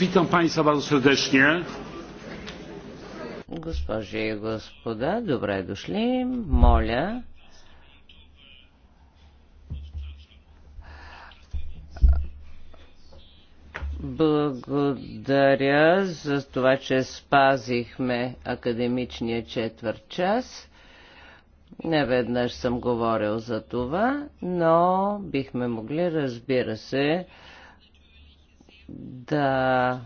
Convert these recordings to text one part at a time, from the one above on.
Witam Państwa bardzo serdecznie. Госпожи и господа, добре дошли. Моля, Благодаря за това, че спазихме академичния четвърт час. Не веднъж съм говорил за това, но бихме могли, разбира се, да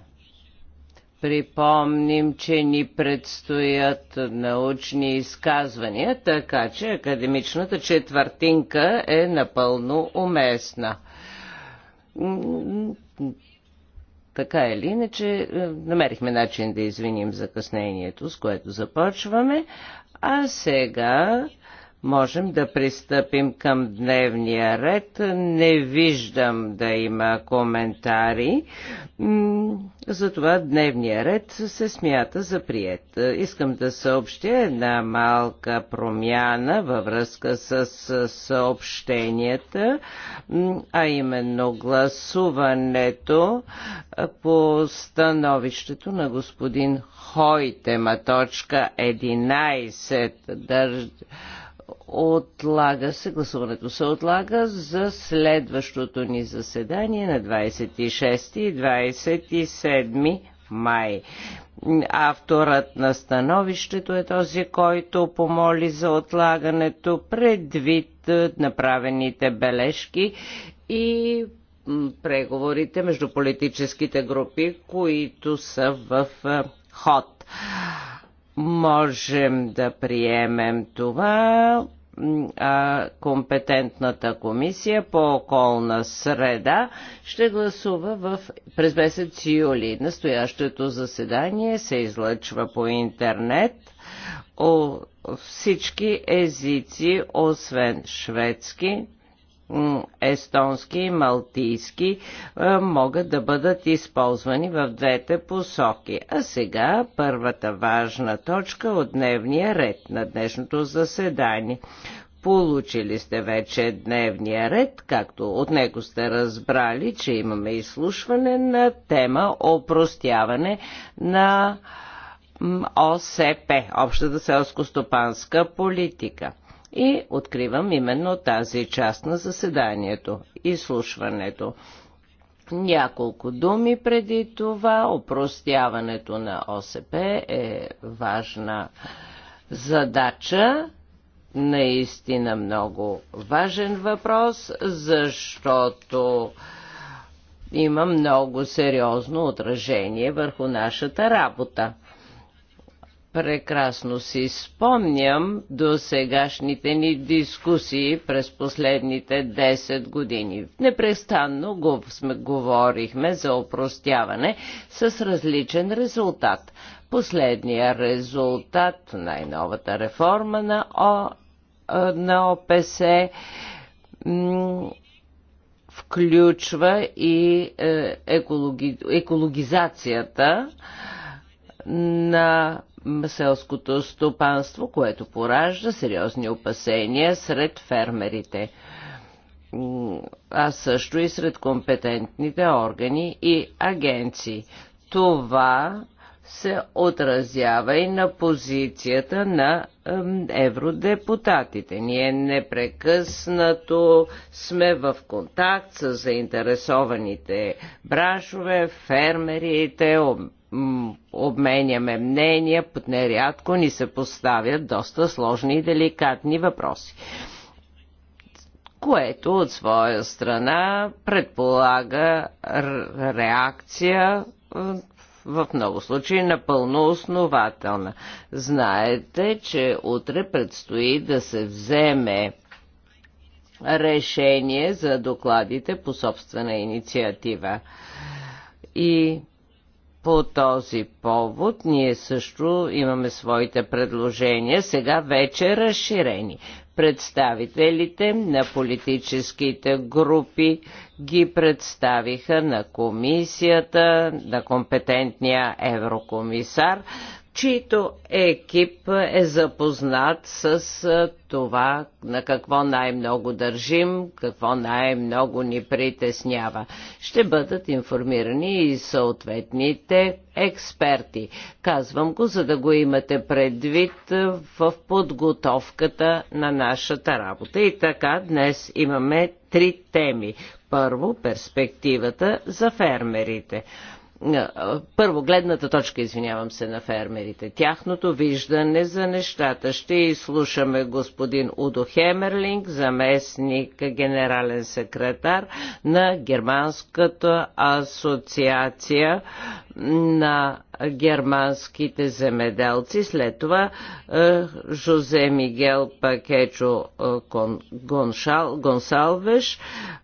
припомним, че ни предстоят научни изказвания, така че академичната четвъртинка е напълно уместна. Така или иначе, е, намерихме начин да извиним закъснението, с което започваме. А сега можем да пристъпим към дневния ред. Не виждам да има коментари. Затова дневния ред се смята за прият. Искам да съобщя една малка промяна във връзка с съобщенията, а именно гласуването по становището на господин Хойтема, точка 11. Държ Отлага се, гласуването се отлага за следващото ни заседание на 26 и 27 май. Авторът на становището е този, който помоли за отлагането предвид е, направените бележки и преговорите между политическите групи, които са в е, ход можем да приемем това. А компетентната комисия по околна среда ще гласува в, през месец юли. Настоящото заседание се излъчва по интернет о всички езици, освен шведски, естонски и малтийски е, могат да бъдат използвани в двете посоки. А сега първата важна точка от дневния ред на днешното заседание. Получили сте вече дневния ред, както от него сте разбрали, че имаме изслушване на тема опростяване на ОСП, Общата селско-стопанска политика. И откривам именно тази част на заседанието, изслушването. Няколко думи преди това. Опростяването на ОСП е важна задача. Наистина много важен въпрос, защото има много сериозно отражение върху нашата работа прекрасно си спомням до сегашните ни дискусии през последните 10 години. Непрестанно го сме, говорихме за опростяване с различен резултат. Последния резултат, най-новата реформа на, О, на ОПС, включва и е, екологи, екологизацията на селското стопанство, което поражда сериозни опасения сред фермерите а също и сред компетентните органи и агенции. Това се отразява и на позицията на евродепутатите. Ние непрекъснато сме в контакт с заинтересованите брашове, фермерите, обменяме мнения, под нерядко ни се поставят доста сложни и деликатни въпроси което от своя страна предполага реакция в много случаи напълно основателна. Знаете, че утре предстои да се вземе решение за докладите по собствена инициатива. И по този повод ние също имаме своите предложения, сега вече разширени. Представителите на политическите групи ги представиха на комисията, на компетентния еврокомисар, чийто екип е запознат с това на какво най-много държим, какво най-много ни притеснява. Ще бъдат информирани и съответните експерти. Казвам го, за да го имате предвид в подготовката на нашата работа. И така, днес имаме три теми. Първо, перспективата за фермерите първо гледната точка, извинявам се, на фермерите. Тяхното виждане за нещата. Ще изслушаме господин Удо Хемерлинг, заместник генерален секретар на Германската асоциация на германските земеделци. След това е, Жозе Мигел Пакечо е, Гоншал, Гонсалвеш,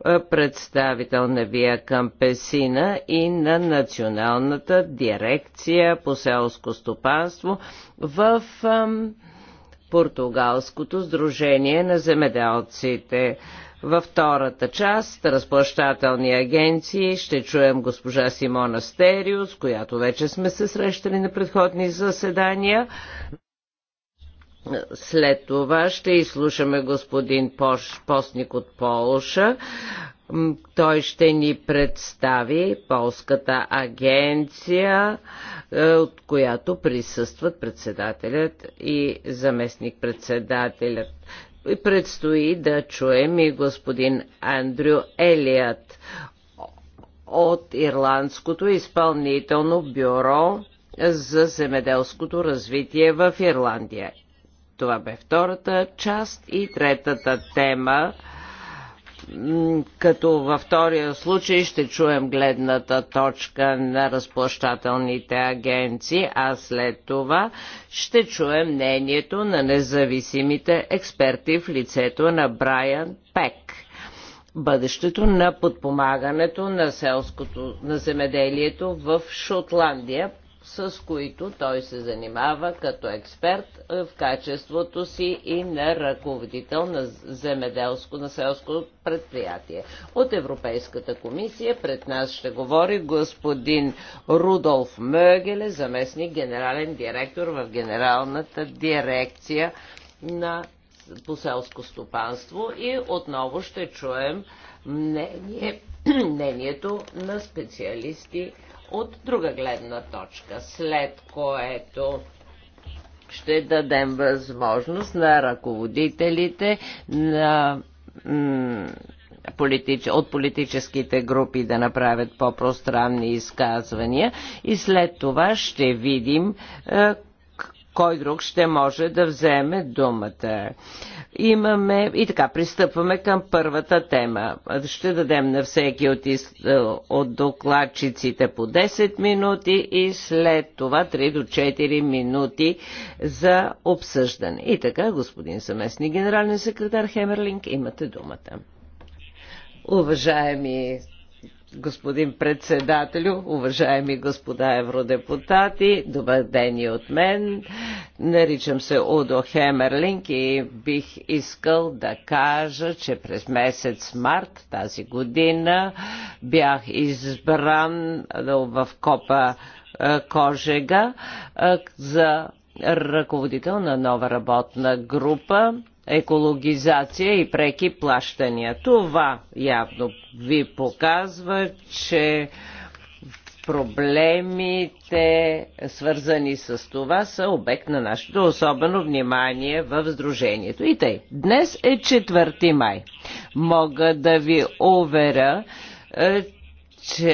е, представител на Вия Кампесина и на Националната дирекция по селско стопанство в Португалското сдружение на земеделците. Във втората част, разплащателни агенции, ще чуем госпожа Симона Стериус, която вече сме се срещали на предходни заседания. След това ще изслушаме господин Пош, Постник от Полша. Той ще ни представи Полската агенция, е, от която присъстват председателят и заместник-председателят. Предстои да чуем и господин Андрю Елият от Ирландското изпълнително бюро за земеделското развитие в Ирландия. Това бе втората част и третата тема като във втория случай ще чуем гледната точка на разплащателните агенции, а след това ще чуем мнението на независимите експерти в лицето на Брайан Пек бъдещето на подпомагането на селското на земеделието в Шотландия с които той се занимава като експерт е, в качеството си и на ръководител на земеделско на селско предприятие. От Европейската комисия пред нас ще говори господин Рудолф Мъгеле, заместник генерален директор в Генералната дирекция на по селско стопанство и отново ще чуем мнение, мнението на специалисти от друга гледна точка, след което ще дадем възможност на ръководителите на политич... от политическите групи да направят по-пространни изказвания и след това ще видим е, кой друг ще може да вземе думата. Имаме и така, пристъпваме към първата тема. Ще дадем на всеки от, из, от докладчиците по 10 минути и след това 3 до 4 минути за обсъждане. И така, господин съместник генерален секретар Хемерлинг, имате думата. Уважаеми господин председателю, уважаеми господа евродепутати, добър ден и от мен. Наричам се Удо Хемерлинг и бих искал да кажа, че през месец март тази година бях избран в Копа е, Кожега е, за ръководител на нова работна група екологизация и преки плащания. Това явно ви показва, че проблемите, свързани с това, са обект на нашето особено внимание в Сдружението. И тъй, днес е 4 май. Мога да ви уверя, е, че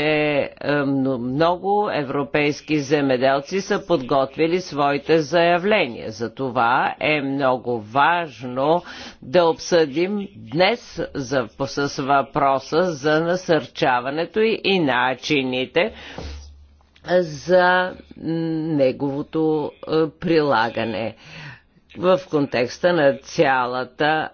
е, много европейски земеделци са подготвили своите заявления. За това е много важно да обсъдим днес за, с въпроса за насърчаването и, и начините за неговото е, прилагане в контекста на цялата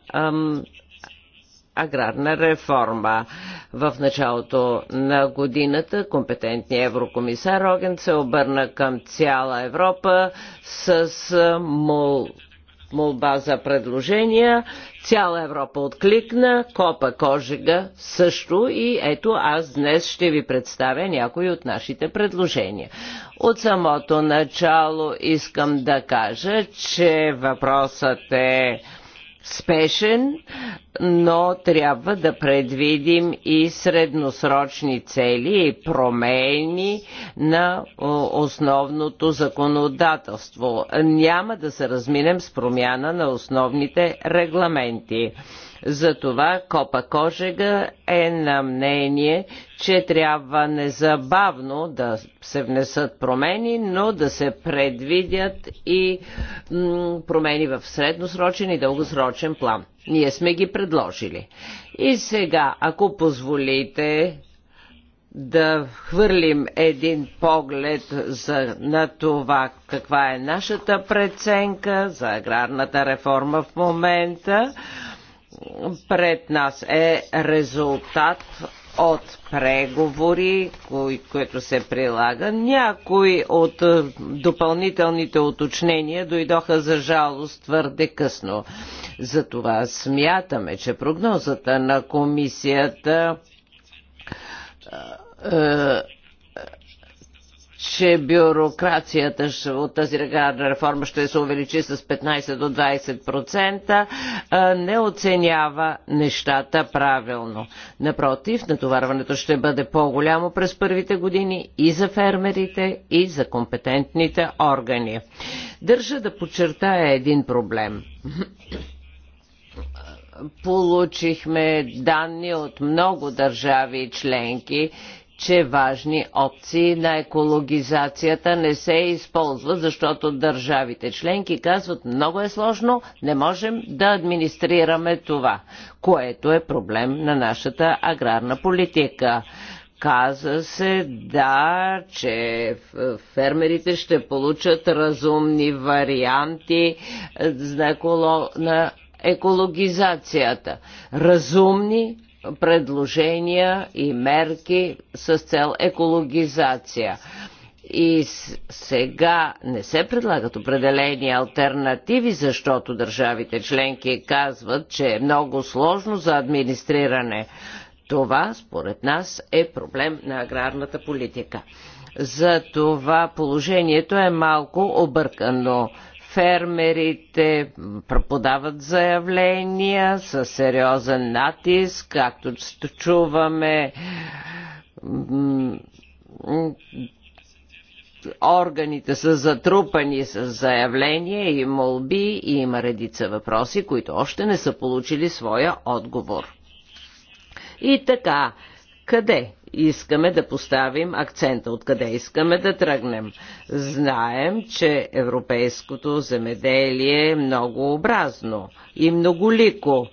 аграрна реформа. В началото на годината компетентният еврокомисар Роген се обърна към цяла Европа с мол молба за предложения. Цяла Европа откликна, Копа Кожега също и ето аз днес ще ви представя някои от нашите предложения. От самото начало искам да кажа, че въпросът е спешен, но трябва да предвидим и средносрочни цели и промени на основното законодателство. Няма да се разминем с промяна на основните регламенти. Затова Копа Кожега е на мнение, че трябва незабавно да се внесат промени, но да се предвидят и промени в средносрочен и дългосрочен план. Ние сме ги предложили. И сега, ако позволите, да хвърлим един поглед за, на това каква е нашата преценка за аграрната реформа в момента пред нас е резултат от преговори, кои, се прилага. Някои от е, допълнителните уточнения дойдоха за жалост твърде късно. Затова смятаме, че прогнозата на комисията е, е че бюрокрацията от тази реформа ще се увеличи с 15 до 20%, не оценява нещата правилно. Напротив, натоварването ще бъде по-голямо през първите години и за фермерите, и за компетентните органи. Държа да подчертая един проблем получихме данни от много държави и членки, че важни опции на екологизацията не се използват, защото държавите членки казват много е сложно, не можем да администрираме това, което е проблем на нашата аграрна политика. Каза се, да, че фермерите ще получат разумни варианти е, на екологизацията. Разумни предложения и мерки с цел екологизация. И сега не се предлагат определени альтернативи, защото държавите членки казват, че е много сложно за администриране. Това, според нас, е проблем на аграрната политика. За това положението е малко объркано фермерите преподават заявления с сериозен натиск, както чуваме органите са затрупани с заявления и молби и има редица въпроси, които още не са получили своя отговор. И така, къде искаме да поставим акцента, откъде искаме да тръгнем. Знаем, че европейското земеделие е многообразно и многолико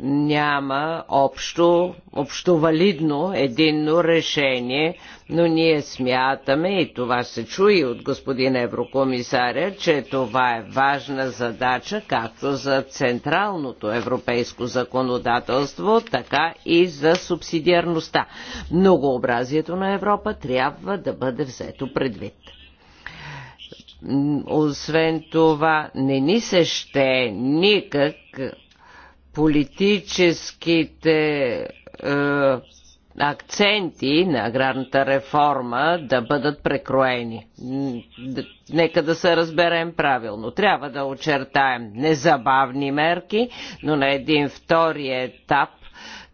няма общо, общо валидно единно решение, но ние смятаме, и това се чуи от господин еврокомисаря, че това е важна задача както за централното европейско законодателство, така и за субсидиарността. Многообразието на Европа трябва да бъде взето предвид. Освен това, не ни се ще никак политическите е, акценти на аграрната реформа да бъдат прекроени. Нека да се разберем правилно. Трябва да очертаем незабавни мерки, но на един втори етап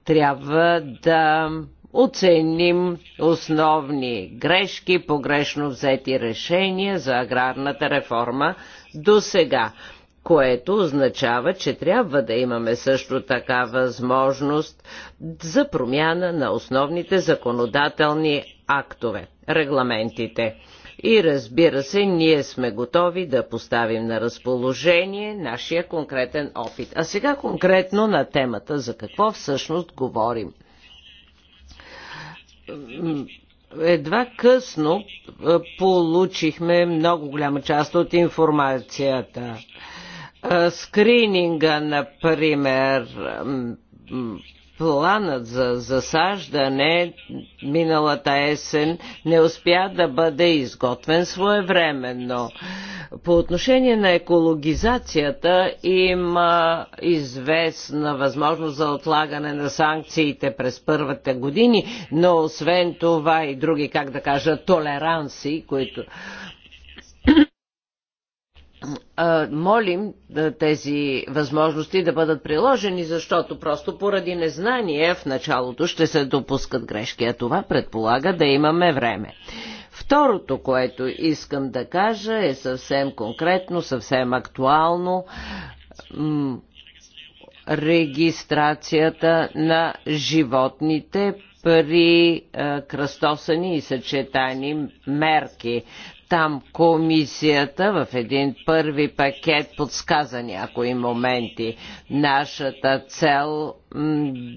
трябва да оценим основни грешки, погрешно взети решения за аграрната реформа до сега което означава, че трябва да имаме също така възможност за промяна на основните законодателни актове, регламентите. И разбира се, ние сме готови да поставим на разположение нашия конкретен опит. А сега конкретно на темата за какво всъщност говорим едва късно получихме много голяма част от информацията. Скрининга, например, планът за засаждане миналата есен не успя да бъде изготвен своевременно. По отношение на екологизацията има известна възможност за отлагане на санкциите през първата години, но освен това и други, как да кажа, толеранси, които молим тези възможности да бъдат приложени, защото просто поради незнание в началото ще се допускат грешки, а това предполага да имаме време. Второто, което искам да кажа е съвсем конкретно, съвсем актуално регистрацията на животните при кръстосани и съчетани мерки. Там комисията в един първи пакет подсказа някои моменти. Нашата цел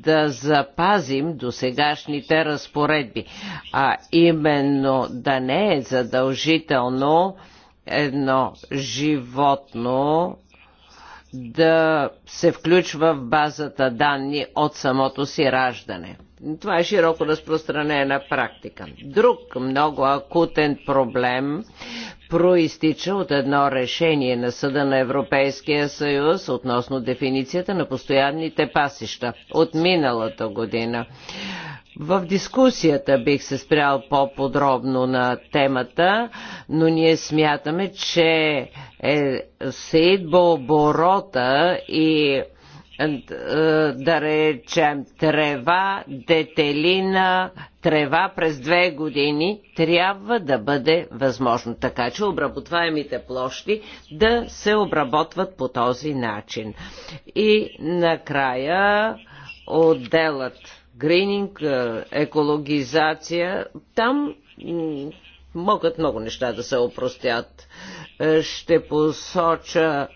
да запазим досегашните разпоредби, а именно да не е задължително едно животно да се включва в базата данни от самото си раждане. Това е широко разпространена практика. Друг много акутен проблем проистича от едно решение на Съда на Европейския съюз относно дефиницията на постоянните пасища от миналата година. В дискусията бих се спрял по-подробно на темата, но ние смятаме, че е, оборота и е, да речем трева, детелина, трева през две години трябва да бъде възможно. Така че обработваемите площи да се обработват по този начин. И накрая отделът грининг, е, екологизация, там могат много неща да се опростят. Е, ще посоча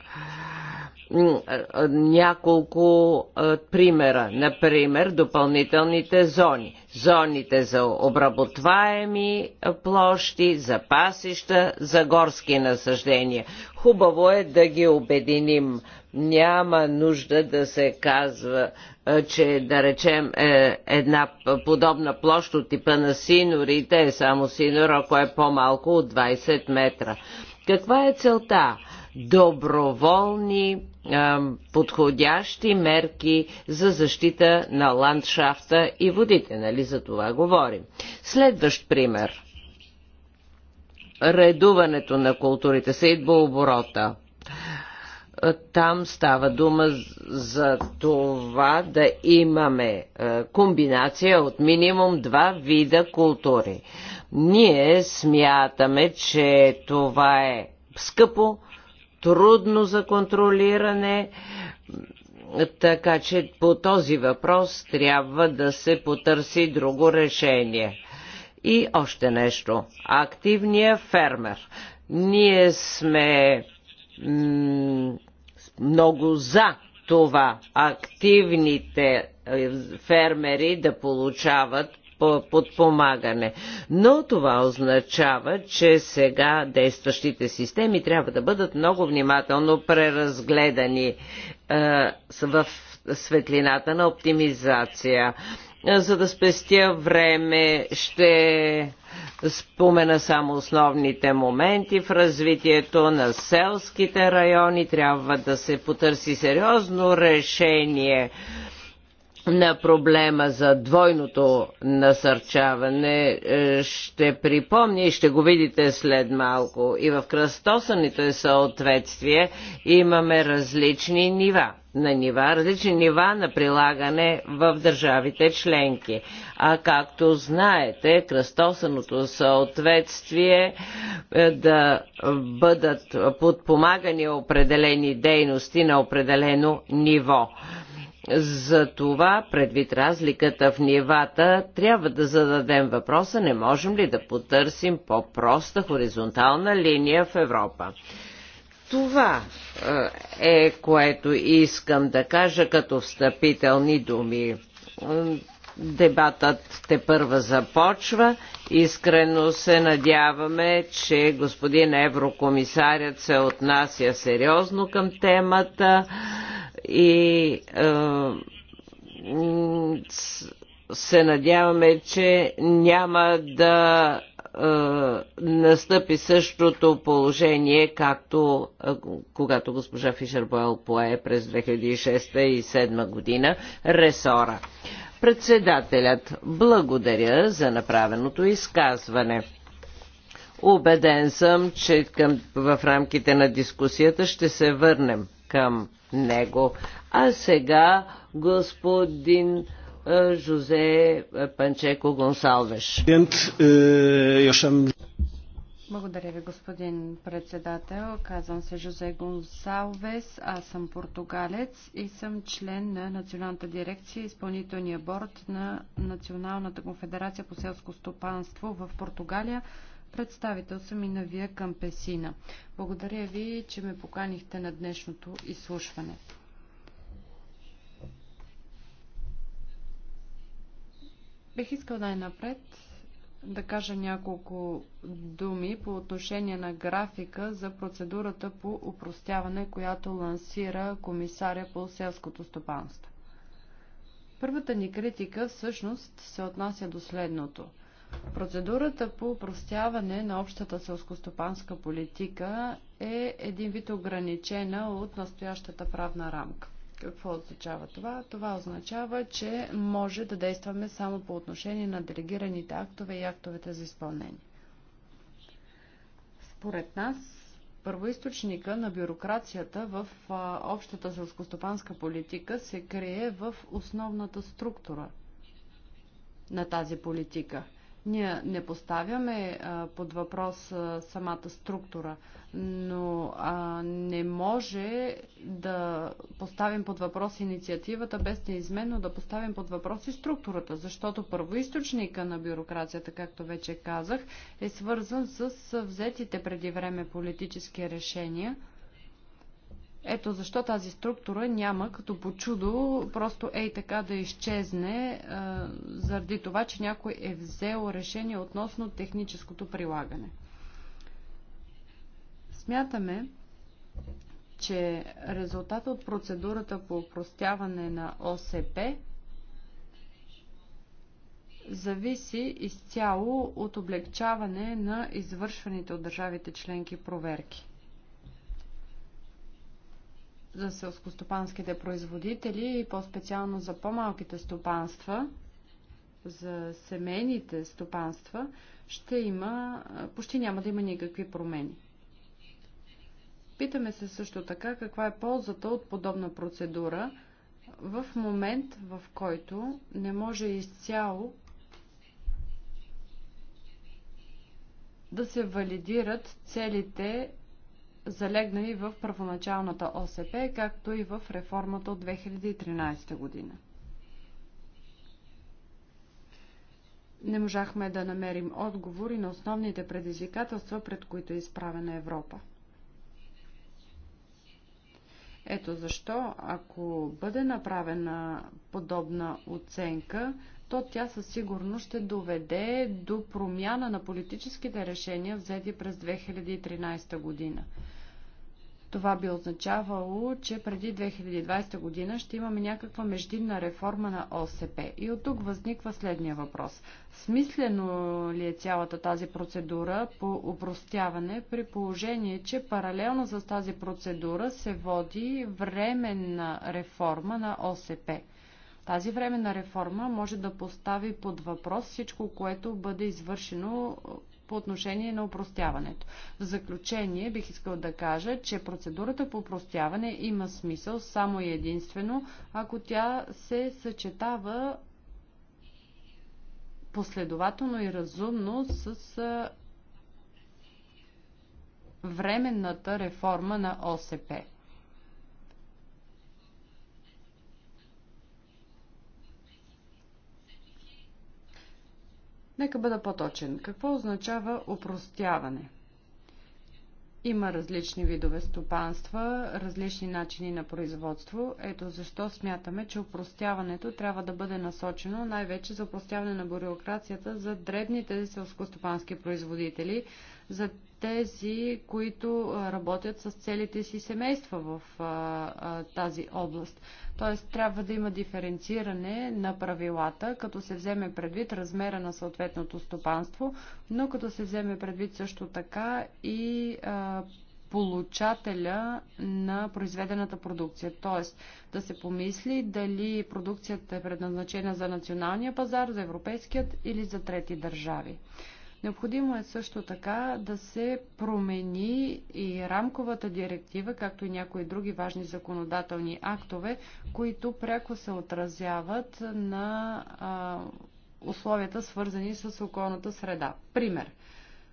няколко примера. Например, допълнителните зони. Зоните за обработваеми площи, за пасища, за горски насъждения. Хубаво е да ги обединим. Няма нужда да се казва, че да речем е, една подобна площ от типа на синорите е само синор, ако е по-малко от 20 метра. Каква е целта? Доброволни подходящи мерки за защита на ландшафта и водите. Нали за това говорим. Следващ пример. Редуването на културите, оборота, Там става дума за това да имаме комбинация от минимум два вида култури. Ние смятаме, че това е скъпо, трудно за контролиране, така че по този въпрос трябва да се потърси друго решение. И още нещо. Активният фермер. Ние сме много за това активните е, фермери да получават подпомагане. Но това означава, че сега действащите системи трябва да бъдат много внимателно преразгледани е, в светлината на оптимизация. За да спестя време, ще спомена само основните моменти в развитието на селските райони. Трябва да се потърси сериозно решение на проблема за двойното насърчаване е, ще припомня и ще го видите след малко. И в кръстосаните съответствие имаме различни нива на нива, различни нива на прилагане в държавите членки. А както знаете, кръстосаното съответствие е, да бъдат подпомагани определени дейности на определено ниво. За това, предвид разликата в нивата, трябва да зададем въпроса, не можем ли да потърсим по-проста хоризонтална линия в Европа. Това е, е, което искам да кажа като встъпителни думи. Дебатът те първа започва. Искрено се надяваме, че господин еврокомисарят се отнася сериозно към темата и се надяваме, че няма да настъпи същото положение, както когато госпожа Фишер Бойл пое през 2006 и 2007 година ресора. Председателят благодаря за направеното изказване. Убеден съм, че към, в рамките на дискусията ще се върнем към него. А сега господин е, Жозе Панчеко Гонсалвеш. Е, Благодаря ви, господин председател. Казвам се Жозе Гонсалвес, аз съм португалец и съм член на Националната дирекция изпълнителния борт на Националната конфедерация по селско стопанство в Португалия, Представител съм и на Вия Кампесина. Благодаря ви, че ме поканихте на днешното изслушване. Бих искал най-напред да кажа няколко думи по отношение на графика за процедурата по упростяване, която лансира комисаря по селското стопанство. Първата ни критика всъщност се отнася до следното – Процедурата по упростяване на общата селскостопанска политика е един вид ограничена от настоящата правна рамка. Какво означава това? Това означава, че може да действаме само по отношение на делегираните актове и актовете за изпълнение. Според нас, първоисточника на бюрокрацията в общата селскостопанска политика се крие в основната структура на тази политика – ние не поставяме а, под въпрос а, самата структура, но а, не може да поставим под въпрос инициативата, без неизменно да поставим под въпрос и структурата, защото първоисточника на бюрокрацията, както вече казах, е свързан с взетите преди време политически решения – ето защо тази структура няма като по чудо просто ей така да изчезне а, заради това, че някой е взел решение относно техническото прилагане. Смятаме, че резултата от процедурата по упростяване на ОСП зависи изцяло от облегчаване на извършваните от държавите членки проверки за селскостопанските производители и по-специално за по-малките стопанства, за семейните стопанства, ще има, почти няма да има никакви промени. Питаме се също така каква е ползата от подобна процедура в момент, в който не може изцяло да се валидират целите залегнали в първоначалната ОСП, както и в реформата от 2013 година. Не можахме да намерим отговори на основните предизвикателства, пред които е изправена Европа. Ето защо, ако бъде направена подобна оценка, то тя със сигурност ще доведе до промяна на политическите решения, взети през 2013 година. Това би означавало, че преди 2020 година ще имаме някаква междинна реформа на ОСП. И от тук възниква следния въпрос. Смислено ли е цялата тази процедура по упростяване при положение, че паралелно с тази процедура се води временна реформа на ОСП? Тази временна реформа може да постави под въпрос всичко, което бъде извършено по отношение на упростяването. В заключение бих искал да кажа, че процедурата по упростяване има смисъл само и единствено, ако тя се съчетава последователно и разумно с временната реформа на ОСП. Нека бъда по-точен. Какво означава упростяване? Има различни видове стопанства, различни начини на производство. Ето защо смятаме, че упростяването трябва да бъде насочено най-вече за упростяване на бюрокрацията за дребните селскостопански производители, за тези, които работят с целите си семейства в тази област. Тоест, трябва да има диференциране на правилата, като се вземе предвид размера на съответното стопанство, но като се вземе предвид също така и получателя на произведената продукция. Тоест да се помисли дали продукцията е предназначена за националния пазар, за европейският или за трети държави. Необходимо е също така да се промени и рамковата директива, както и някои други важни законодателни актове, които пряко се отразяват на а, условията, свързани с околната среда. Пример.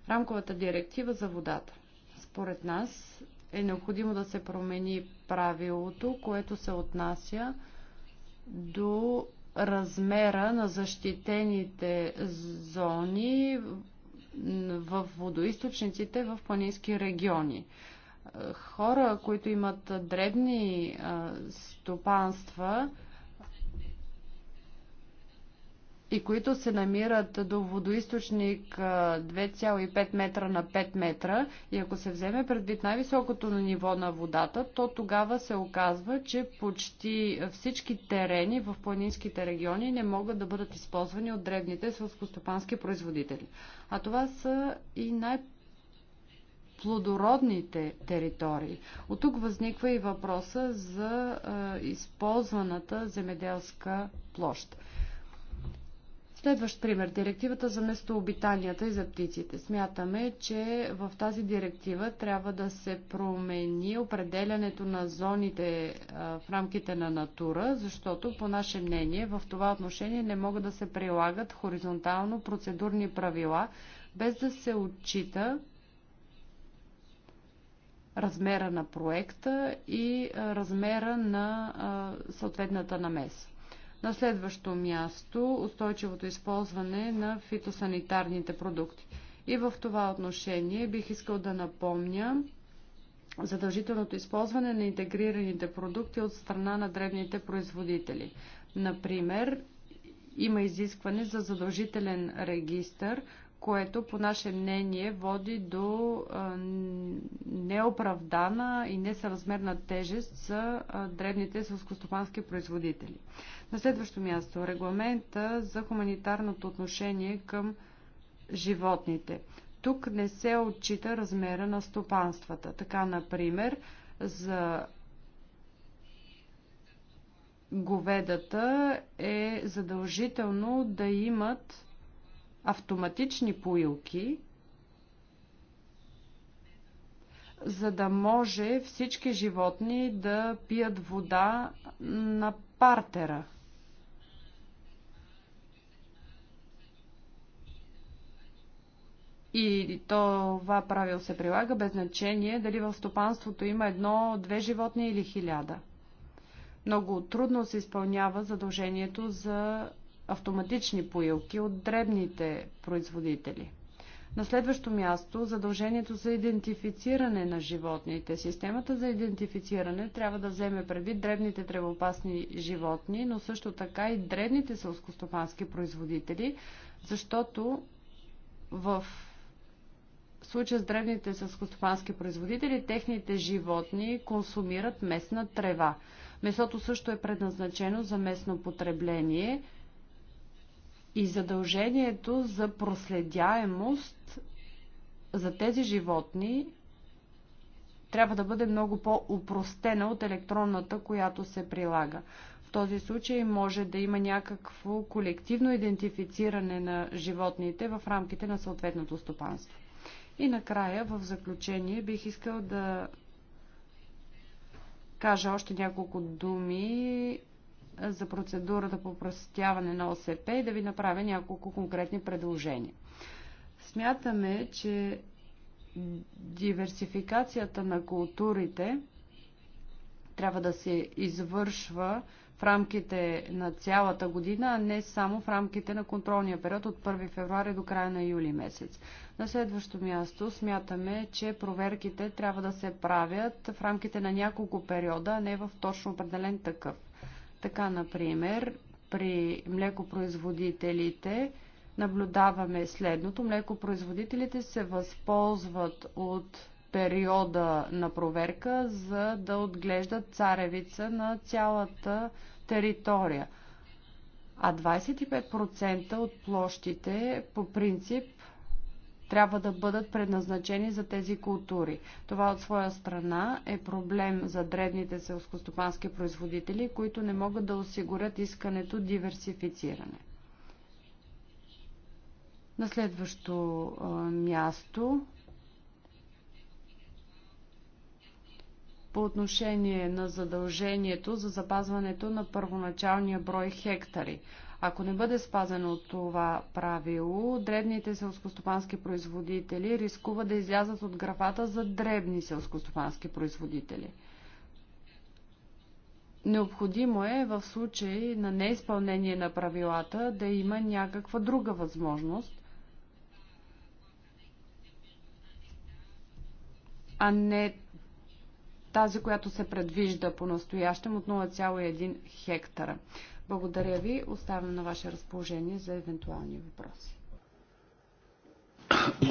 Рамковата директива за водата. Според нас е необходимо да се промени правилото, което се отнася до размера на защитените зони в водоисточниците в планински региони. Хора, които имат дребни стопанства, и които се намират до водоисточник 2,5 метра на 5 метра и ако се вземе предвид най-високото ниво на водата, то тогава се оказва, че почти всички терени в планинските региони не могат да бъдат използвани от древните сълскостопански производители. А това са и най- плодородните територии. От тук възниква и въпроса за използваната земеделска площ. Следващ пример. Директивата за местообитанията и за птиците. Смятаме, че в тази директива трябва да се промени определянето на зоните в рамките на натура, защото по наше мнение в това отношение не могат да се прилагат хоризонтално процедурни правила, без да се отчита размера на проекта и размера на съответната намеса. На следващо място устойчивото използване на фитосанитарните продукти. И в това отношение бих искал да напомня задължителното използване на интегрираните продукти от страна на древните производители. Например, има изискване за задължителен регистър, което по наше мнение води до неоправдана и несъразмерна тежест за древните сълскостопански производители. На следващо място, регламента за хуманитарното отношение към животните. Тук не се отчита размера на стопанствата. Така, например, за говедата е задължително да имат автоматични поилки, за да може всички животни да пият вода на партера. И това правило се прилага без значение дали в стопанството има едно, две животни или хиляда. Много трудно се изпълнява задължението за автоматични поилки от дребните производители. На следващо място, задължението за идентифициране на животните. Системата за идентифициране трябва да вземе предвид дребните тревопасни животни, но също така и дребните селскостопански производители, защото в случая с древните селскостопански производители, техните животни консумират местна трева. Месото също е предназначено за местно потребление – и задължението за проследяемост за тези животни трябва да бъде много по-упростена от електронната, която се прилага. В този случай може да има някакво колективно идентифициране на животните в рамките на съответното стопанство. И накрая, в заключение, бих искал да кажа още няколко думи за процедурата по простяване на ОСП и да ви направя няколко конкретни предложения. Смятаме, че диверсификацията на културите трябва да се извършва в рамките на цялата година, а не само в рамките на контролния период от 1 февруари до края на юли месец. На следващо място смятаме, че проверките трябва да се правят в рамките на няколко периода, а не в точно определен такъв. Така, например, при млекопроизводителите наблюдаваме следното. Млекопроизводителите се възползват от периода на проверка, за да отглеждат царевица на цялата територия. А 25% от площите по принцип трябва да бъдат предназначени за тези култури. Това от своя страна е проблем за древните селскостопански производители, които не могат да осигурят искането диверсифициране. На следващо а, място по отношение на задължението за запазването на първоначалния брой хектари – ако не бъде спазено това правило, дребните селскостопански производители рискуват да излязат от графата за дребни селскостопански производители. Необходимо е в случай на неизпълнение на правилата да има някаква друга възможност, а не тази, която се предвижда по настоящем от 0,1 хектара. Благодаря ви. Оставям на ваше разположение за евентуални въпроси.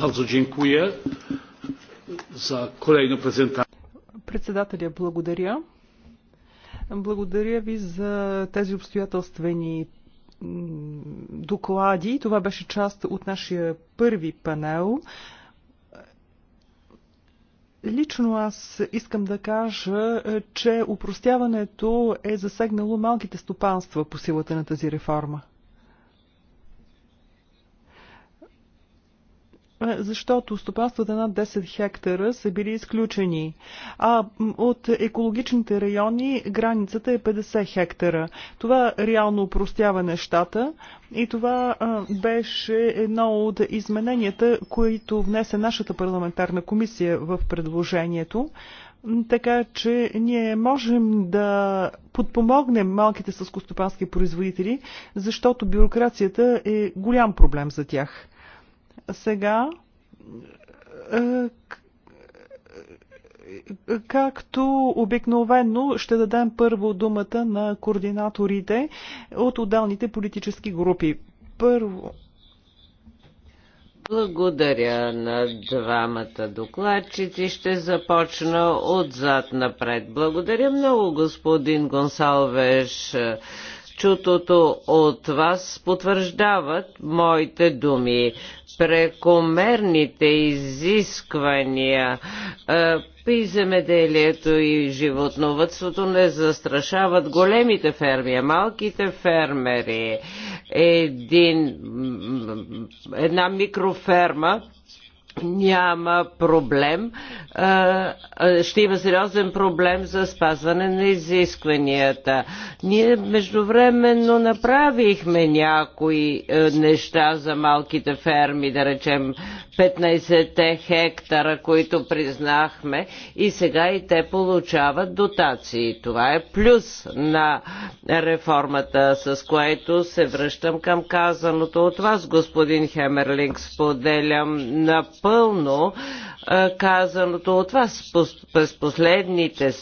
Bardzo dziękuję za kolejną prezentację. Председателя, благодаря. Благодаря ви за тези обстоятелствени доклади. Това беше част от нашия първи панел. Лично аз искам да кажа, е, че упростяването е засегнало малките стопанства по силата на тази реформа. Е, защото стопанствата над 10 хектара са били изключени, а от екологичните райони границата е 50 хектара. Това реално упростява нещата и това беше едно от измененията, които внесе нашата парламентарна комисия в предложението. Така че ние можем да подпомогнем малките съскостопански производители, защото бюрокрацията е голям проблем за тях. Сега, е, както обикновено, ще дадем първо думата на координаторите от отдалните политически групи. Първо, благодаря на двамата докладчици. Ще започна отзад напред. Благодаря много, господин Гонсалвеш, чутото от вас потвърждават моите думи. Прекомерните изисквания е, и земеделието и животновътството не застрашават големите ферми, а малките фермери. Един, една микроферма няма проблем. Ще има сериозен проблем за спазване на изискванията. Ние междувременно направихме някои е, неща за малките ферми, да речем 15-те хектара, които признахме и сега и те получават дотации. Това е плюс на реформата, с което се връщам към казаното от вас, господин Хемерлинг. Споделям на напълно казаното от вас през последните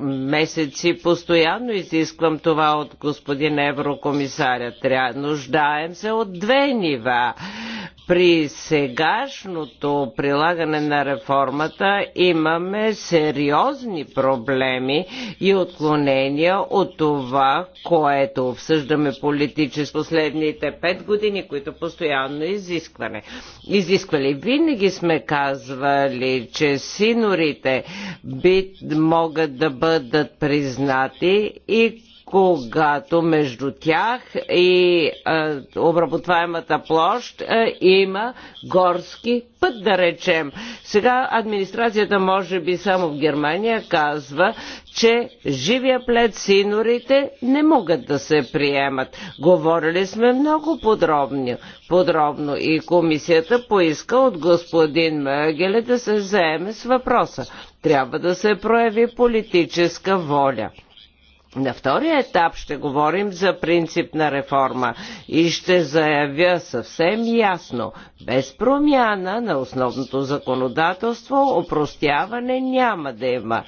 месеци. Постоянно изисквам това от господин еврокомисаря. Трябва, нуждаем се от две нива. При сегашното прилагане на реформата имаме сериозни проблеми и отклонения от това, което обсъждаме политически последните пет години, които постоянно изискване. изисквали. Винаги сме казвали, казвали, че синорите могат да бъдат признати и когато между тях и а, обработваемата площ а, има горски път, да речем. Сега администрацията, може би само в Германия, казва, че живия плед синорите не могат да се приемат. Говорили сме много подробно, подробно и комисията поиска от господин Мъгеле да се заеме с въпроса. Трябва да се прояви политическа воля. На втория етап ще говорим за принцип на реформа и ще заявя съвсем ясно, без промяна на основното законодателство, опростяване няма да има.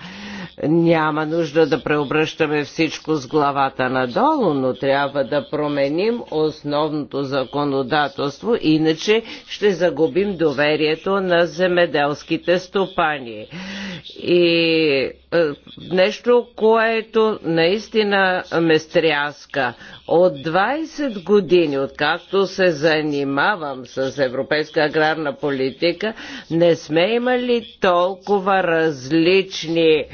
Няма нужда да преобръщаме всичко с главата надолу, но трябва да променим основното законодателство, иначе ще загубим доверието на земеделските стопани. И е, нещо, което наистина ме стряска. От 20 години, откакто се занимавам с европейска аграрна политика, не сме имали толкова различни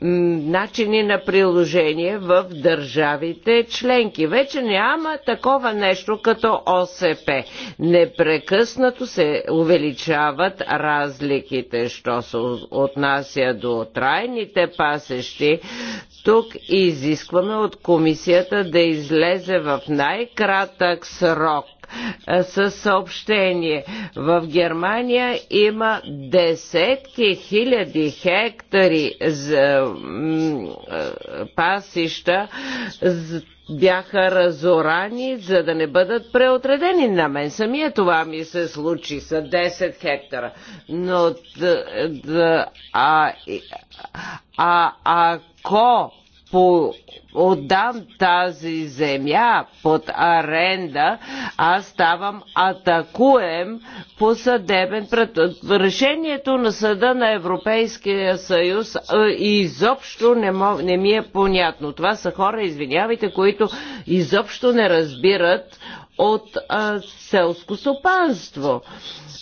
начини на приложение в държавите членки. Вече няма такова нещо като ОСП. Непрекъснато се увеличават разликите, що се отнася до трайните пасещи. Тук изискваме от комисията да излезе в най-кратък срок със съобщение. В Германия има десетки хиляди хектари за пасища бяха разорани, за да не бъдат преотредени. На мен самия това ми се случи са 10 хектара. Но а, а, а ако по, отдам тази земя под аренда, аз ставам атакуем по съдебен пред... Решението на съда на Европейския съюз изобщо не, мог, не ми е понятно. Това са хора, извинявайте, които изобщо не разбират от а, селско стопанство.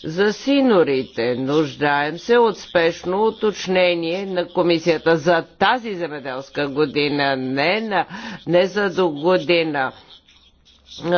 За синорите нуждаем се от спешно уточнение на комисията за тази земеделска година, не, на, не за до година е,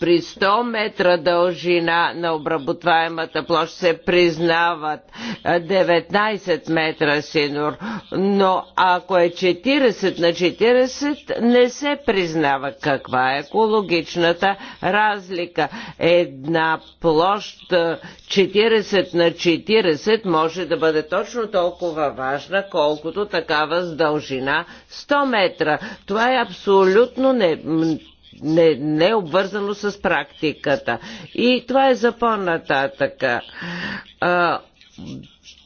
при 100 метра дължина на обработваемата площ се признават 19 е, метра синор, но ако е 40 на 40 не се признава каква е екологичната разлика. Една площ 40 е, на 40 може да бъде точно толкова важна, колкото такава с дължина 100 метра. Това е абсолютно не, не, не е обвързано с практиката. И това е за по-нататъка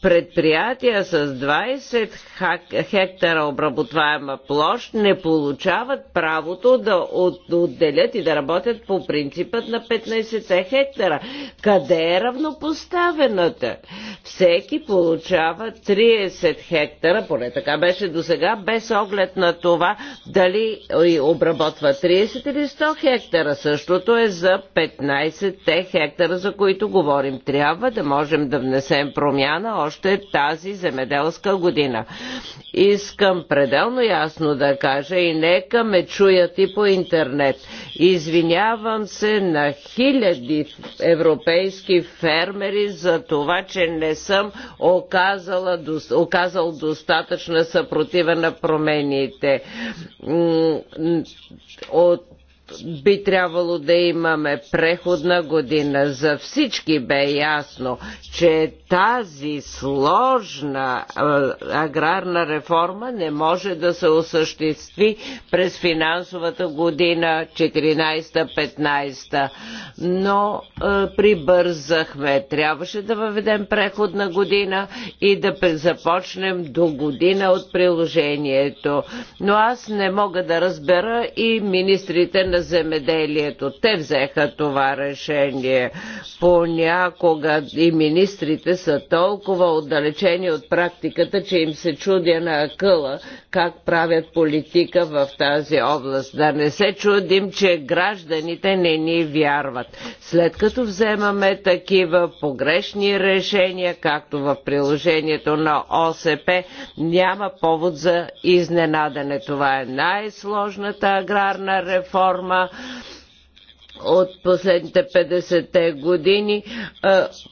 Предприятия с 20 хектара обработваема площ не получават правото да отделят и да работят по принципът на 15 хектара. Къде е равнопоставената? Всеки получава 30 хектара, поне така беше до сега, без оглед на това дали обработва 30 или 100 хектара. Същото е за 15 хектара, за които говорим. Трябва да можем да внесем промяна още още тази земеделска година. Искам пределно ясно да кажа и нека ме чуят и по интернет. Извинявам се на хиляди европейски фермери за това, че не съм оказала, оказал достатъчна съпротива на промените. От би трябвало да имаме преходна година. За всички бе ясно, че тази сложна аграрна реформа не може да се осъществи през финансовата година 14-15. Но прибързахме. Трябваше да въведем преходна година и да започнем до година от приложението. Но аз не мога да разбера и министрите на земеделието. Те взеха това решение. Понякога и министрите са толкова отдалечени от практиката, че им се чудя на акъла как правят политика в тази област. Да не се чудим, че гражданите не ни вярват. След като вземаме такива погрешни решения, както в приложението на ОСП, няма повод за изненадане. Това е най-сложната аграрна реформа реформа от последните 50-те години.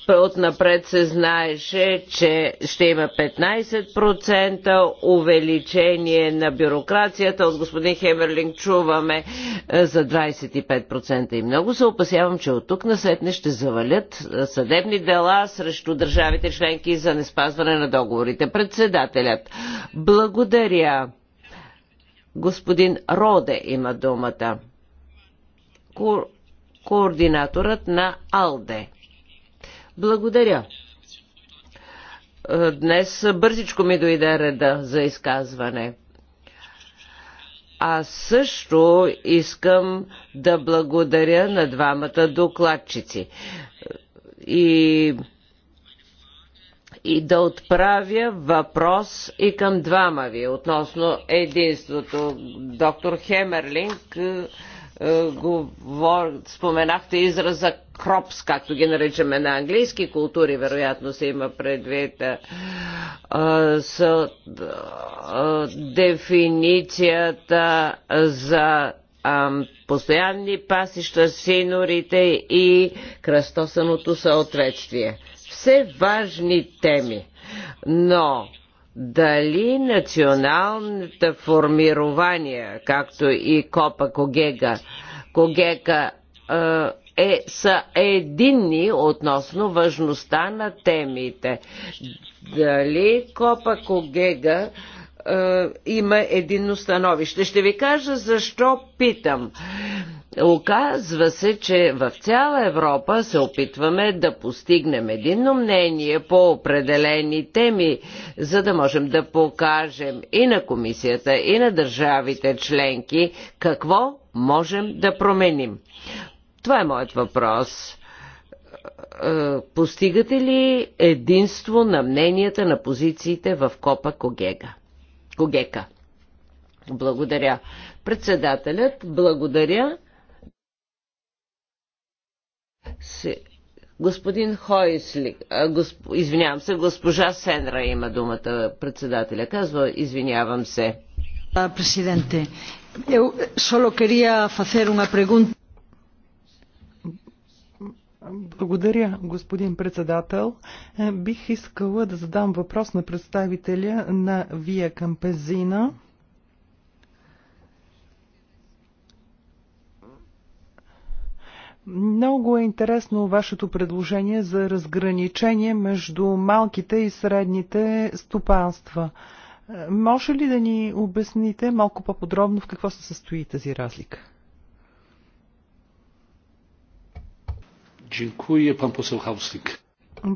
От напред се знаеше, че ще има 15% увеличение на бюрокрацията. От господин Хемерлинг чуваме за 25%. И много се опасявам, че от тук на сетне ще завалят съдебни дела срещу държавите членки за неспазване на договорите. Председателят. Благодаря. Господин Роде има думата ко- координаторът на АЛДЕ. Благодаря. Е, днес бързичко ми дойде реда за изказване. Аз също искам да благодаря на двамата докладчици и, и да отправя въпрос и към двама ви относно единството. Доктор Хемерлинг е, говор... споменахте израза кропс, както ги наричаме на английски култури, вероятно се има предвид а, с а, дефиницията за а, постоянни пасища, синорите и кръстосаното съответствие. Все важни теми, но дали националните формирования, както и Копа Когега, Когека е, е, са единни относно важността на темите. Дали Копа Когега е, има единно становище. Ще ви кажа защо питам. Оказва се, че в цяла Европа се опитваме да постигнем единно мнение по определени теми, за да можем да покажем и на комисията, и на държавите членки какво можем да променим. Това е моят въпрос е, постигате ли единство на мненията на позициите в Копа Когега? Когека. Благодаря. Председателят, благодаря. Се... Господин Хойсли, госп... извинявам се, госпожа Сенра има думата, председателя. Казва, извинявам се. Президенте, eu solo е, quería facer unha pregunta. Благодаря, господин председател. Е, бих искала да задам въпрос на представителя на Вия Кампезина. Много е интересно вашето предложение за разграничение между малките и средните стопанства. Е, може ли да ни обясните малко по-подробно в какво се състои тази разлика?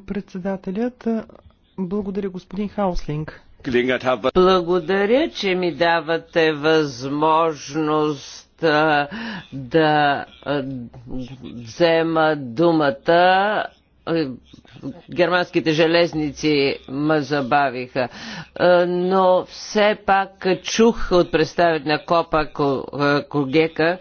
Председателят, благодаря господин Хауслинг. Благодаря, че ми давате възможност да взема думата германските железници ме забавиха. Но все пак чух от представителя на Копа Когека,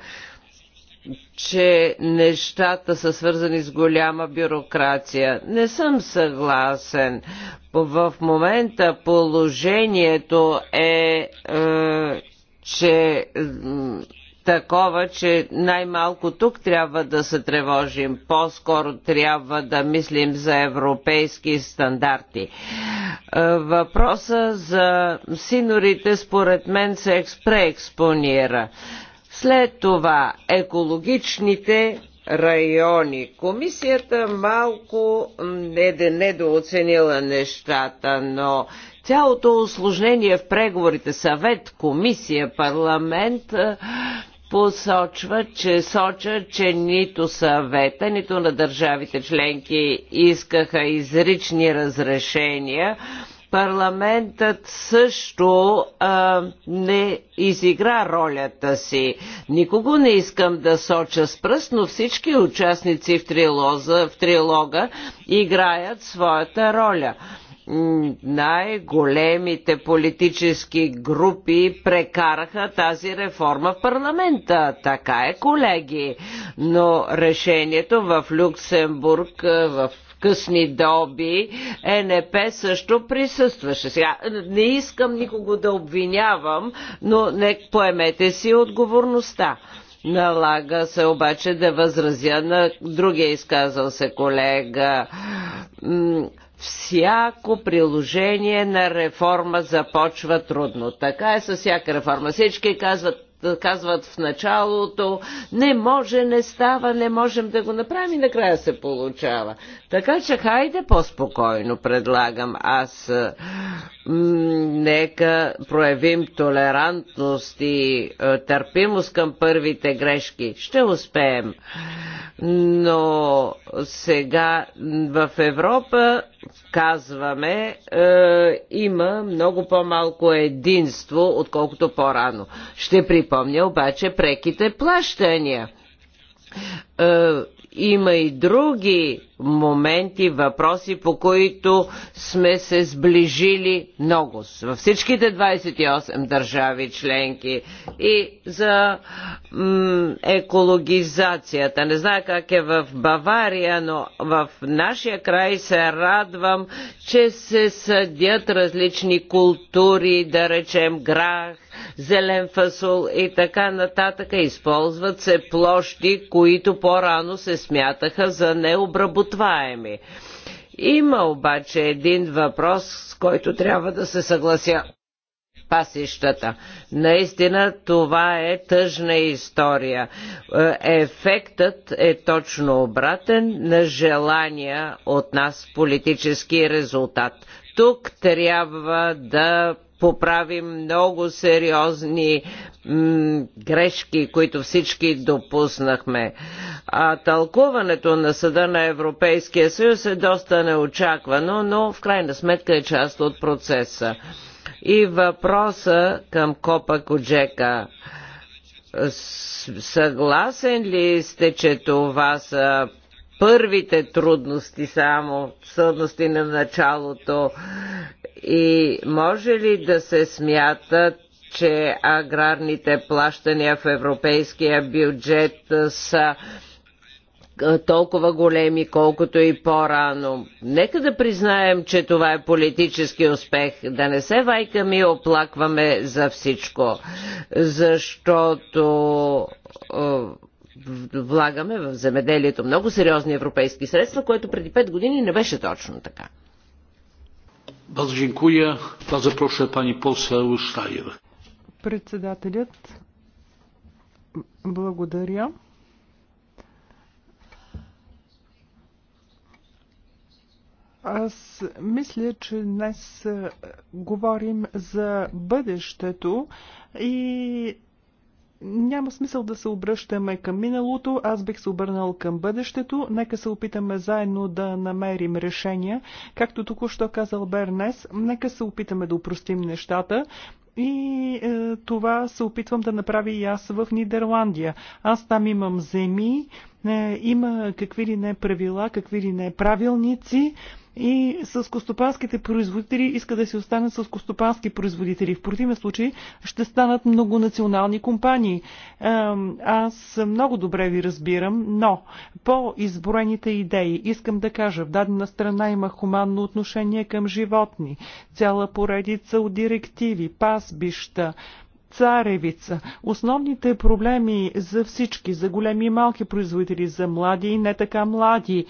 че нещата са свързани с голяма бюрокрация. Не съм съгласен. В момента положението е, е че такова, че най-малко тук трябва да се тревожим. По-скоро трябва да мислим за европейски стандарти. Е, въпроса за синорите според мен се преекспонира. След това екологичните райони. Комисията малко не, недооценила нещата, но цялото осложнение в преговорите съвет, комисия, парламент посочва, че соча, че нито съвета, нито на държавите членки искаха изрични разрешения Парламентът също а, не изигра ролята си. Никого не искам да соча с пръст, но всички участници в, трилоза, в трилога играят своята роля най-големите политически групи прекараха тази реформа в парламента. Така е, колеги. Но решението в Люксембург в късни доби ЕНП също присъстваше. Сега не искам никого да обвинявам, но не поемете си отговорността. Налага се обаче да възразя на другия изказал се колега. Всяко приложение на реформа започва трудно. Така е с всяка реформа. Всички казват казват в началото, не може, не става, не можем да го направим и накрая се получава. Така че хайде по-спокойно, предлагам аз. Нека проявим толерантност и търпимост към първите грешки. Ще успеем но сега в Европа казваме е, има много по-малко единство, отколкото по-рано. Ще припомня обаче преките плащания. Е, има и други моменти, въпроси, по които сме се сближили много във всичките 28 държави членки и за екологизацията. Не знае как е в Бавария, но в нашия край се радвам, че се съдят различни култури, да речем грах, зелен фасол и така нататък. Използват се площи, които по-рано се смятаха за необработени разпознаваеми. Има обаче един въпрос, с който трябва да се съглася пасищата. Наистина това е тъжна история. Е, ефектът е точно обратен на желания от нас политически резултат. Тук трябва да поправим много сериозни грешки, които всички допуснахме. А тълкуването на Съда на Европейския съюз е доста неочаквано, но в крайна сметка е част от процеса. И въпроса към Копа Коджека. Съгласен ли сте, че това са първите трудности само, трудности на началото и може ли да се смятат че аграрните плащания в европейския бюджет са толкова големи, колкото и по-рано. Нека да признаем, че това е политически успех. Да не се вайкаме и оплакваме за всичко, защото влагаме в земеделието много сериозни европейски средства, което преди 5 години не беше точно така. Bardzo dziękuję. Bardzo proszę pani poseł Председателят. Благодаря. Аз мисля, че днес говорим за бъдещето и няма смисъл да се обръщаме към миналото, аз бих се обърнал към бъдещето. Нека се опитаме заедно да намерим решения. Както току-що казал Бернес, нека се опитаме да упростим нещата, и е, това се опитвам да направя и аз в Нидерландия. Аз там имам земи, е, има какви ли не правила, какви ли не правилници и с костопанските производители иска да си останат с костопански производители. В противен случай ще станат многонационални компании. Аз много добре ви разбирам, но по изброените идеи искам да кажа, в дадена страна има хуманно отношение към животни, цяла поредица от директиви, пасбища, Царевица. Основните проблеми за всички, за големи и малки производители, за млади и не така млади,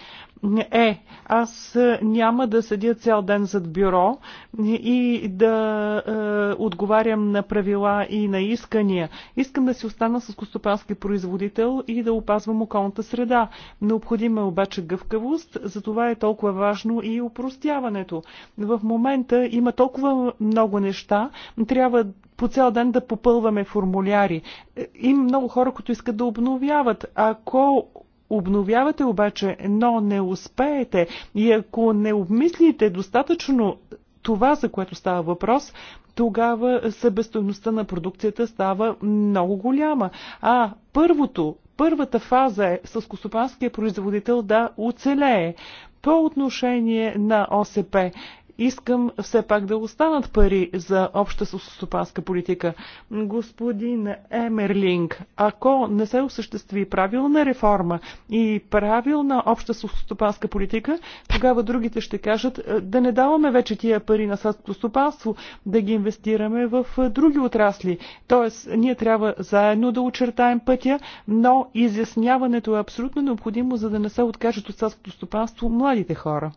е, аз няма да седя цял ден зад бюро и да е, отговарям на правила и на искания. Искам да си остана с костопански производител и да опазвам околната среда. Необходима е обаче гъвкавост, затова е толкова важно и упростяването. В момента има толкова много неща, трябва по цял ден да попълваме формуляри. Е, има много хора, които искат да обновяват. Ако обновявате обаче, но не успеете и ако не обмислите достатъчно това, за което става въпрос, тогава събестойността на продукцията става много голяма. А първото, първата фаза е с костопанския производител да оцелее. По отношение на ОСП, искам все пак да останат пари за обща сусопанска политика. Господин Емерлинг, ако не се осъществи правилна реформа и правилна обща сусопанска политика, тогава другите ще кажат е, да не даваме вече тия пари на стопанство, да ги инвестираме в е, други отрасли. Тоест, ние трябва заедно да очертаем пътя, но изясняването е абсолютно необходимо, за да не се откажат от сусопанство стопанство младите хора.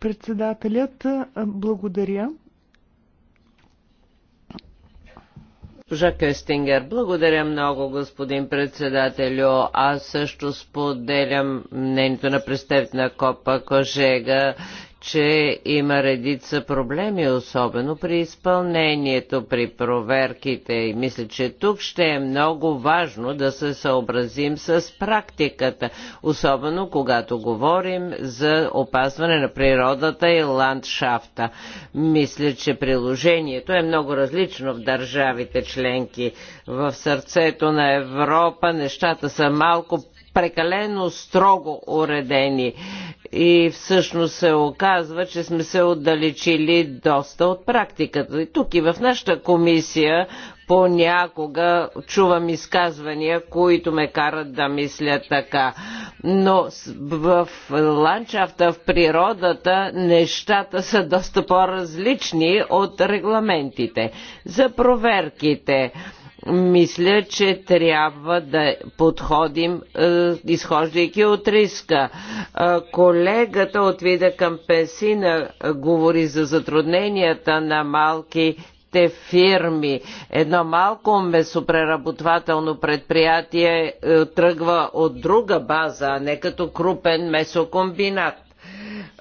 Председателят, благодаря. Госпожа Кестингер, благодаря много, господин председателю. Аз също споделям мнението на представител на Копа Кожега, че има редица проблеми, особено при изпълнението, при проверките. И мисля, че тук ще е много важно да се съобразим с практиката, особено когато говорим за опазване на природата и ландшафта. Мисля, че приложението е много различно в държавите членки. В сърцето на Европа нещата са малко прекалено строго уредени и всъщност се оказва, че сме се отдалечили доста от практиката. И тук и в нашата комисия понякога чувам изказвания, които ме карат да мисля така. Но в ландшафта, в природата, нещата са доста по-различни от регламентите. За проверките мисля, че трябва да подходим, е, изхождайки от риска. Е, колегата от вида към песина е, говори за затрудненията на малки те фирми. Едно малко месопреработвателно предприятие тръгва от друга база, а не като крупен месокомбинат.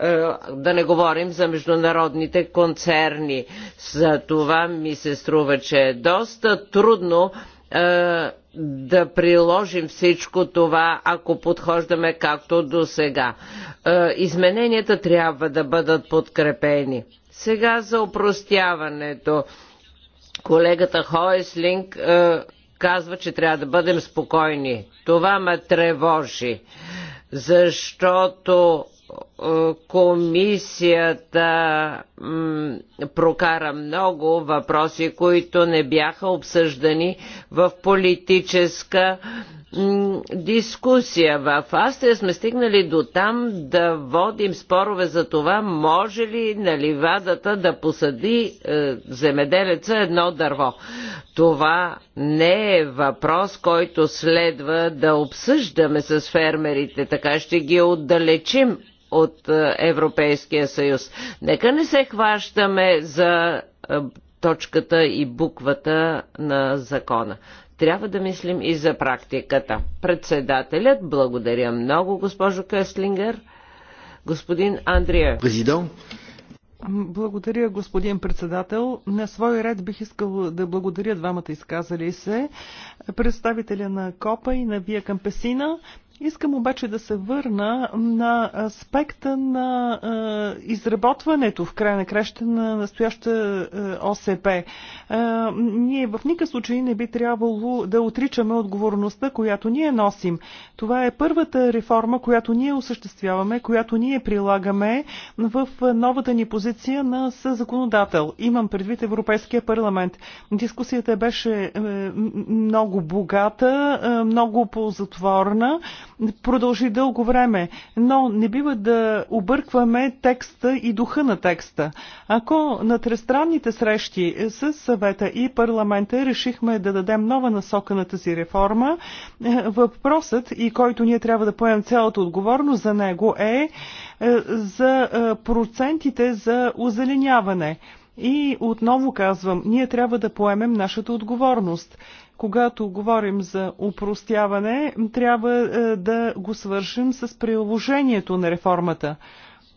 Е, да не говорим за международните концерни. За това ми се струва, че е доста трудно е, да приложим всичко това, ако подхождаме както до сега. Е, измененията трябва да бъдат подкрепени. Сега за упростяването. Колегата Хойслинг казва, че трябва да бъдем спокойни. Това ме тревожи, защото комисията прокара много въпроси, които не бяха обсъждани в политическа дискусия. В Австрия сме стигнали до там да водим спорове за това, може ли на ливадата да посади е, земеделеца едно дърво. Това не е въпрос, който следва да обсъждаме с фермерите, така ще ги отдалечим от е, Европейския съюз. Нека не се хващаме за е, точката и буквата на закона. Трябва да мислим и за практиката. Председателят, благодаря много, госпожо Кеслингер. Господин Андрия. Президент. Благодаря, господин председател. На свой ред бих искал да благодаря двамата изказали се, представителя на КОПА и на Вия Кампесина. Искам обаче да се върна на аспекта на а, изработването в края на краща на настояща ОСП. А, ние в никакъв случай не би трябвало да отричаме отговорността, която ние носим. Това е първата реформа, която ние осъществяваме, която ние прилагаме в новата ни позиция на съзаконодател. Имам предвид Европейския парламент. Дискусията беше е, много богата, е, много ползотворна продължи дълго време, но не бива да объркваме текста и духа на текста. Ако на тристранните срещи с съвета и парламента решихме да дадем нова насока на тази реформа, е, въпросът и който ние трябва да поемем цялата отговорност за него е, е за е, процентите за озеленяване. И отново казвам, ние трябва да поемем нашата отговорност когато говорим за упростяване, трябва е, да го свършим с приложението на реформата.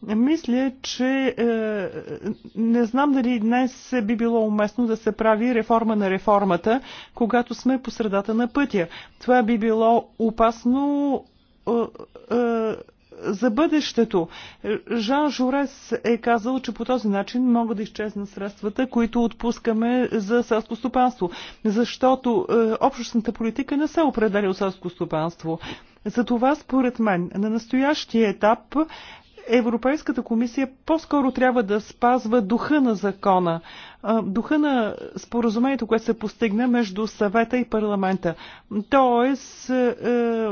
Мисля, че е, не знам дали днес би било уместно да се прави реформа на реформата, когато сме по средата на пътя. Това би било опасно е, е, за бъдещето. Жан Жорес е казал, че по този начин могат да изчезнат средствата, които отпускаме за селско стопанство, защото е, общностната политика не се определя от селско стопанство. Затова, според мен, на настоящия етап Европейската комисия по-скоро трябва да спазва духа на закона, духа на споразумението, което се постигна между съвета и парламента. Тоест е, е,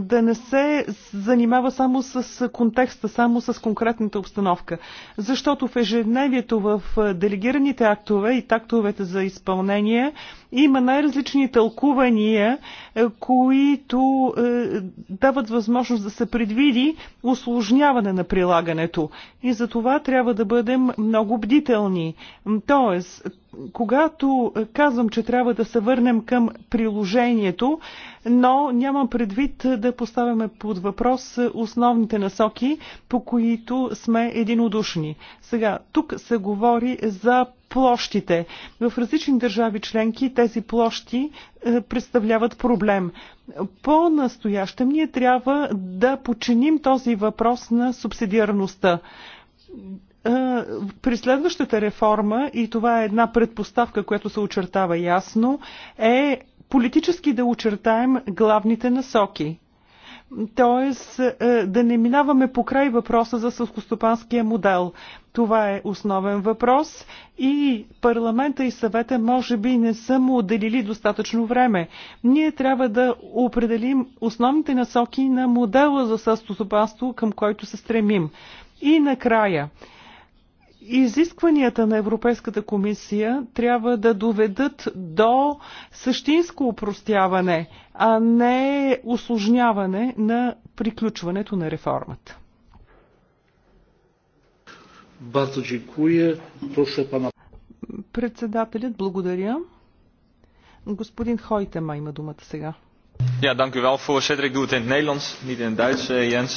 да не се занимава само с контекста, само с конкретната обстановка. Защото в ежедневието в е, делегираните актове и тактовете за изпълнение има най-различни тълкувания, които дават възможност да се предвиди осложняване на прилагането. И за това трябва да бъдем много бдителни Тоест, когато е, казвам, че трябва да се върнем към приложението, но нямам предвид е, да поставяме под въпрос е, основните насоки, по които сме единодушни. Сега, тук се говори за площите. В различни държави членки тези площи представляват проблем. По-настоящем ние трябва да починим този въпрос на субсидиарността при следващата реформа, и това е една предпоставка, която се очертава ясно, е политически да очертаем главните насоки. Тоест да не минаваме по край въпроса за сълскостопанския модел. Това е основен въпрос и парламента и съвета може би не са му отделили достатъчно време. Ние трябва да определим основните насоки на модела за състосопанство, към който се стремим. И накрая, изискванията на Европейската комисия трябва да доведат до същинско упростяване, а не осложняване на приключването на реформата. Председателят, благодаря. Господин Хойтема има думата сега. Ja, dank u wel, voorzitter. Ik doe het in het Nederlands, niet in het Duits, eh, Jens.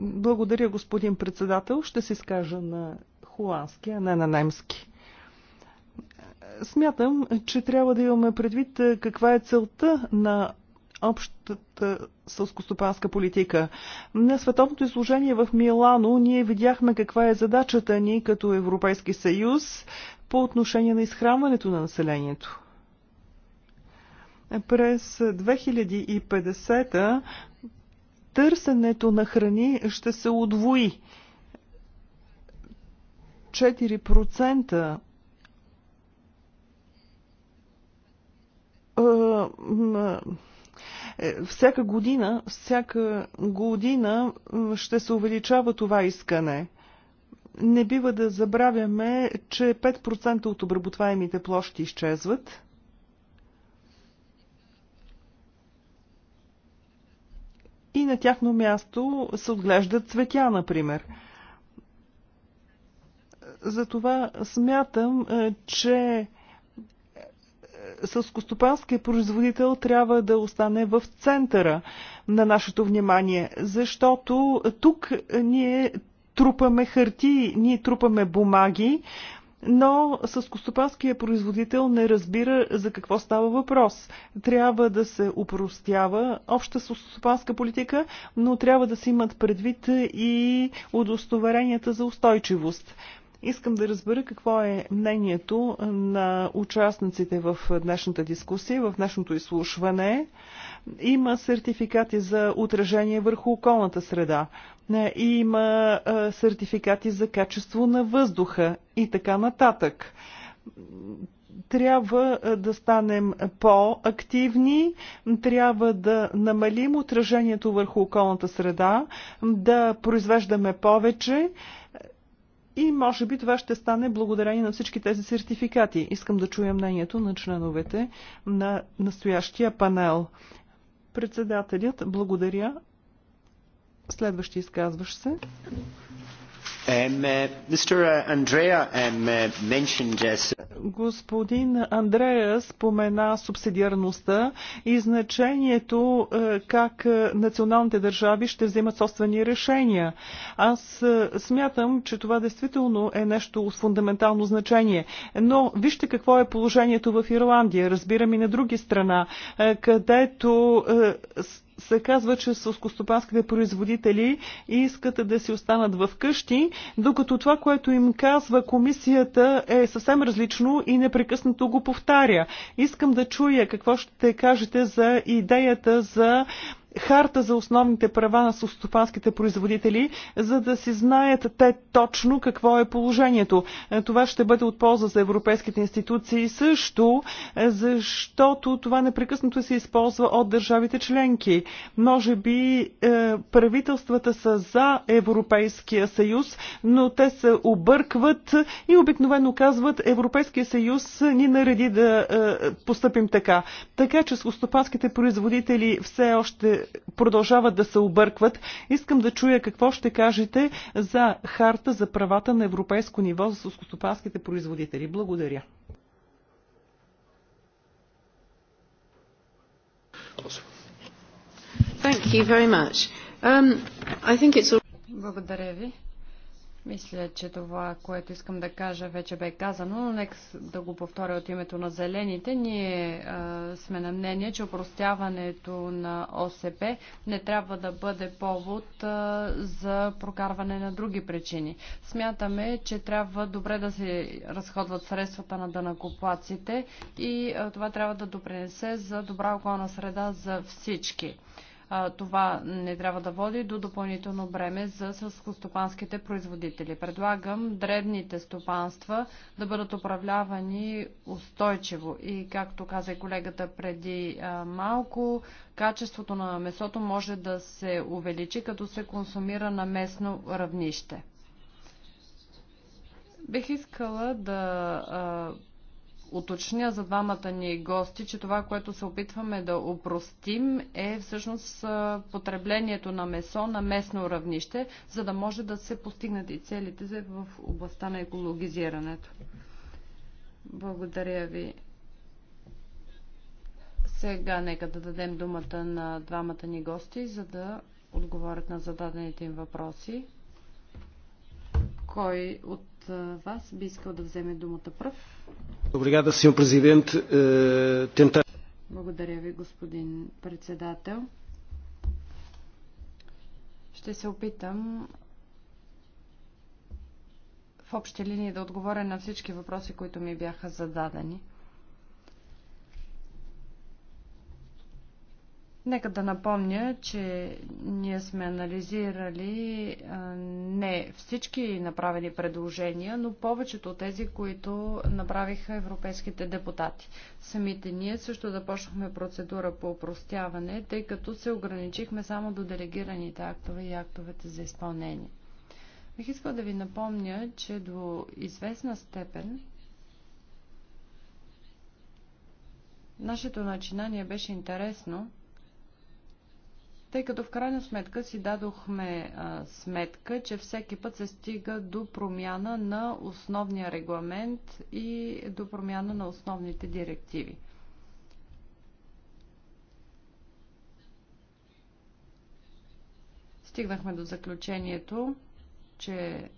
Благодаря, господин председател. Ще се скажа на холандски, а не на немски. Смятам, че трябва да имаме предвид е, каква е целта на общата сълскостопанска политика. На световното изложение в Милано ние видяхме каква е задачата ни като Европейски съюз по отношение на изхранването на населението. През 2050 търсенето на храни ще се удвои. 4% е, всяка година, всяка година ще се увеличава това искане. Не бива да забравяме, че 5% от обработваемите площи изчезват. и на тяхно място се отглеждат цветя, например. Затова смятам, е, че е, сълскостопанския производител трябва да остане в центъра на нашето внимание, защото тук ние трупаме хартии, ние трупаме бумаги, но съскостопанския производител не разбира за какво става въпрос. Трябва да се упростява обща съскостопанска политика, но трябва да се имат предвид и удостоверенията за устойчивост. Искам да разбера какво е мнението на участниците в днешната дискусия, в днешното изслушване. Има сертификати за отражение върху околната среда. Има сертификати за качество на въздуха и така нататък трябва да станем по-активни, трябва да намалим отражението върху околната среда, да произвеждаме повече, и може би това ще стане благодарение на всички тези сертификати. Искам да чуя мнението на членовете на настоящия панел. Председателят, благодаря. Следващи изказваш се. Um, uh, uh, um, uh, Господин Андрея спомена субсидиарността и значението е, как е, националните държави ще вземат собствени решения. Аз е, смятам, че това действително е нещо с фундаментално значение. Но вижте какво е положението в Ирландия, разбирам и на други страна, където се казва, че сълскостопанските производители искат да си останат в къщи, докато това, което им казва комисията е съвсем различно и непрекъснато го повтаря. Искам да чуя какво ще кажете за идеята за харта за основните права на сустопанските производители, за да си знаят те точно какво е положението. Е, това ще бъде от полза за европейските институции също, е, защото това непрекъснато се използва от държавите членки. Може би е, правителствата са за Европейския съюз, но те се объркват и обикновено казват Европейския съюз ни нареди да постъпим така. Така че сустопанските производители все още продължават да се объркват. Искам да чуя какво ще кажете за харта за правата на европейско ниво за сълскостопанските производители. Благодаря. Thank you very much. Um, I think it's... Благодаря ви. Мисля, че това, което искам да кажа, вече бе казано, но нека да го повторя от името на зелените. Ние а, сме на мнение, че упростяването на ОСП не трябва да бъде повод а, за прокарване на други причини. Смятаме, че трябва добре да се разходват средствата на дънакоплаците, и а, това трябва да допринесе за добра околна среда за всички това не трябва да води до допълнително бреме за сълскостопанските производители. Предлагам дребните стопанства да бъдат управлявани устойчиво и, както каза и колегата преди малко, качеството на месото може да се увеличи, като се консумира на местно равнище. Бих искала да уточня за двамата ни гости, че това, което се опитваме да упростим е всъщност потреблението на месо на местно равнище, за да може да се постигнат и целите в областта на екологизирането. Благодаря ви. Сега нека да дадем думата на двамата ни гости, за да отговорят на зададените им въпроси. Кой от вас би искал да вземе думата пръв? Eh, Благодаря ви, господин председател. Ще се опитам в общи линии да отговоря на всички въпроси, които ми бяха зададени. Нека да напомня, че ние сме анализирали не всички направени предложения, но повечето от тези, които направиха европейските депутати. Самите ние също започнахме процедура по упростяване, тъй като се ограничихме само до делегираните актове и актовете за изпълнение. Бих искал да ви напомня, че до известна степен нашето начинание беше интересно – тъй като в крайна сметка си дадохме а, сметка, че всеки път се стига до промяна на основния регламент и до промяна на основните директиви. Стигнахме до заключението, че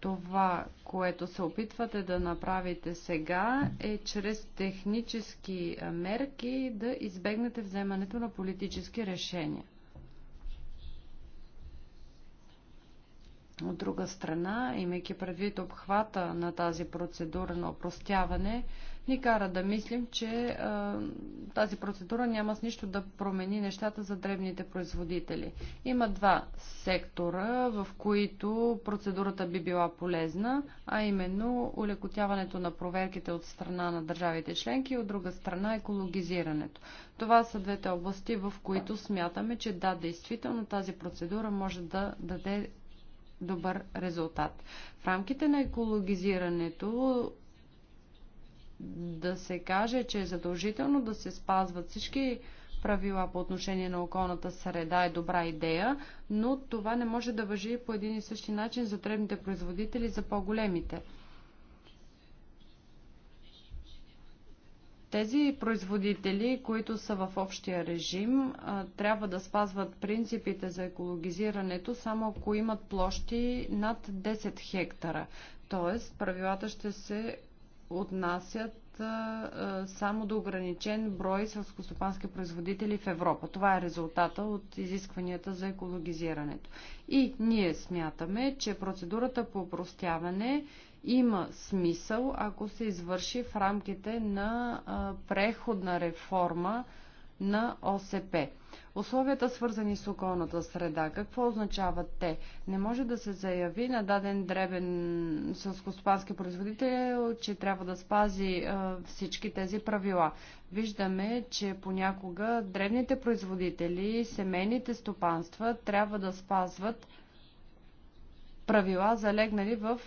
това, което се опитвате да направите сега, е чрез технически мерки да избегнете вземането на политически решения. От друга страна, имайки предвид обхвата на тази процедура на опростяване, ни кара да мислим, че а, тази процедура няма с нищо да промени нещата за древните производители. Има два сектора, в които процедурата би била полезна, а именно улекотяването на проверките от страна на държавите членки и от друга страна екологизирането. Това са двете области, в които смятаме, че да, действително тази процедура може да даде добър резултат. В рамките на екологизирането да се каже, че е задължително да се спазват всички правила по отношение на околната среда е добра идея, но това не може да въжи по един и същи начин за дребните производители за по-големите. Тези производители, които са в общия режим, трябва да спазват принципите за екологизирането само ако имат площи над 10 хектара. Тоест, правилата ще се отнасят само до ограничен брой сълскостопански производители в Европа. Това е резултата от изискванията за екологизирането. И ние смятаме, че процедурата по опростяване има смисъл, ако се извърши в рамките на преходна реформа на ОСП. Условията свързани с околната среда, какво означават те? Не може да се заяви на даден дребен сълскоспански производител, че трябва да спази всички тези правила. Виждаме, че понякога древните производители, семейните стопанства трябва да спазват правила, залегнали в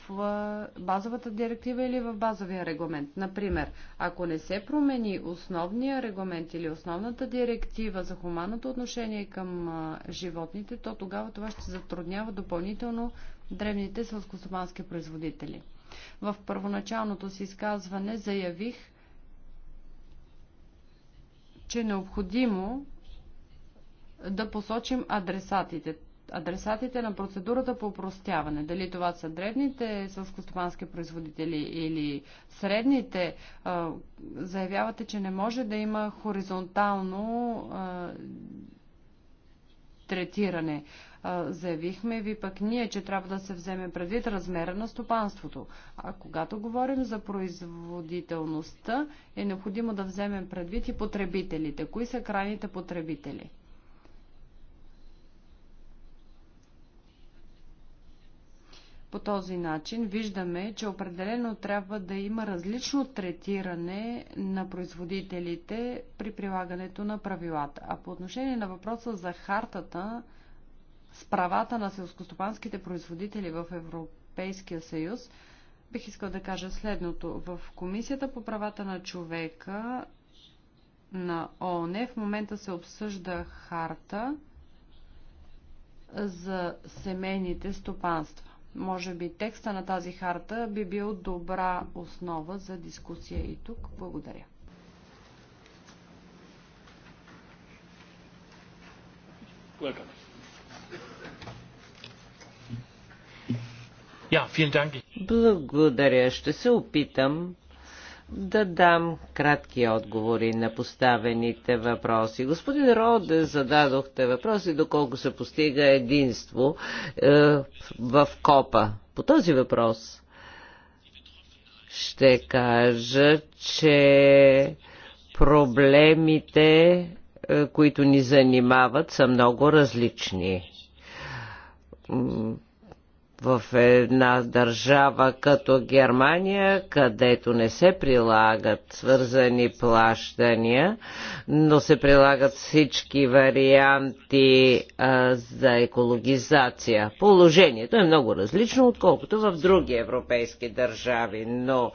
базовата директива или в базовия регламент. Например, ако не се промени основния регламент или основната директива за хуманното отношение към животните, то тогава това ще затруднява допълнително древните сълскостопански производители. В първоначалното си изказване заявих, че е необходимо да посочим адресатите, адресатите на процедурата по упростяване. Дали това са древните сълскостопански производители или средните, заявявате, че не може да има хоризонтално третиране. Заявихме ви пък ние, че трябва да се вземе предвид размера на стопанството. А когато говорим за производителността, е необходимо да вземем предвид и потребителите. Кои са крайните потребители? По този начин виждаме, че определено трябва да има различно третиране на производителите при прилагането на правилата. А по отношение на въпроса за хартата с правата на селскостопанските производители в Европейския съюз, бих искал да кажа следното. В Комисията по правата на човека на ООН в момента се обсъжда харта за семейните стопанства. Може би текста на тази харта би бил добра основа за дискусия и тук. Благодаря. Благодаря. Благодаря. Ще се опитам да дам кратки отговори на поставените въпроси. Господин Роде, зададохте въпроси доколко се постига единство е, в КОПА. По този въпрос ще кажа, че проблемите, е, които ни занимават, са много различни в една държава като Германия, където не се прилагат свързани плащания, но се прилагат всички варианти а, за екологизация. Положението е много различно, отколкото в други европейски държави, но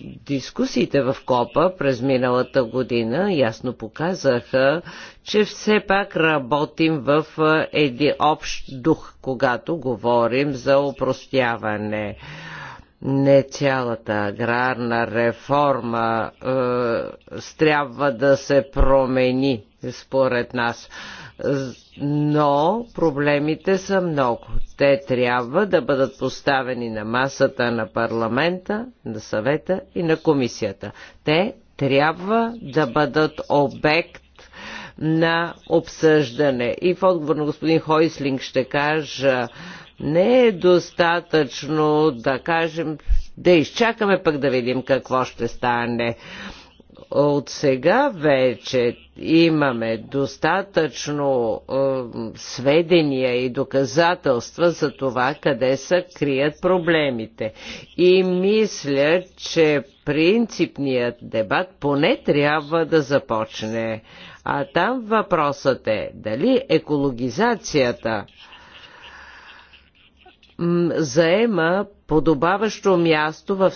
дискусиите в КОПА през миналата година ясно показаха, че все пак работим в един общ дух, когато говорим за упростяване. Не цялата аграрна реформа е, трябва да се промени, според нас но проблемите са много. Те трябва да бъдат поставени на масата на парламента, на съвета и на комисията. Те трябва да бъдат обект на обсъждане. И в отговор на господин Хойслинг ще кажа, не е достатъчно да кажем, да изчакаме пък да видим какво ще стане. От сега вече имаме достатъчно е, сведения и доказателства за това къде са крият проблемите. И мисля, че принципният дебат поне трябва да започне. А там въпросът е дали екологизацията заема подобаващо място в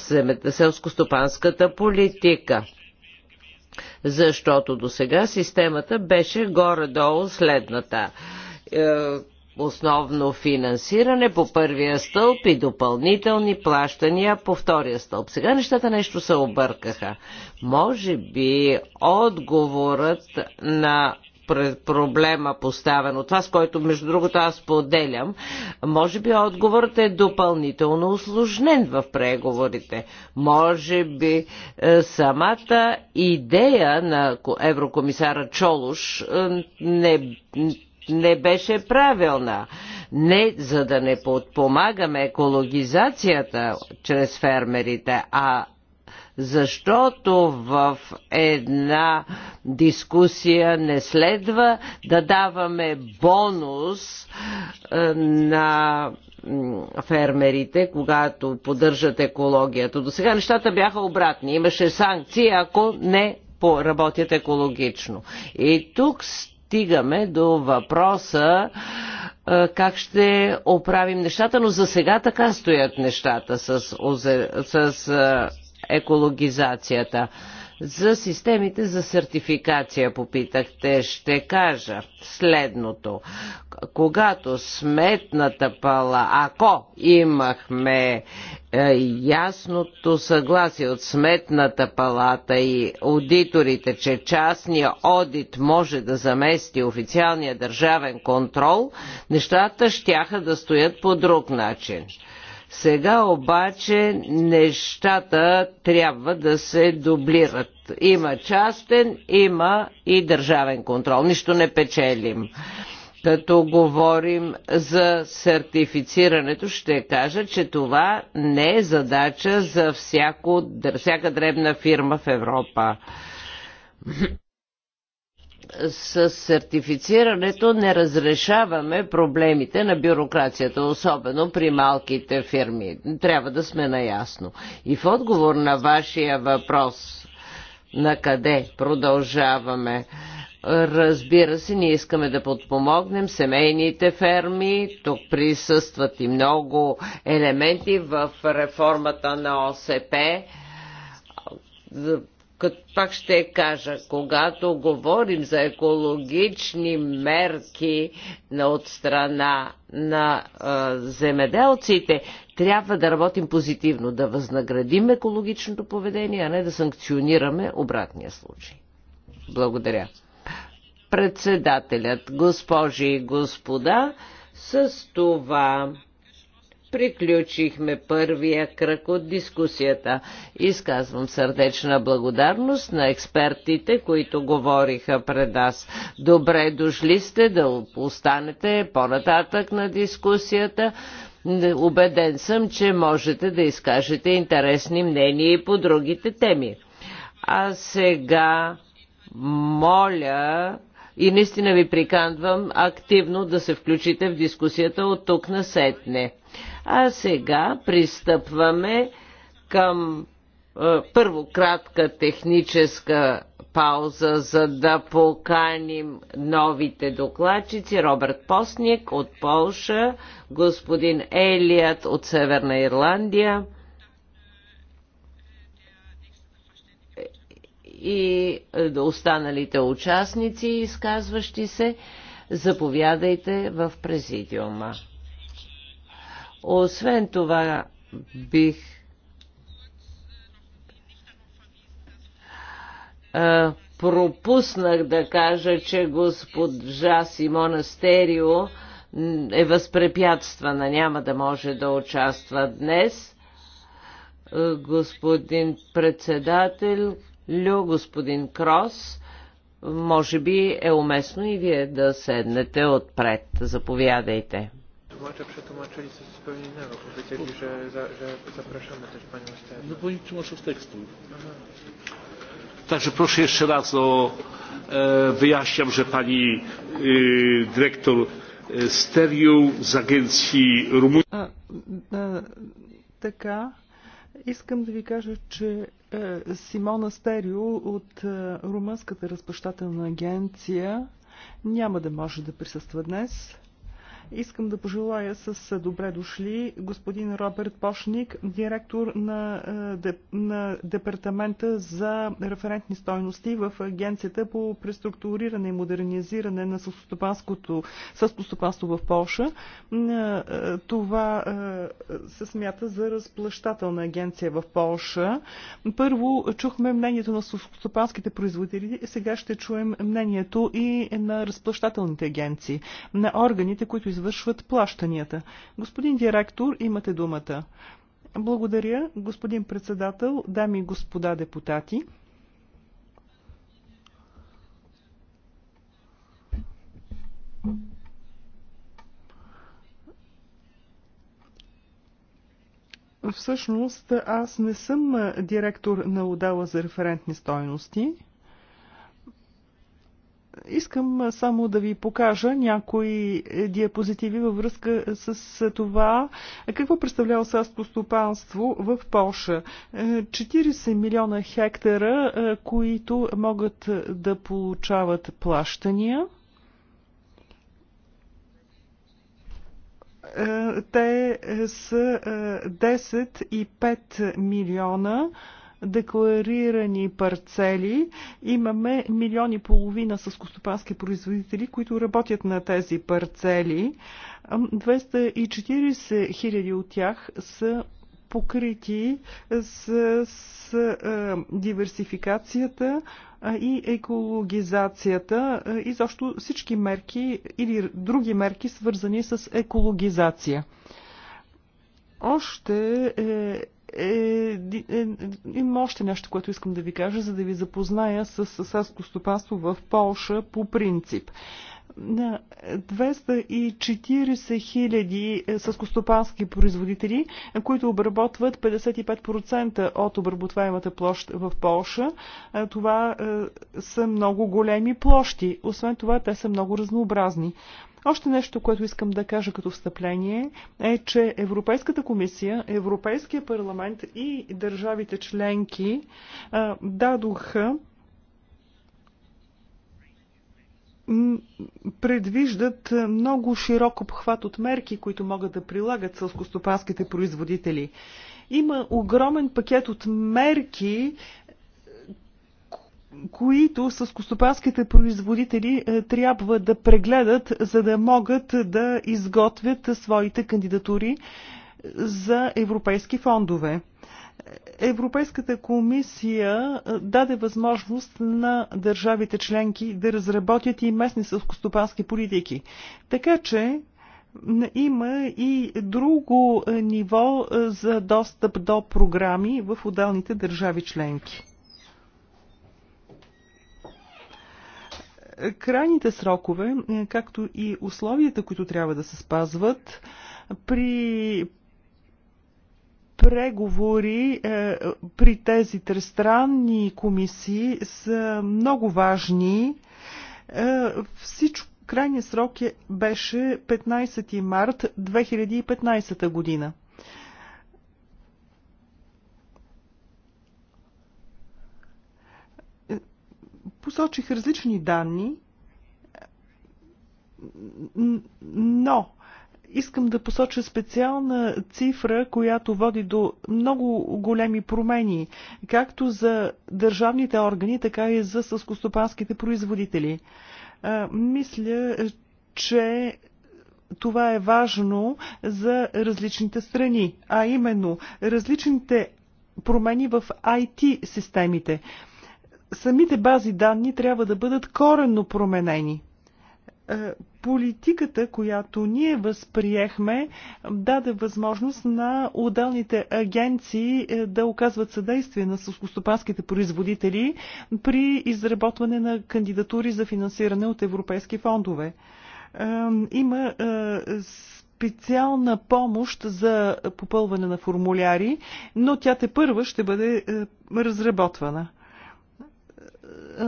селско-стопанската политика защото до сега системата беше горе-долу следната. Е, основно финансиране по първия стълб и допълнителни плащания по втория стълб. Сега нещата нещо се объркаха. Може би отговорът на проблема поставено. от вас, който между другото аз поделям, може би отговорът е допълнително усложнен в преговорите. Може би е, самата идея на еврокомисара Чолуш е, не, не беше правилна не за да не подпомагаме екологизацията чрез фермерите, а защото в една дискусия. Не следва да даваме бонус е, на фермерите, когато поддържат екологията. До сега нещата бяха обратни. Имаше санкции, ако не работят екологично. И тук стигаме до въпроса е, как ще оправим нещата, но за сега така стоят нещата с, с е, екологизацията. За системите за сертификация попитахте, ще кажа следното. Когато сметната пала, ако имахме е, ясното съгласие от Сметната палата и аудиторите, че частния одит може да замести официалния държавен контрол, нещата щяха да стоят по друг начин. Сега обаче нещата трябва да се дублират. Има частен, има и държавен контрол. Нищо не печелим като говорим за сертифицирането, ще кажа, че това не е задача за всяко, всяка дребна фирма в Европа с сертифицирането не разрешаваме проблемите на бюрокрацията, особено при малките фирми. Трябва да сме наясно. И в отговор на вашия въпрос, на къде продължаваме, Разбира се, ние искаме да подпомогнем семейните ферми. Тук присъстват и много елементи в реформата на ОСП като пак ще кажа, когато говорим за екологични мерки от страна на а, земеделците, трябва да работим позитивно, да възнаградим екологичното поведение, а не да санкционираме обратния случай. Благодаря. Председателят, госпожи и господа, с това Приключихме първия кръг от дискусията. Изказвам сърдечна благодарност на експертите, които говориха пред нас. Добре дошли сте да останете по-нататък на дискусията. Убеден съм, че можете да изкажете интересни мнения и по другите теми. А сега моля и наистина ви приканвам активно да се включите в дискусията от тук на сетне. А сега пристъпваме към е, първо кратка техническа пауза, за да поканим новите докладчици Робърт Постник от Полша, господин Елият от Северна Ирландия и останалите участници, изказващи се. Заповядайте в президиума. Освен това, бих а, пропуснах да кажа, че госпожа Симона Стерио е възпрепятствана, няма да може да участва днес. Господин председател, Лю, господин Крос, може би е уместно и вие да седнете отпред. Заповядайте tłumacze przetłumaczyli coś zupełnie innego. Powiedzieli, że, za, że zapraszamy też panią Stefan. No bo nie tłumaczą z tekstu. Aha. Także proszę jeszcze raz o e, wyjaśniam, że pani y, dyrektor Steriu z agencji Rumunii. Taka. искам да ви кажа, че е, Симона Стерио от е, Румънската разпощателна агенция няма да може да присъства днес. Искам да пожелая с е, добре дошли господин Роберт Пошник, директор на, е, на Департамента за референтни стойности в Агенцията по преструктуриране и модернизиране на състопанството в Польша. Е, това се смята за разплащателна агенция в Польша. Първо чухме мнението на състопанските производители, сега ще чуем мнението и на разплащателните агенции, на органите, които извършват плащанията. Господин директор, имате думата. Благодаря, господин председател, дами и господа депутати. Всъщност аз не съм директор на отдела за референтни стойности. Искам само да ви покажа някои диапозитиви във връзка с това какво представлява селско стопанство в Польша. 40 е, милиона хектара, е, които могат да получават плащания. Е, те са 10 и 5 милиона декларирани парцели. Имаме милиони и половина съскостопански производители, които работят на тези парцели. 240 хиляди от тях са покрити с, с е, диверсификацията е, и екологизацията е, и защо всички мерки или други мерки свързани с екологизация. Още е, е, е, е, има още нещо, което искам да ви кажа, за да ви запозная с съседско стопанство в Полша по принцип. На 240 хиляди е, съскостопански производители, които обработват 55% от обработваемата площ в Полша. Е, това са много големи площи. Освен това, те са много разнообразни. Още нещо, което искам да кажа като встъпление, е, че Европейската комисия, Европейския парламент и държавите членки а, дадоха предвиждат много широк обхват от мерки, които могат да прилагат сълскостопанските производители. Има огромен пакет от мерки, които с костопанските производители е, трябва да прегледат, за да могат да изготвят своите кандидатури за европейски фондове. Европейската комисия е, даде възможност на държавите членки да разработят и местни селскостопански политики. Така че има и друго е, ниво за достъп до програми в отдалните държави членки. крайните срокове, е, както и условията, които трябва да се спазват при преговори е, при тези тристранни комисии са много важни. Е, всичко, крайният срок е, беше 15 март 2015 година. Посочих различни данни, но искам да посоча специална цифра, която води до много големи промени, както за държавните органи, така и за съскостопанските производители. Мисля, че това е важно за различните страни, а именно различните промени в IT системите самите бази данни трябва да бъдат коренно променени. Е, политиката, която ние възприехме, даде възможност на отделните агенции е, да оказват съдействие на сълскостопанските производители при изработване на кандидатури за финансиране от европейски фондове. Е, има специална помощ за попълване на формуляри, но тя те първа ще бъде разработвана. Е,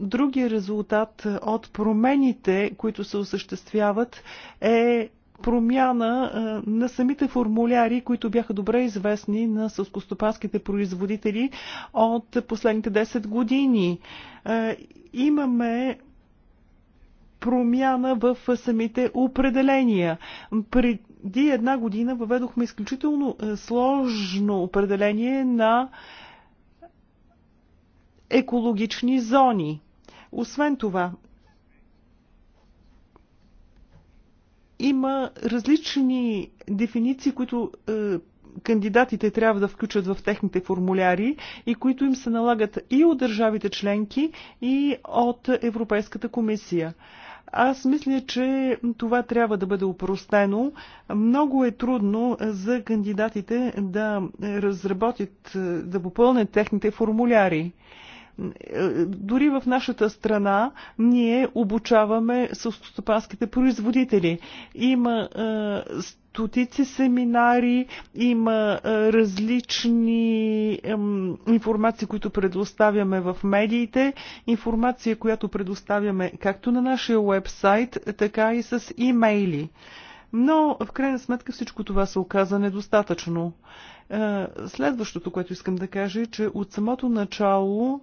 другия резултат от промените, които се осъществяват, е промяна е, на самите формуляри, които бяха добре известни на сълскостопанските производители от последните 10 години. Е, имаме промяна в самите определения. Преди една година въведохме изключително сложно определение на екологични зони. Освен това, има различни дефиниции, които е, кандидатите трябва да включат в техните формуляри и които им се налагат и от държавите членки, и от Европейската комисия. Аз мисля, че това трябва да бъде упростено. Много е трудно за кандидатите да разработят, е, да попълнят техните формуляри. Дори в нашата страна ние обучаваме сълскостопанските производители. Има е, стотици семинари, има е, различни информации, които предоставяме в медиите, информация, която предоставяме както на нашия вебсайт, така и с имейли. Но в крайна сметка всичко това се оказа недостатъчно. Е, следващото, което искам да кажа е, че от самото начало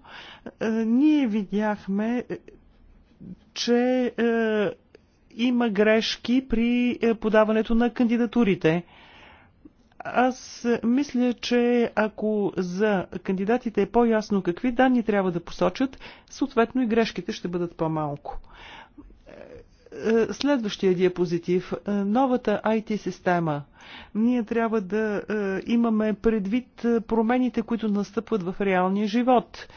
е, ние видяхме, е, че има грешки при подаването на кандидатурите. Аз мисля, че ако за кандидатите е по-ясно какви данни трябва да посочат, съответно и грешките ще бъдат по-малко. Е, следващия диапозитив. Е, новата IT система. Ние трябва да е, имаме предвид промените, които настъпват в реалния живот.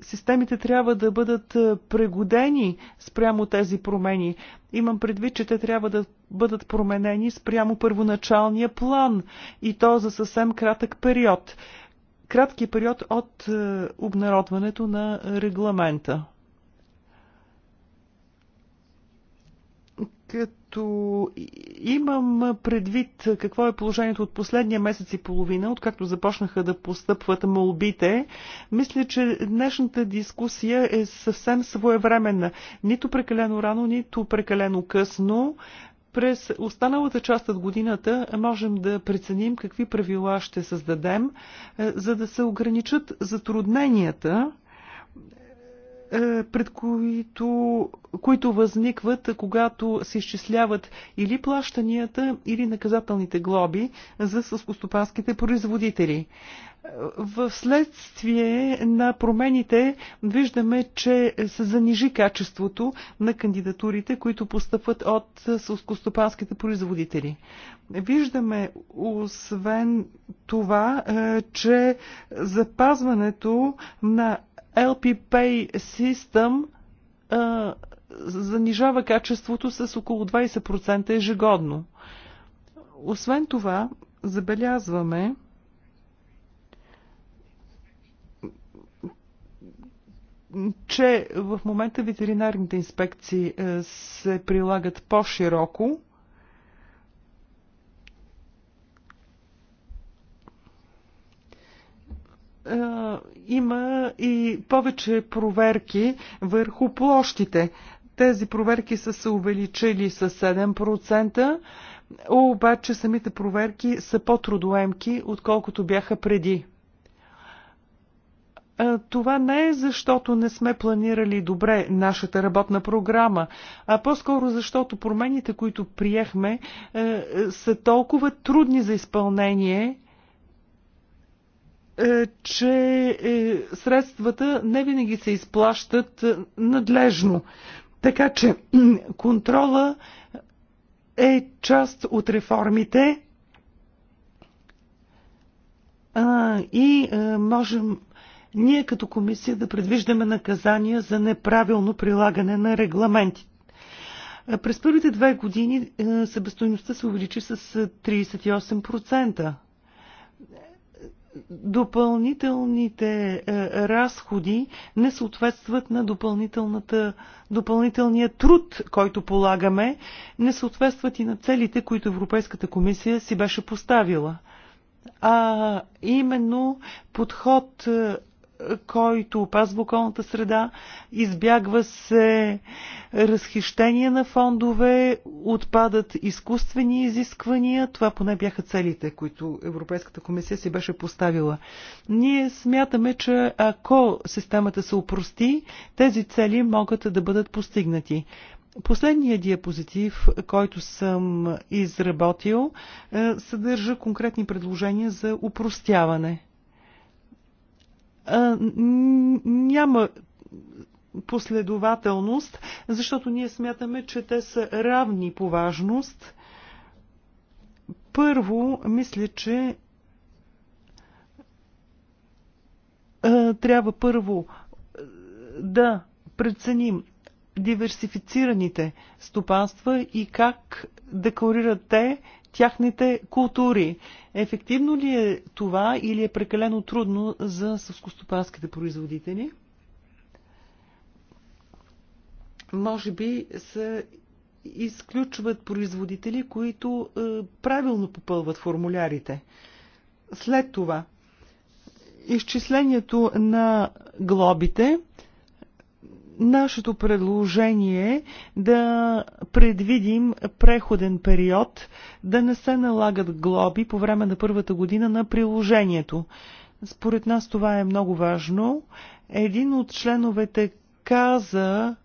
Системите трябва да бъдат прегодени спрямо тези промени. Имам предвид, че те трябва да бъдат променени спрямо първоначалния план и то за съвсем кратък период. Кратки период от обнародването на регламента. като имам предвид какво е положението от последния месец и половина, откакто започнаха да постъпват молбите, мисля, че днешната дискусия е съвсем своевременна. Нито прекалено рано, нито прекалено късно. През останалата част от годината можем да преценим какви правила ще създадем, е, за да се ограничат затрудненията, е, пред които, които възникват, когато се изчисляват или плащанията, или наказателните глоби за съскостопанските производители. В следствие на промените виждаме, че се занижи качеството на кандидатурите, които постъпват от сълскостопанските производители. Виждаме освен това, е, че запазването на LP Pay System а, занижава качеството с около 20% ежегодно. Освен това, забелязваме, че в момента ветеринарните инспекции се прилагат по-широко Е, има и повече проверки върху площите. Тези проверки са се увеличили с 7%, обаче самите проверки са по-трудоемки, отколкото бяха преди. Е, това не е защото не сме планирали добре нашата работна програма, а по-скоро защото промените, които приехме, е, са толкова трудни за изпълнение, е, че е, средствата не винаги се изплащат е, надлежно. Така че контрола е част от реформите и можем ние като комисия да предвиждаме наказания за неправилно прилагане на регламентите. През първите две години себестойността се увеличи с 38% допълнителните е, разходи не съответстват на допълнителния труд, който полагаме, не съответстват и на целите, които Европейската комисия си беше поставила. А именно подход е, който опазва околната среда, избягва се разхищение на фондове, отпадат изкуствени изисквания. Това поне бяха целите, които Европейската комисия си беше поставила. Ние смятаме, че ако системата се упрости, тези цели могат да бъдат постигнати. Последният диапозитив, който съм изработил, е, съдържа конкретни предложения за упростяване – няма последователност, защото ние смятаме, че те са равни по важност. Първо, мисля, че трябва първо да преценим диверсифицираните стопанства и как декларират те, Тяхните култури. Ефективно ли е това или е прекалено трудно за съскостопанските производители? Може би се изключват производители, които е, правилно попълват формулярите. След това, изчислението на глобите Нашето предложение е да предвидим преходен период, да не се налагат глоби по време на първата година на приложението. Според нас това е много важно. Един от членовете каза,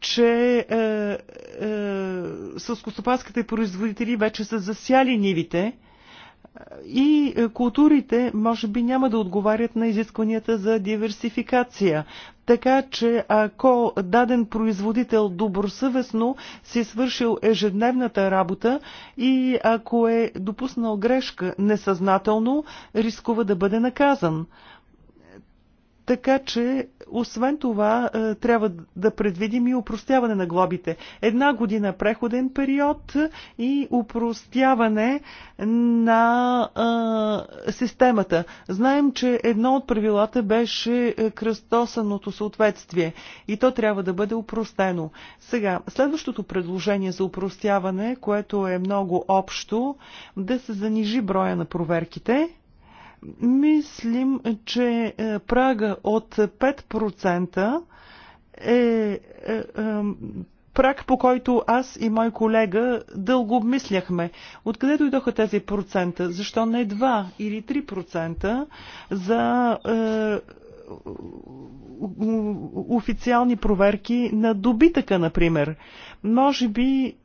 че е, е, съскостопанските производители вече са засяли нивите е, и културите може би няма да отговарят на изискванията за диверсификация. Така че ако даден производител добросъвестно си е свършил ежедневната работа и ако е допуснал грешка несъзнателно, рискува да бъде наказан. Така че, освен това, е, трябва да предвидим и упростяване на глобите. Една година преходен период и упростяване на а, е, системата. Знаем, че едно от правилата беше е, кръстосаното съответствие и то трябва да бъде упростено. Сега, следващото предложение за упростяване, което е много общо, да се занижи броя на проверките Мислим, че е, прага от 5% е, е, е прак, по който аз и мой колега дълго обмисляхме. Откъде дойдоха тези процента? Защо не 2 или 3% за е, официални проверки на добитъка, например? Може би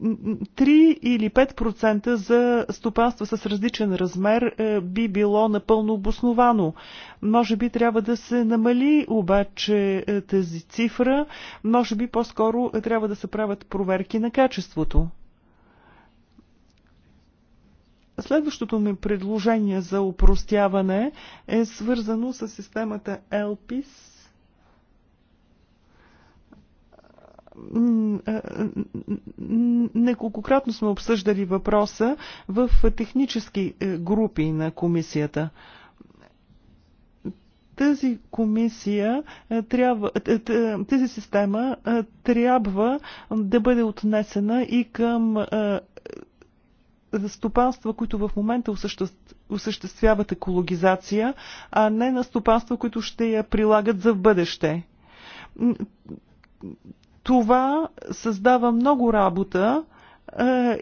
3 или 5% за стопанства с различен размер е, би било напълно обосновано. Може би трябва да се намали обаче е, тази цифра, може би по-скоро е, трябва да се правят проверки на качеството. Следващото ми предложение за упростяване е свързано с системата ELPIS неколкократно сме обсъждали въпроса в технически е, групи на комисията тази комисия е, трябва, е, тази система трябва да бъде отнесена и към стопанства, които в момента осъществяват екологизация, а не на стопанства, които ще я прилагат за в бъдеще това създава много работа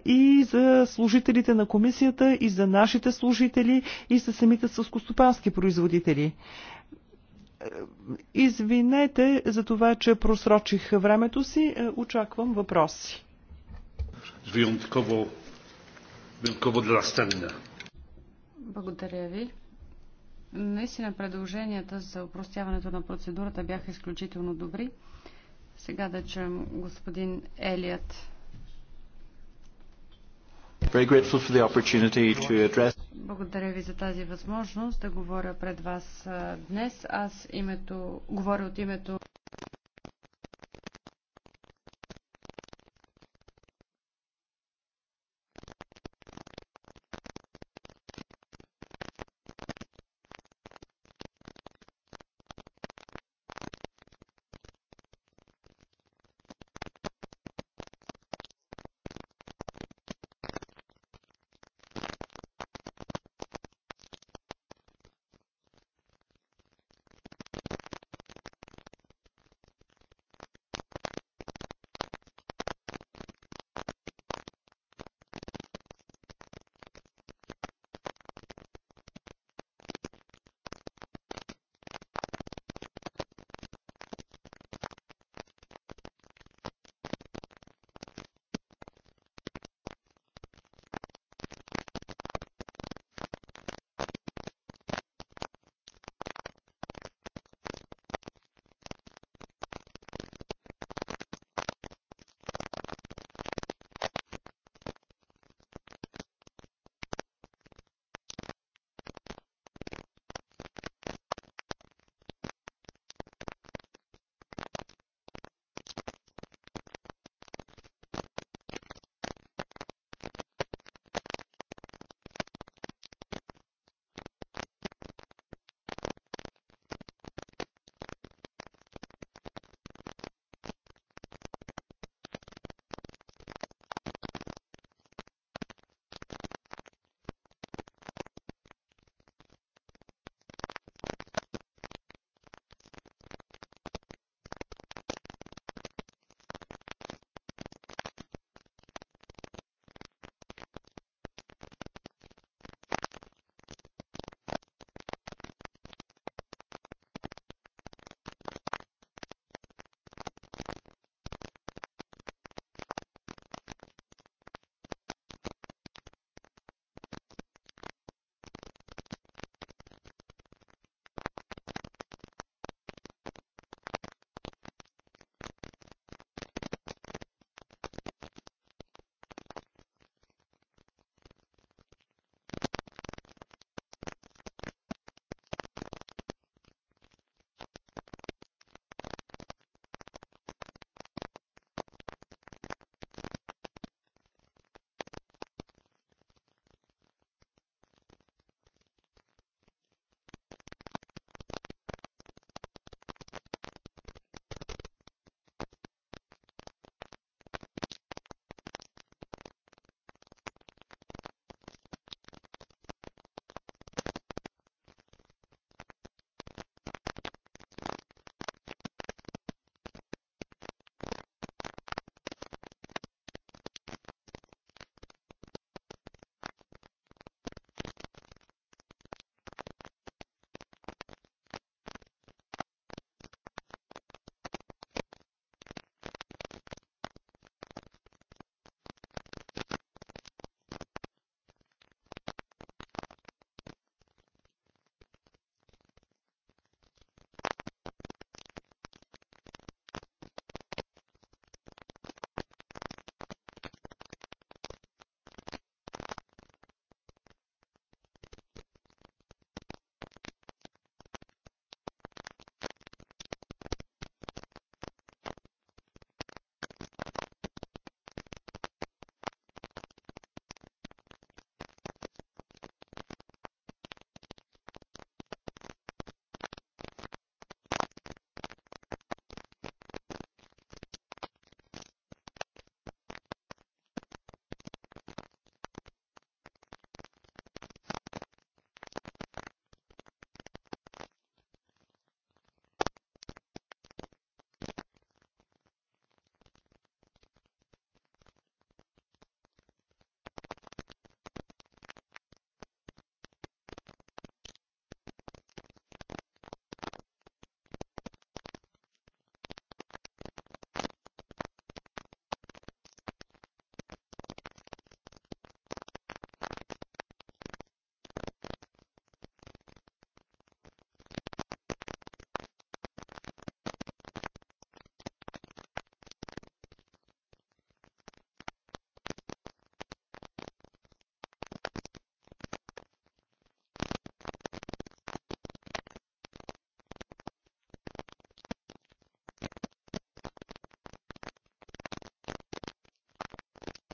и за служителите на комисията, и за нашите служители, и за самите съскостопански производители. Извинете за това, че просрочих времето си. Очаквам въпроси. Благодаря ви. Наистина предложенията за упростяването на процедурата бяха изключително добри. Сега да чуем господин Елият. Благодаря ви за тази възможност да говоря пред вас днес. Аз името, говоря от името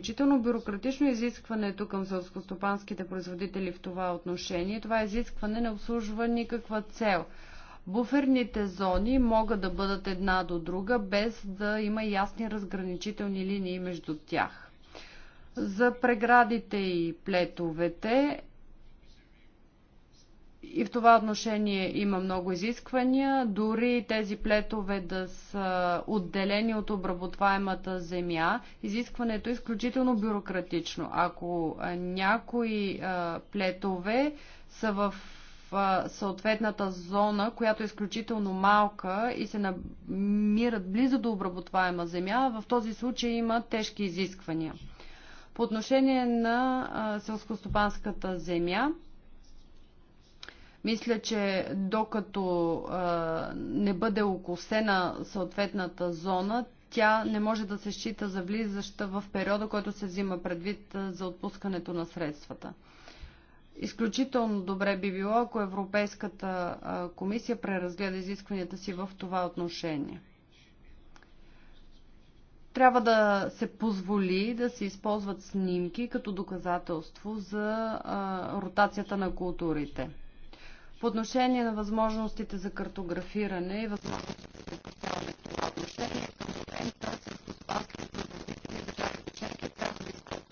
изключително бюрократично изискването към селскостопанските производители в това отношение. Това изискване не обслужва никаква цел. Буферните зони могат да бъдат една до друга, без да има ясни разграничителни линии между тях. За преградите и плетовете и в това отношение има много изисквания. Дори тези плетове да са отделени от обработваемата земя, изискването е изключително бюрократично. Ако някои плетове са в съответната зона, която е изключително малка и се намират близо до обработваема земя, в този случай има тежки изисквания. По отношение на селскостопанската земя, мисля, че докато а, не бъде окосена съответната зона, тя не може да се счита за влизаща в периода, който се взима предвид за отпускането на средствата. Изключително добре би било, ако Европейската комисия преразгледа изискванията си в това отношение. Трябва да се позволи да се използват снимки като доказателство за ротацията на културите. По отношение на възможностите за картографиране и възможностите за упростяване това отношение, към момента селскостопанските производители и държавите членки трябва да използват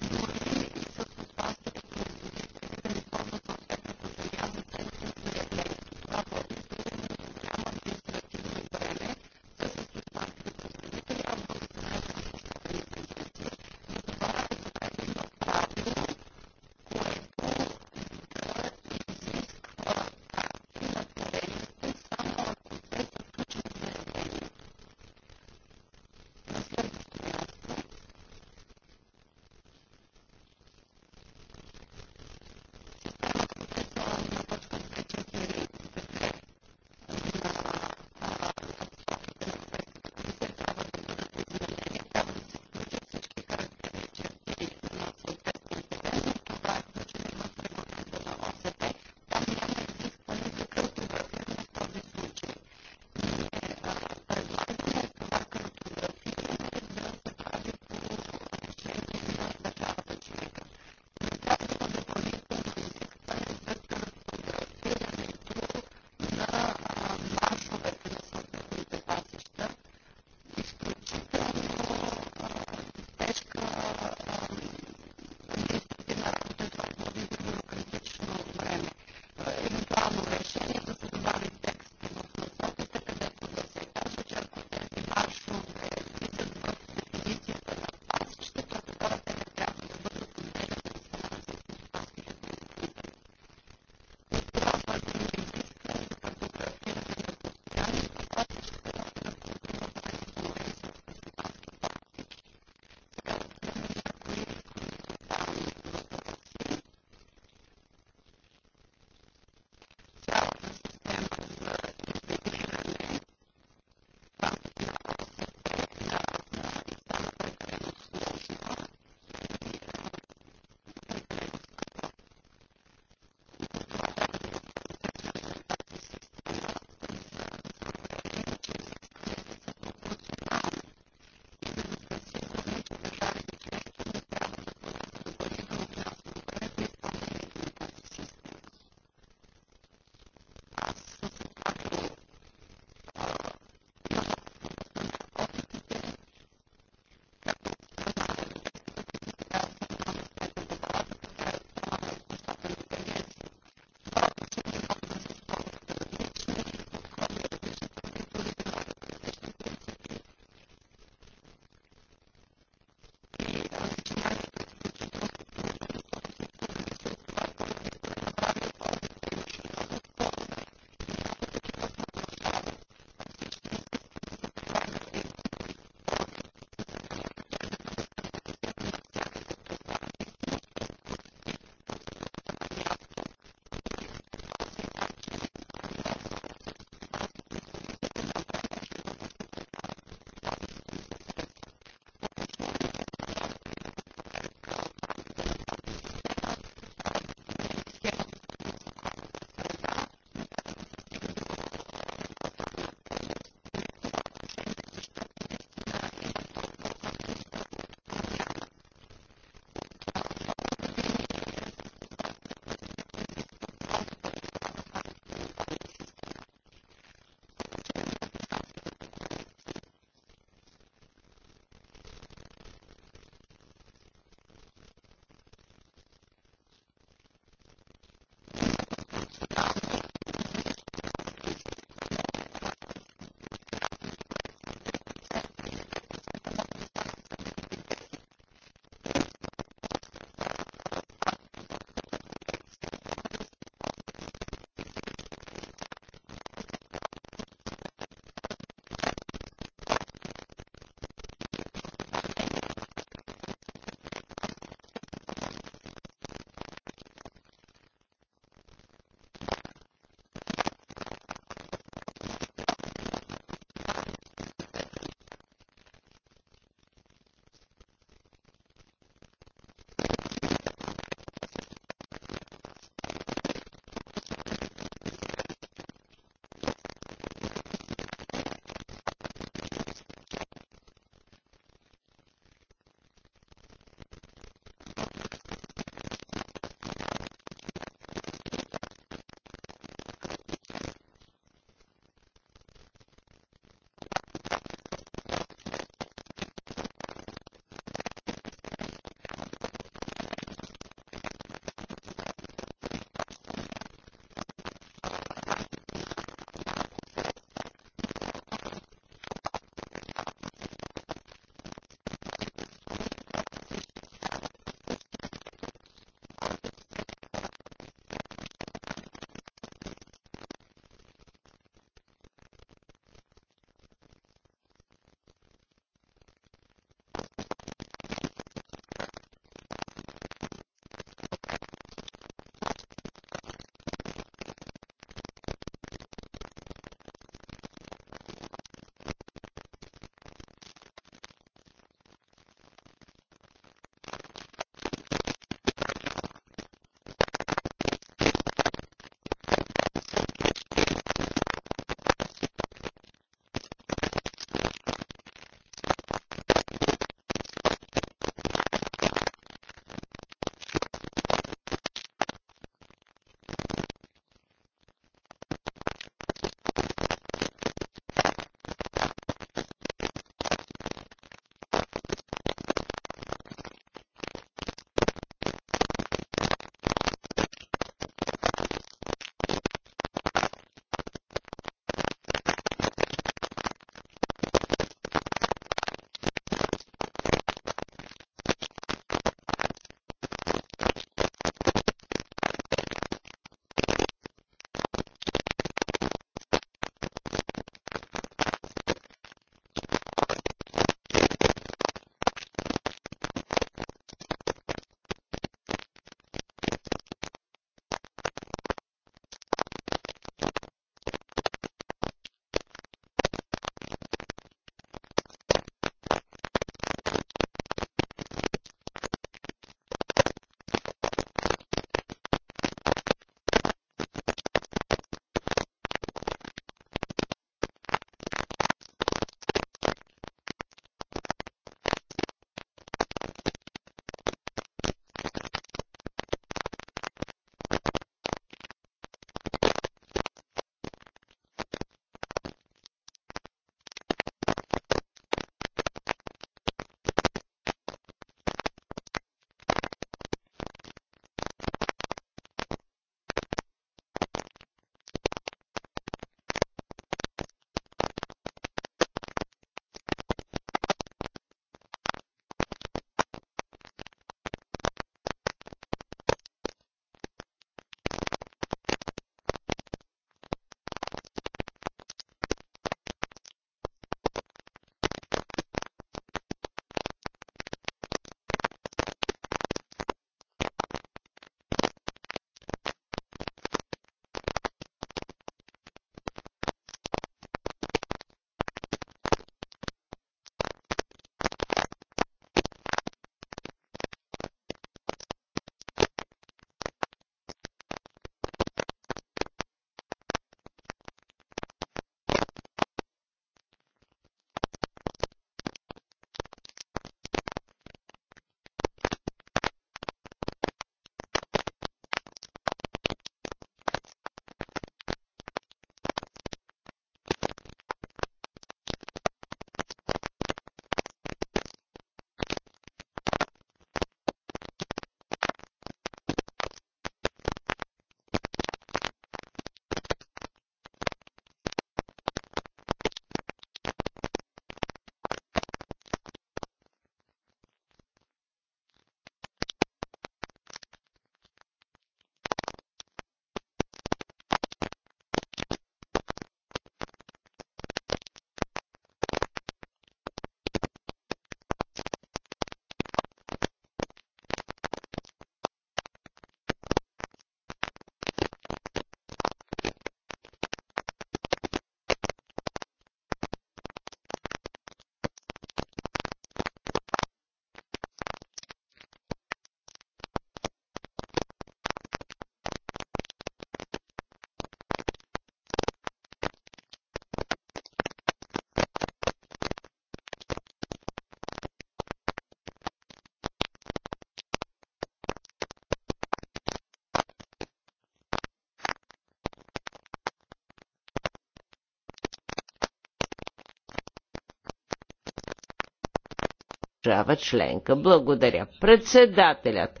държава членка. Благодаря. Председателят.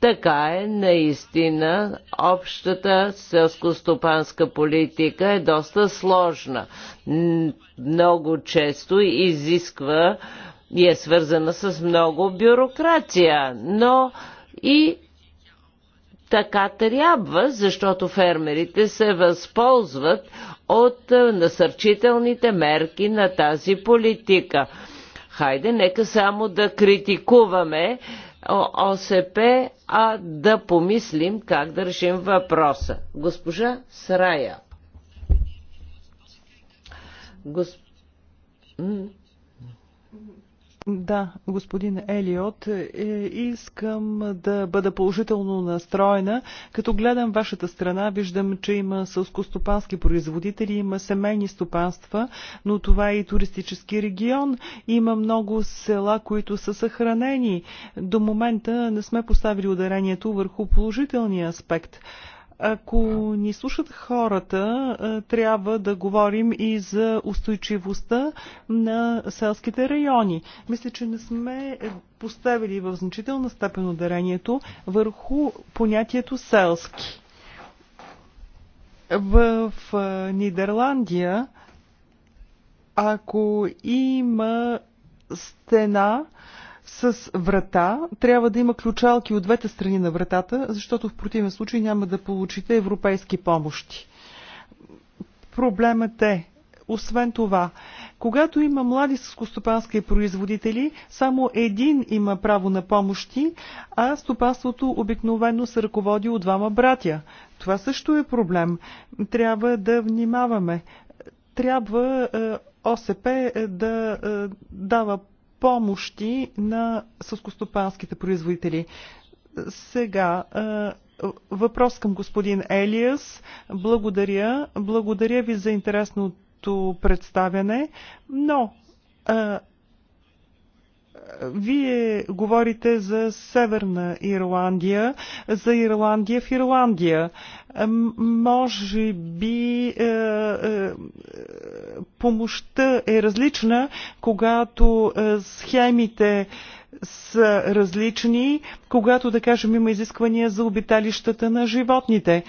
Така е, наистина, общата селско-стопанска политика е доста сложна. Много често изисква и е свързана с много бюрокрация, но и така трябва, защото фермерите се възползват от насърчителните мерки на тази политика Хайде, нека само да критикуваме ОСП, а да помислим как да решим въпроса. Госпожа Срая. Госп... Да, господин Елиот, е, искам да бъда положително настроена. Като гледам вашата страна, виждам, че има сълскостопански производители, има семейни стопанства, но това е и туристически регион. Има много села, които са съхранени. До момента не сме поставили ударението върху положителния аспект. Ако ни слушат хората, трябва да говорим и за устойчивостта на селските райони. Мисля, че не сме поставили в значителна степен ударението върху понятието селски. В Нидерландия, ако има стена, с врата. Трябва да има ключалки от двете страни на вратата, защото в противен случай няма да получите европейски помощи. Проблемът е, освен това, когато има млади скостопански производители, само един има право на помощи, а стопанството обикновено се ръководи от двама братя. Това също е проблем. Трябва да внимаваме. Трябва е, ОСП е, да е, дава помощи на съскостопанските производители. Сега, въпрос към господин Елиас. Благодаря. Благодаря ви за интересното представяне, но вие говорите за Северна Ирландия, за Ирландия в Ирландия. Може би е, е, помощта е различна, когато е, схемите са различни, когато, да кажем, има изисквания за обиталищата на животните.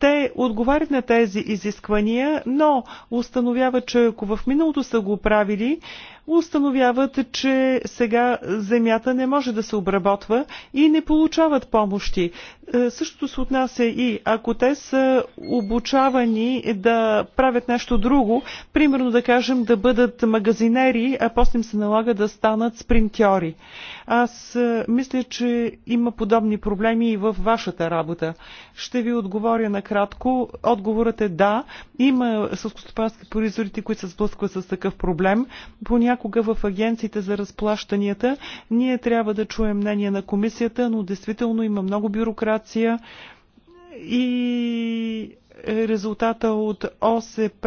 Те отговарят на тези изисквания, но установяват, че ако в миналото са го правили, установяват, че сега земята не може да се обработва и не получават помощи. Е, същото се отнася и ако те са обучавани да правят нещо друго, примерно да кажем да бъдат магазинери, а после им се налага да станат спринтьори. Аз е, мисля, че има подобни проблеми и в вашата работа. Ще ви отговоря накратко. Отговорът е да. Има сълскостопански производители, които се сблъскват с такъв проблем. Понякога понякога в агенциите за разплащанията ние трябва да чуем мнение на комисията, но действително има много бюрокрация и резултата от ОСП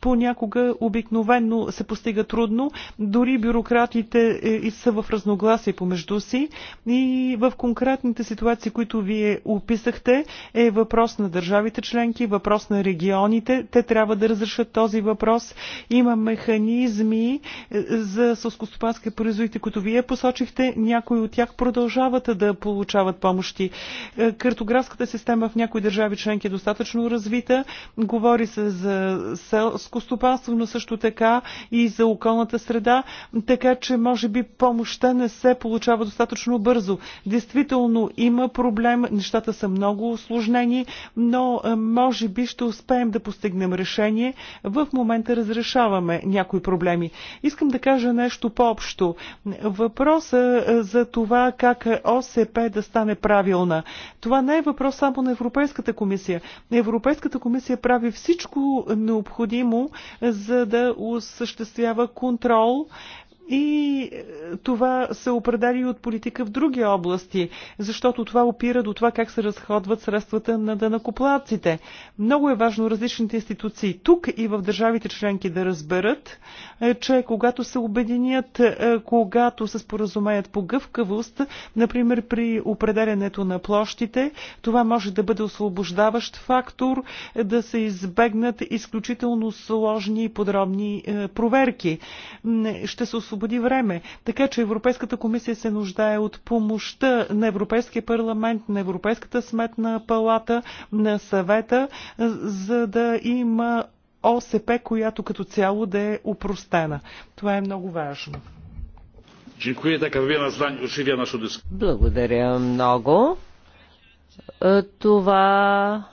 понякога обикновенно се постига трудно. Дори бюрократите е, са в разногласие помежду си. И в конкретните ситуации, които вие описахте, е въпрос на държавите членки, въпрос на регионите. Те трябва да разрешат този въпрос. Има механизми е, за сълскостопански производите, които вие посочихте. Някои от тях продължават да получават помощи. Е, картографската система в някои държави членки е достатъчно развита. Говори се за селско стопанство, но също така и за околната среда, така че може би помощта не се получава достатъчно бързо. Действително има проблем, нещата са много осложнени, но е, може би ще успеем да постигнем решение. В момента разрешаваме някои проблеми. Искам да кажа нещо по-общо. Въпросът е, за това как ОСП да стане правилна. Това не е въпрос само на Европейската комисия. Европейската Европейската комисия прави всичко необходимо, за да осъществява контрол и е, това се определи от политика в други области, защото това опира до това как се разходват средствата на данакоплаците. Много е важно различните институции тук и в държавите членки да разберат, е, че когато се обединят, е, когато се споразумеят по гъвкавост, например при определенето на площите, това може да бъде освобождаващ фактор да се избегнат изключително сложни и подробни проверки. Ще се освободи време. Така че Европейската комисия се нуждае от помощта на Европейския парламент, на Европейската сметна палата, на съвета, за да има ОСП, която като цяло да е упростена. Това е много важно. Благодаря много. Е, това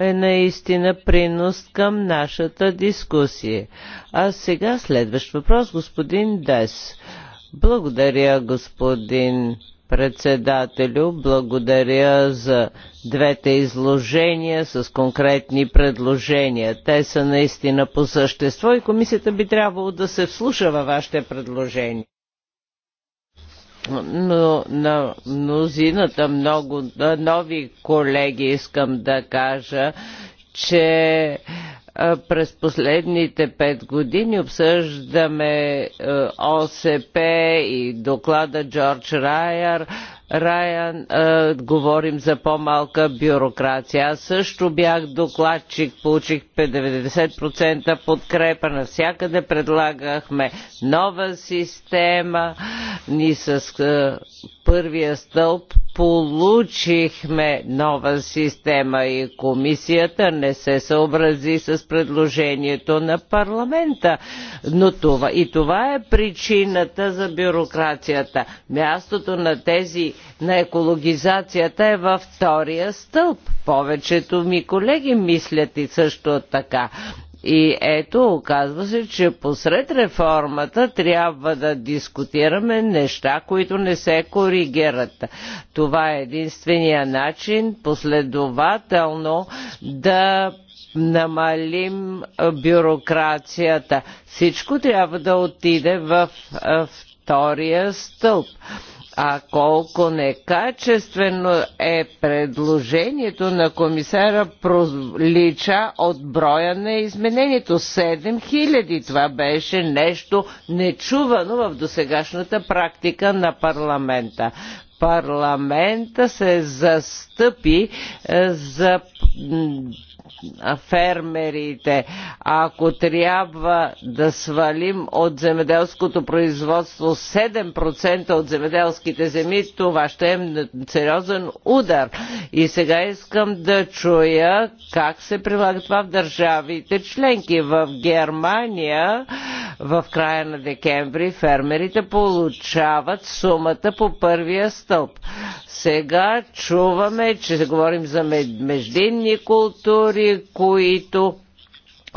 е наистина принос към нашата дискусия. А сега следващ въпрос, господин Дес. Благодаря, господин председателю. Благодаря за двете изложения с конкретни предложения. Те са наистина по същество и комисията би трябвало да се вслуша във вашите предложения но на мнозината много нови колеги искам да кажа, че през последните пет години обсъждаме ОСП и доклада Джордж Райер Райан говорим за по-малка бюрокрация. Аз също бях докладчик, получих 90% подкрепа. Навсякъде предлагахме нова система. Ни с първия стълб получихме нова система и комисията не се съобрази с предложението на парламента. Но това и това е причината за бюрокрацията. Мястото на тези на екологизацията е във втория стълб. Повечето ми колеги мислят и също така. И ето, оказва се, че посред реформата трябва да дискутираме неща, които не се коригират. Това е единствения начин последователно да намалим бюрокрацията. Всичко трябва да отиде в втория стълб. А колко некачествено е предложението на комисара пролича от броя на изменението. 7000 това беше нещо нечувано в досегашната практика на парламента парламента се застъпи е, за фермерите. Ако трябва да свалим от земеделското производство 7% от земеделските земи, това ще е сериозен удар. И сега искам да чуя как се прилага това в държавите членки. В Германия в края на декември фермерите получават сумата по първия стълб. Сега чуваме, че се говорим за междинни култури, които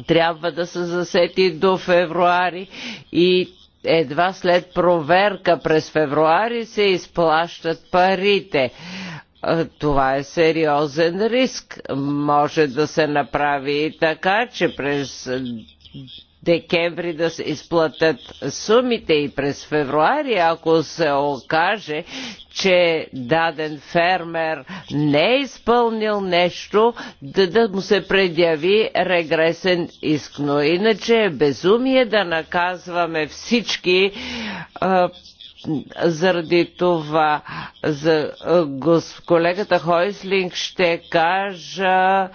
трябва да са засети до февруари и едва след проверка през февруари се изплащат парите. Това е сериозен риск. Може да се направи и така, че през декември да се изплатят сумите и през февруари, ако се окаже, че даден фермер не е изпълнил нещо, да, да му се предяви регресен иск. Но иначе е безумие да наказваме всички а, заради това за колегата Хойслинг ще кажа,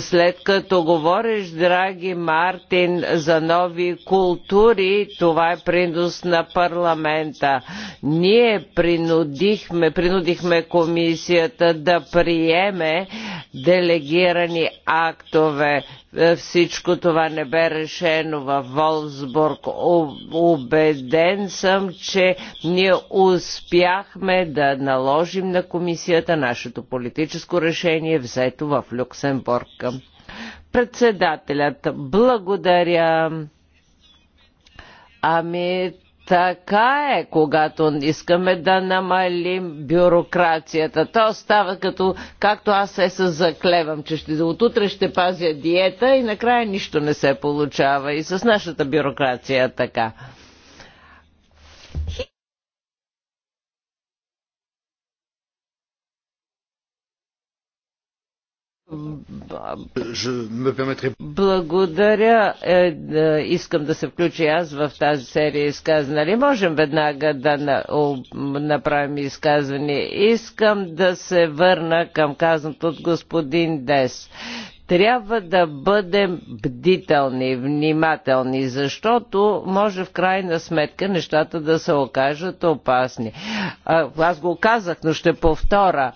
след като говориш, драги Мартин, за нови култури, това е принос на парламента. Ние принудихме, принудихме комисията да приеме делегирани актове. Е, всичко това не бе решено в Волсбург. Убеден съм, че ние успяхме да наложим на комисията нашето политическо решение, взето в Люксембург. Председателят, благодаря. Ами, така е, когато искаме да намалим бюрокрацията. То става като, както аз се заклевам, че ще, отутре ще пазя диета и накрая нищо не се получава. И с нашата бюрокрация е така. Благодаря. Е, искам да се включи аз в тази серия изказвания. Нали можем веднага да направим изказване? Искам да се върна към казаното от господин Дес трябва да бъдем бдителни, внимателни, защото може в крайна сметка нещата да се окажат опасни. Аз го казах, но ще повторя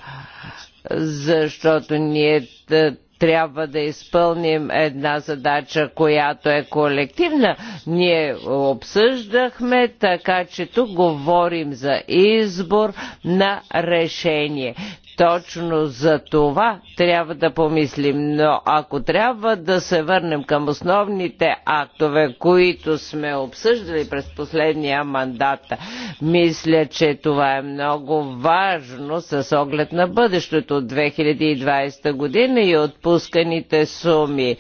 защото ние е, трябва да изпълним една задача, която е колективна. Ние обсъждахме, така че тук говорим за избор на решение. Точно за това трябва да помислим, но ако трябва да се върнем към основните актове, които сме обсъждали през последния мандат, мисля, че това е много важно с оглед на бъдещето от 2020 година и отпусканите суми.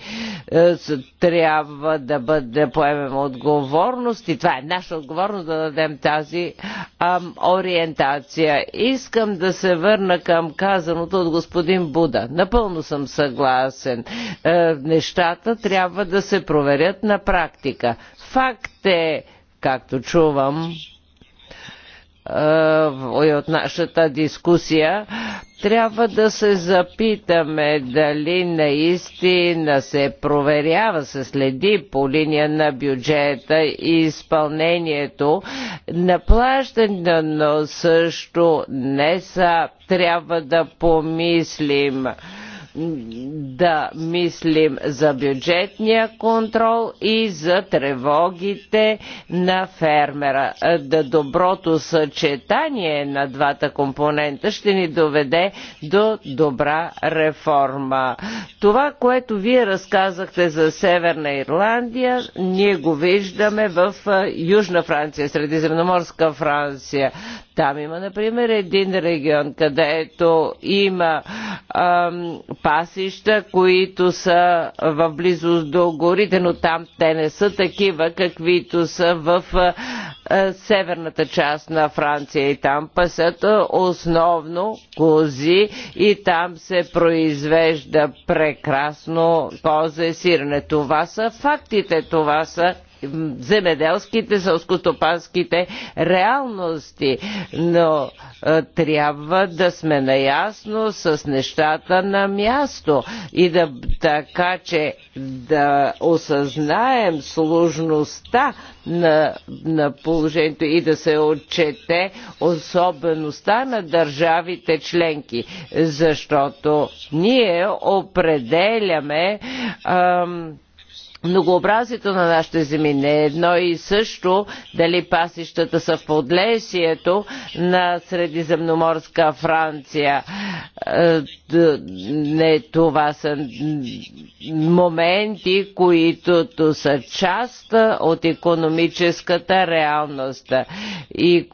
Е, трябва да, бъде, да поемем отговорност и това е наша отговорност да дадем тази ам, ориентация. Искам да се върна към към казаното от господин Буда. Напълно съм съгласен. Е, нещата трябва да се проверят на практика. Факт е, както чувам, и е, от нашата дискусия, трябва да се запитаме дали наистина се проверява, се следи по линия на бюджета и изпълнението на плащане, но също не са. Трябва да помислим да мислим за бюджетния контрол и за тревогите на фермера. Да доброто съчетание на двата компонента ще ни доведе до добра реформа. Това, което вие разказахте за Северна Ирландия, ние го виждаме в Южна Франция, Средиземноморска Франция. Там има, например, един регион, където има ам, пасища, които са в близост до горите, но там те не са такива, каквито са в северната част на Франция и там пасат основно кози и там се произвежда прекрасно козе сирене. Това са фактите, това са земеделските, сълскотопанските реалности. Но трябва да сме наясно с нещата на място и да така, че да осъзнаем сложността на, на положението и да се отчете особеността на държавите членки, защото ние определяме ам, многообразието на нашите земи не е едно и също дали пасищата са в подлесието на средиземноморска Франция. Е, не, това са моменти, които са част от економическата реалност. И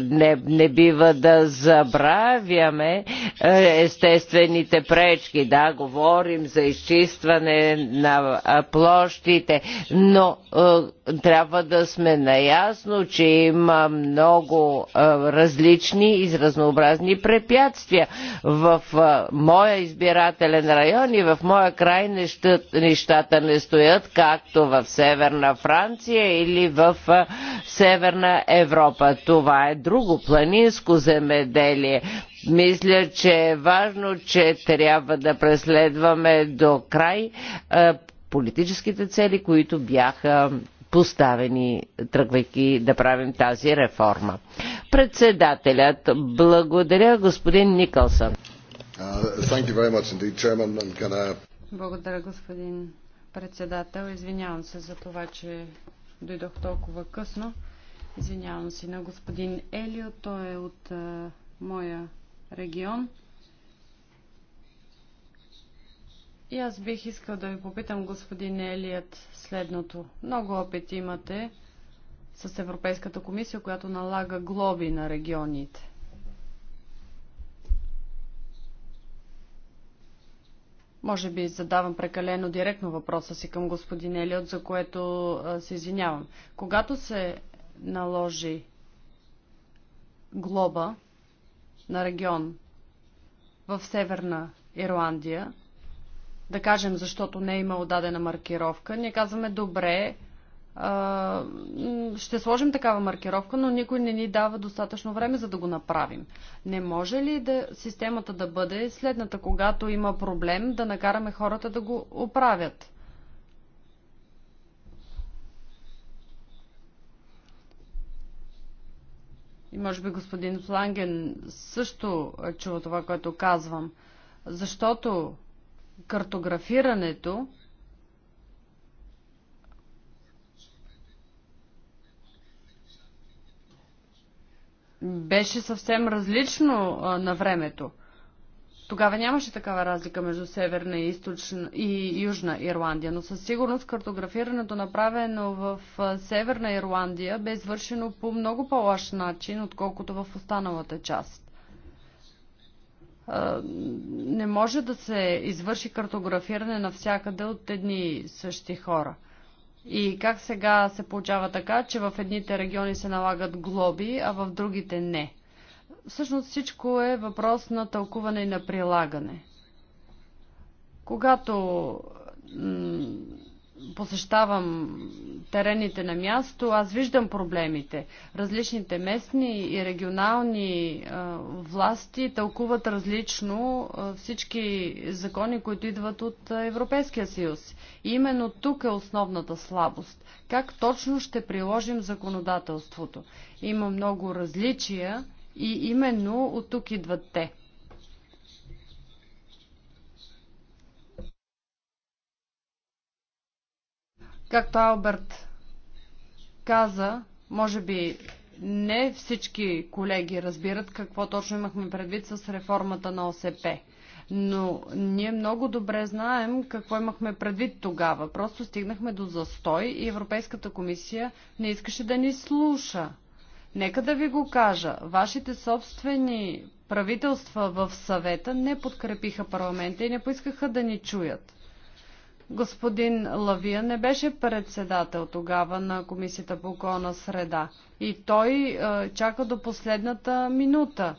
не, не бива да забравяме е, естествените пречки. Да, говорим за изчистване на площ площите, но е, трябва да сме наясно, че има много е, различни и разнообразни препятствия. В е, моя избирателен район и в моя край нещата, нещата не стоят както в Северна Франция или в е, Северна Европа. Това е друго планинско земеделие. Мисля, че е важно, че трябва да преследваме до край е, политическите цели, които бяха поставени, тръгвайки да правим тази реформа. Председателят, благодаря господин Никълсън. Uh, благодаря, господин председател. Извинявам се за това, че дойдох толкова късно. Извинявам се на господин Елио, той е от а, uh, моя регион. И аз бих искал да ви попитам, господин Елият, следното. Много опит имате с Европейската комисия, която налага глоби на регионите. Може би задавам прекалено директно въпроса си към господин Елиот, за което се извинявам. Когато се наложи глоба на регион в Северна Ирландия, да кажем, защото не е имало дадена маркировка, ние казваме добре, ще сложим такава маркировка, но никой не ни дава достатъчно време за да го направим. Не може ли да, системата да бъде следната, когато има проблем, да накараме хората да го оправят? И може би господин Фланген също е чува това, което казвам. Защото картографирането беше съвсем различно а, на времето. Тогава нямаше такава разлика между Северна и, източна, и Южна Ирландия, но със сигурност картографирането, направено в Северна Ирландия, бе извършено по много по-лош начин, отколкото в останалата част не може да се извърши картографиране навсякъде от едни същи хора. И как сега се получава така, че в едните региони се налагат глоби, а в другите не? Всъщност всичко е въпрос на тълкуване и на прилагане. Когато посещавам терените на място, аз виждам проблемите. Различните местни и регионални власти тълкуват различно всички закони, които идват от Европейския съюз. И именно тук е основната слабост. Как точно ще приложим законодателството? Има много различия и именно от тук идват те. Както Алберт каза, може би не всички колеги разбират какво точно имахме предвид с реформата на ОСП. Но ние много добре знаем какво имахме предвид тогава. Просто стигнахме до застой и Европейската комисия не искаше да ни слуша. Нека да ви го кажа. Вашите собствени правителства в съвета не подкрепиха парламента и не поискаха да ни чуят. Господин Лавия не беше председател тогава на Комисията по околна среда и той е, чака до последната минута.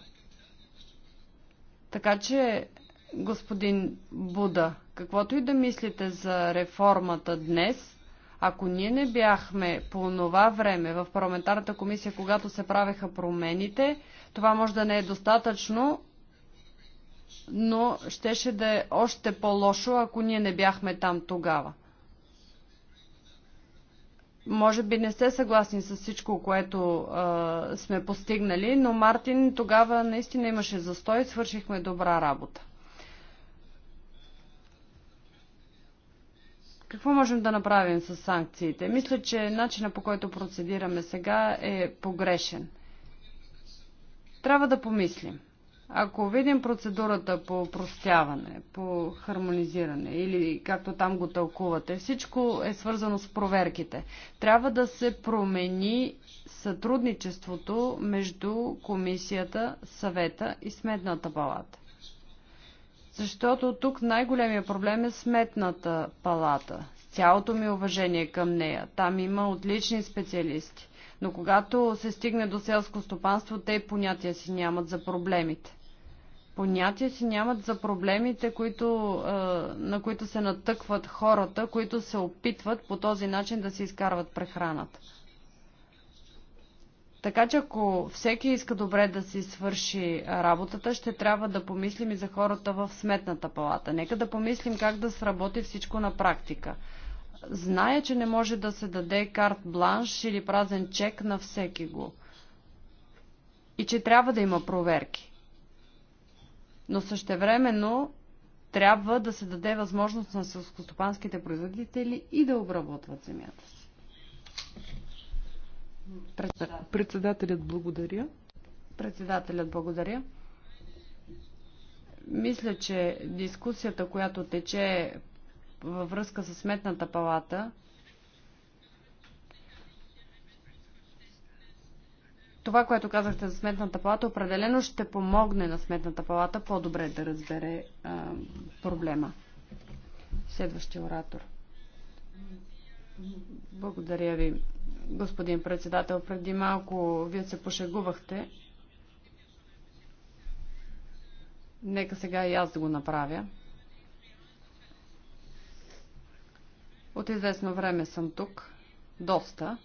Така че, господин Буда, каквото и да мислите за реформата днес, ако ние не бяхме по това време в парламентарната комисия, когато се правеха промените, това може да не е достатъчно, но щеше да е още по-лошо, ако ние не бяхме там тогава. Може би не сте съгласни с всичко, което а, сме постигнали, но Мартин тогава наистина имаше застой, свършихме добра работа. Какво можем да направим с санкциите? Мисля, че начина по който процедираме сега е погрешен. Трябва да помислим. Ако видим процедурата по простяване, по хармонизиране или както там го тълкувате, всичко е свързано с проверките. Трябва да се промени сътрудничеството между комисията, съвета и сметната палата. Защото тук най-големия проблем е сметната палата. С цялото ми уважение към нея. Там има отлични специалисти. Но когато се стигне до селско стопанство, те понятия си нямат за проблемите понятия си нямат за проблемите, които, на които се натъкват хората, които се опитват по този начин да си изкарват прехраната. Така че ако всеки иска добре да си свърши работата, ще трябва да помислим и за хората в сметната палата. Нека да помислим как да сработи всичко на практика. Зная, че не може да се даде карт бланш или празен чек на всеки го. И че трябва да има проверки но същевременно трябва да се даде възможност на селскостопанските производители и да обработват земята си. Председателят, Председателят благодаря. Председателят благодаря. Мисля, че дискусията, която тече във връзка с Сметната палата, това, което казахте за Сметната палата, определено ще помогне на Сметната палата по-добре да разбере а, проблема. Следващия оратор. Благодаря ви, господин председател. Преди малко вие се пошегувахте. Нека сега и аз да го направя. От известно време съм тук. Доста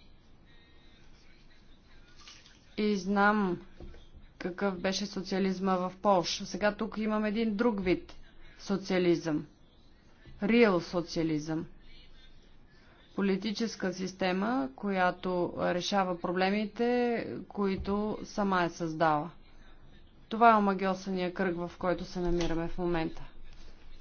и знам какъв беше социализма в Польша. Сега тук имам един друг вид социализъм. Реал социализъм. Политическа система, която решава проблемите, които сама е създала. Това е омагиосания кръг, в който се намираме в момента.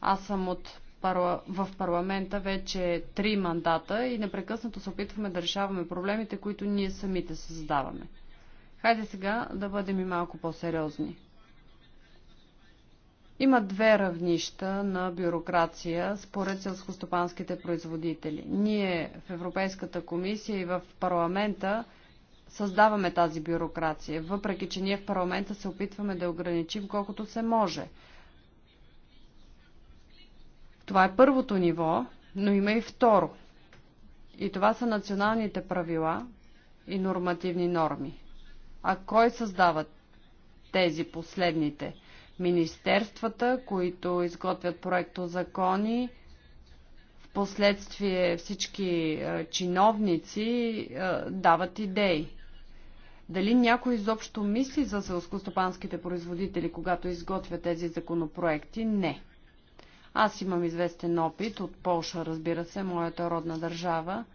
Аз съм от парла... в парламента вече три мандата и непрекъснато се опитваме да решаваме проблемите, които ние самите създаваме. Хайде сега да бъдем и малко по-сериозни. Има две равнища на бюрокрация според селскостопанските производители. Ние в Европейската комисия и в парламента създаваме тази бюрокрация, въпреки че ние в парламента се опитваме да ограничим колкото се може. Това е първото ниво, но има и второ. И това са националните правила и нормативни норми. А кой създава тези последните? Министерствата, които изготвят проекто закони, в последствие всички е, чиновници е, дават идеи. Дали някой изобщо мисли за селскостопанските производители, когато изготвя тези законопроекти? Не. Аз имам известен опит от Полша, разбира се, моята родна държава –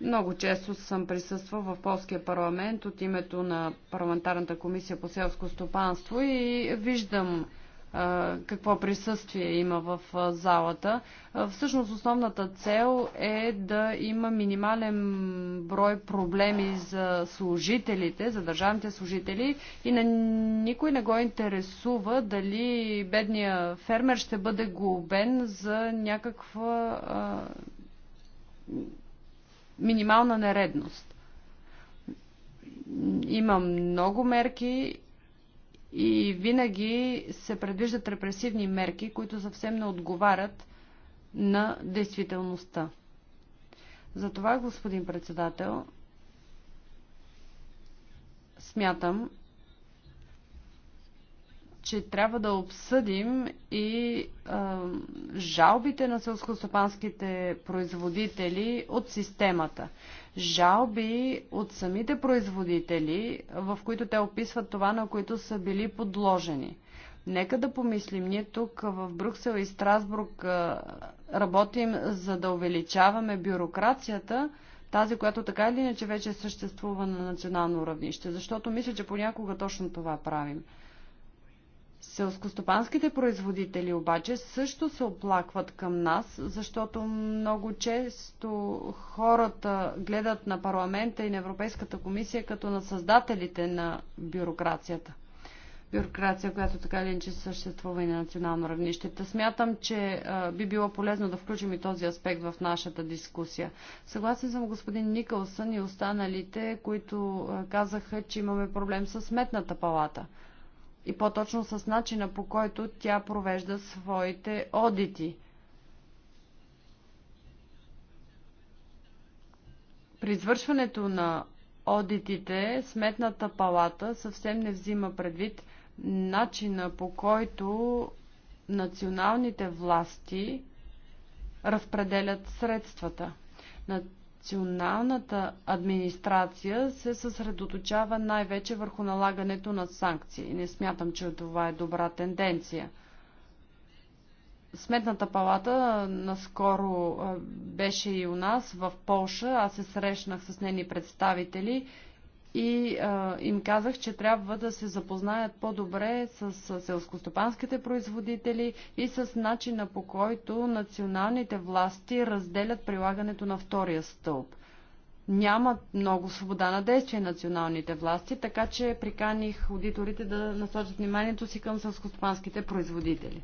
много често съм присъствал в Полския парламент от името на парламентарната комисия по селско стопанство и виждам какво присъствие има в залата. Всъщност основната цел е да има минимален брой проблеми за служителите, за държавните служители и на никой не го интересува дали бедния фермер ще бъде глобен за някаква минимална нередност. Има много мерки и винаги се предвиждат репресивни мерки, които съвсем не отговарят на действителността. Затова, господин председател, смятам, че трябва да обсъдим и а, жалбите на селскостопанските производители от системата. Жалби от самите производители, в които те описват това, на които са били подложени. Нека да помислим. Ние тук в Брюксел и Страсбург а, работим за да увеличаваме бюрокрацията, тази, която така или иначе вече съществува на национално равнище, защото мисля, че понякога точно това правим. Селскостопанските производители обаче също се оплакват към нас, защото много често хората гледат на парламента и на Европейската комисия като на създателите на бюрокрацията. Бюрокрация, която така или иначе съществува и на национално равнище. Та смятам, че би било полезно да включим и този аспект в нашата дискусия. Съгласен съм господин Никълсън и останалите, които казаха, че имаме проблем с сметната палата и по-точно с начина по който тя провежда своите одити. При извършването на одитите Сметната палата съвсем не взима предвид начина по който националните власти разпределят средствата националната администрация се съсредоточава най-вече върху налагането на санкции. Не смятам, че това е добра тенденция. Сметната палата наскоро беше и у нас в Полша. Аз се срещнах с нейни представители и а, им казах, че трябва да се запознаят по-добре с, с селскостопанските производители и с начина по който националните власти разделят прилагането на втория стълб. Няма много свобода на действие националните власти, така че приканих аудиторите да насочат вниманието си към селскостопанските производители.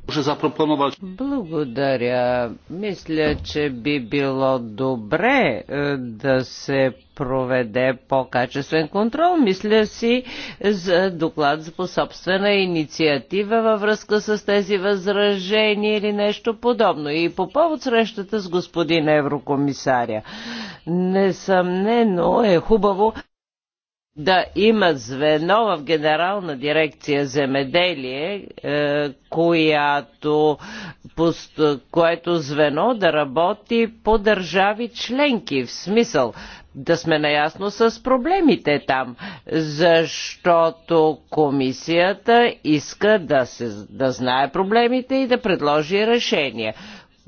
Благодаря. Мисля, че би било добре е, да се проведе по-качествен контрол. Мисля си за доклад за по собствена инициатива във връзка с тези възражения или нещо подобно. И по повод срещата с господин еврокомисаря. Несъмнено е хубаво да има звено в Генерална дирекция земеделие, е, която, което звено да работи по държави членки. В смисъл, да сме наясно с проблемите там, защото комисията иска да, се, да знае проблемите и да предложи решения.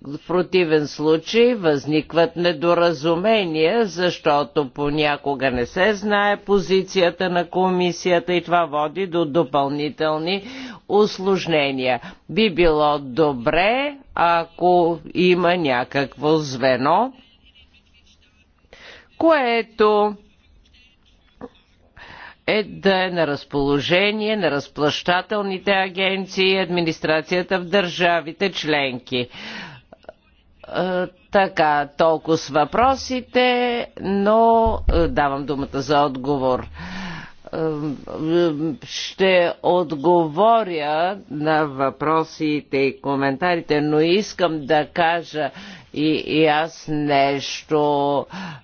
В противен случай възникват недоразумения, защото понякога не се знае позицията на комисията и това води до допълнителни усложнения. Би било добре, ако има някакво звено, което е да е на разположение на разплащателните агенции и администрацията в държавите членки. Е, така, толкова с въпросите, но е, давам думата за отговор. Е, ще отговоря на въпросите и коментарите, но искам да кажа и, и аз нещо.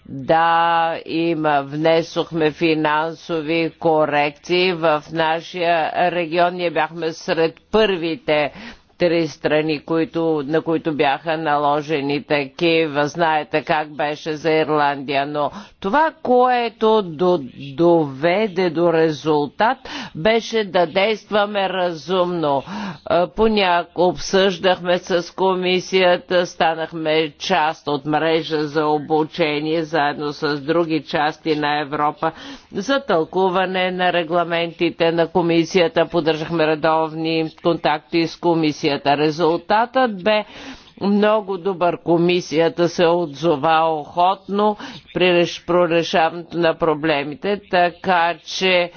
Да, има, внесохме финансови корекции в нашия регион. Ние бяхме сред първите три страни, които, на които бяха наложени такива. Знаете как беше за Ирландия, но това, което до, доведе до резултат, беше да действаме разумно. Поняк обсъждахме с комисията, станахме част от мрежа за обучение, заедно с други части на Европа, за тълкуване на регламентите на комисията. Поддържахме редовни контакти с комисията комисията. Резултатът бе много добър. Комисията се отзова охотно при прорешаването на проблемите, така че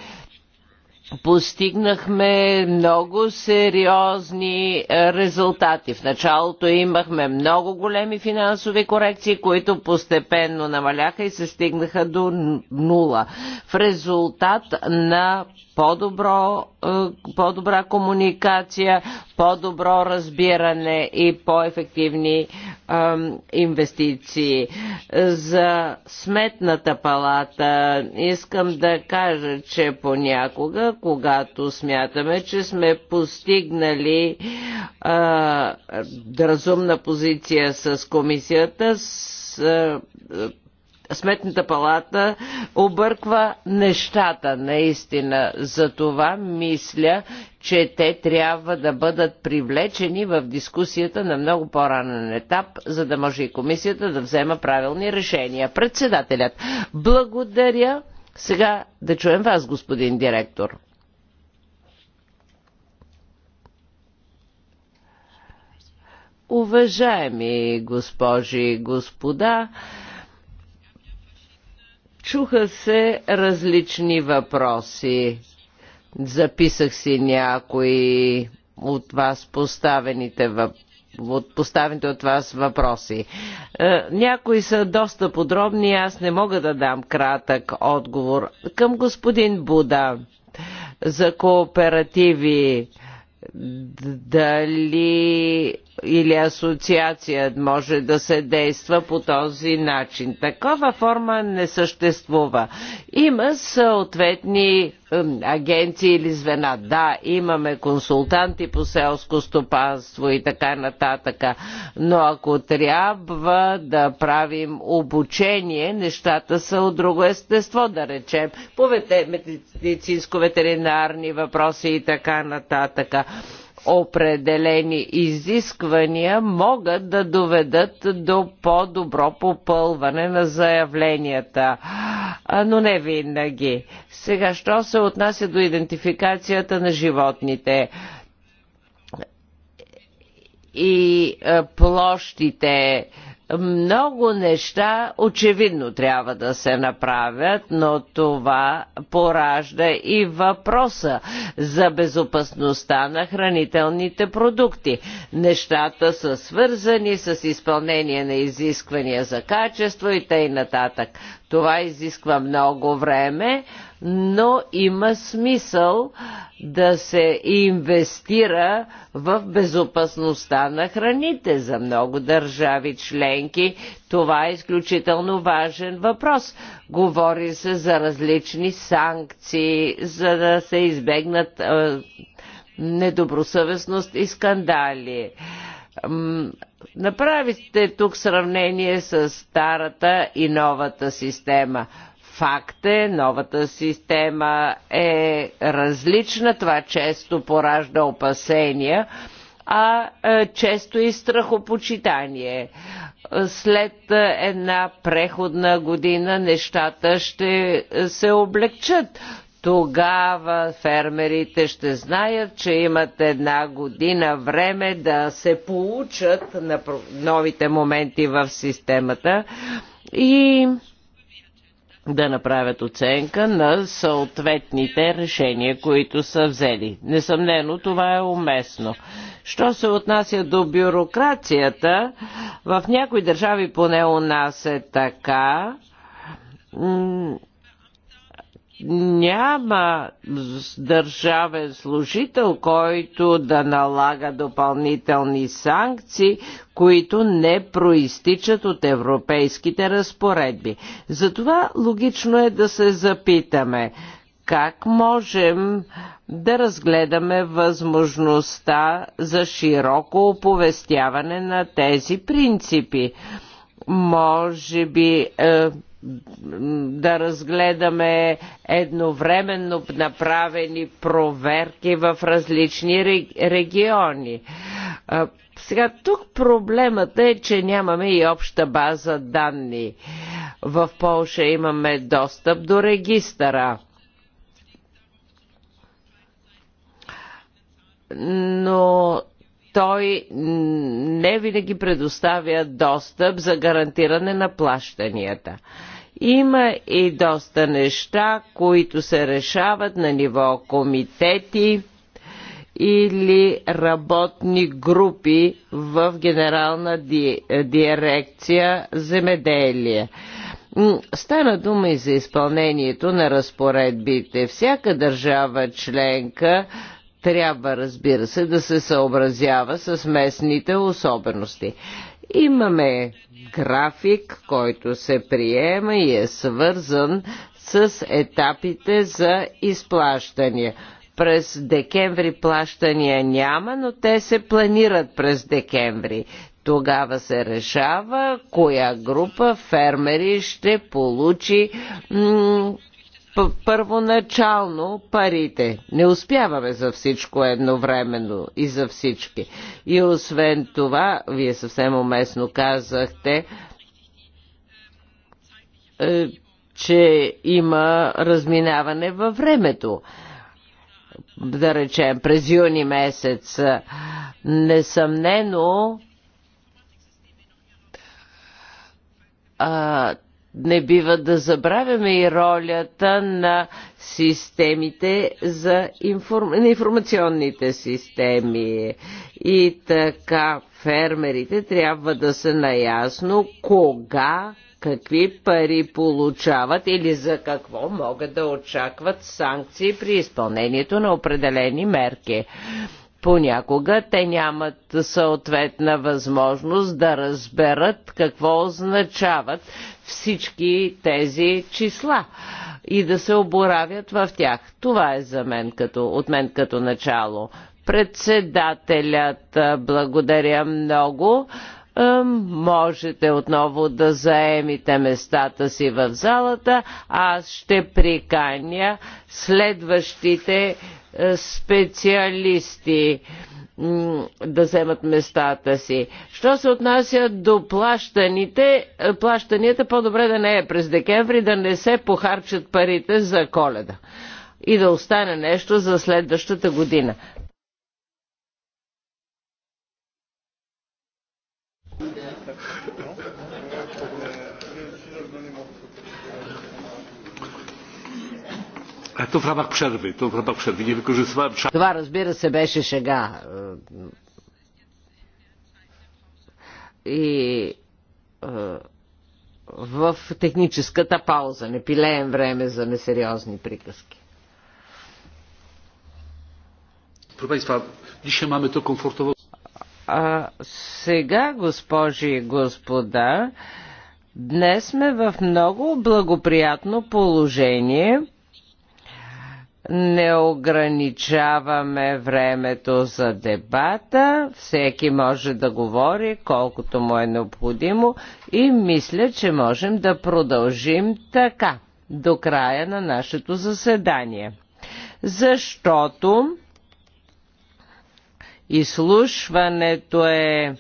постигнахме много сериозни е, резултати. В началото имахме много големи финансови корекции, които постепенно намаляха и се стигнаха до нула. В резултат на по-добро, е, по-добра комуникация, по-добро разбиране и по-ефективни е, инвестиции. За сметната палата искам да кажа, че понякога, когато смятаме, че сме постигнали а, е, разумна позиция с комисията, с Сметната палата обърква нещата наистина. За това мисля, че те трябва да бъдат привлечени в дискусията на много по-ранен етап, за да може и комисията да взема правилни решения. Председателят, благодаря. Сега да чуем вас, господин директор. Уважаеми госпожи и господа, Чуха се различни въпроси. Записах си някои от вас поставените въпроси от поставените от вас въпроси. Е, някои са доста подробни, аз не мога да дам кратък отговор. Към господин Буда за кооперативи дали или асоциация може да се действа по този начин. Такова форма не съществува. Има съответни агенции или звена. Да, имаме консултанти по селско стопанство и така нататък, но ако трябва да правим обучение, нещата са от друго естество, да речем, по медицинско-ветеринарни въпроси и така нататък определени изисквания могат да доведат до по-добро попълване на заявленията. Но не винаги. Сега, що се отнася до идентификацията на животните? и площите, много неща очевидно трябва да се направят, но това поражда и въпроса за безопасността на хранителните продукти. Нещата са свързани с изпълнение на изисквания за качество и т.н. нататък. Това изисква много време, но има смисъл да се инвестира в безопасността на храните. За много държави членки това е изключително важен въпрос. Говори се за различни санкции, за да се избегнат недобросъвестност и скандали. Направите тук сравнение с старата и новата система. Факт е, новата система е различна, това често поражда опасения, а е, често и страхопочитание. След е, една преходна година нещата ще се облегчат, тогава фермерите ще знаят, че имат една година време да се получат на новите моменти в системата и да направят оценка на съответните решения, които са взели. Несъмнено, това е уместно. Що се отнася до бюрокрацията, в някои държави, поне у нас е така, няма държавен служител, който да налага допълнителни санкции, които не проистичат от европейските разпоредби. Затова логично е да се запитаме как можем да разгледаме възможността за широко оповестяване на тези принципи. Може би. Е, да разгледаме едновременно направени проверки в различни региони. Сега тук проблемът е, че нямаме и обща база данни. В Полша имаме достъп до регистъра. Но той не винаги предоставя достъп за гарантиране на плащанията. Има и доста неща, които се решават на ниво комитети или работни групи в Генерална е, дирекция земеделие. Стана дума и за изпълнението на разпоредбите. Всяка държава членка трябва, разбира се, да се съобразява с местните особености. Имаме график, който се приема и е свързан с етапите за изплащане. През декември плащания няма, но те се планират през декември. Тогава се решава коя група фермери ще получи първоначално парите. Не успяваме за всичко едновременно и за всички. И освен това, вие съвсем уместно казахте, е, че има разминаване във времето да речем, през юни месец. Несъмнено а, не бива да забравяме и ролята на системите за информ... на информационните системи. И така фермерите трябва да са наясно кога какви пари получават или за какво могат да очакват санкции при изпълнението на определени мерки. Понякога те нямат съответна възможност да разберат какво означават всички тези числа и да се оборавят в тях. Това е за мен като, от мен като начало. Председателят, благодаря много. Можете отново да заемите местата си в залата. Аз ще приканя следващите специалисти да вземат местата си. Що се отнася до плащаните, е, плащанията по-добре да не е през декември, да не се похарчат парите за коледа и да остане нещо за следващата година. Това разбира се беше шега. И е, в техническата пауза. Не пилеем време за несериозни приказки. А сега, госпожи и господа, днес сме в много благоприятно положение не ограничаваме времето за дебата, всеки може да говори колкото му е необходимо и мисля, че можем да продължим така до края на нашето заседание. Защото изслушването е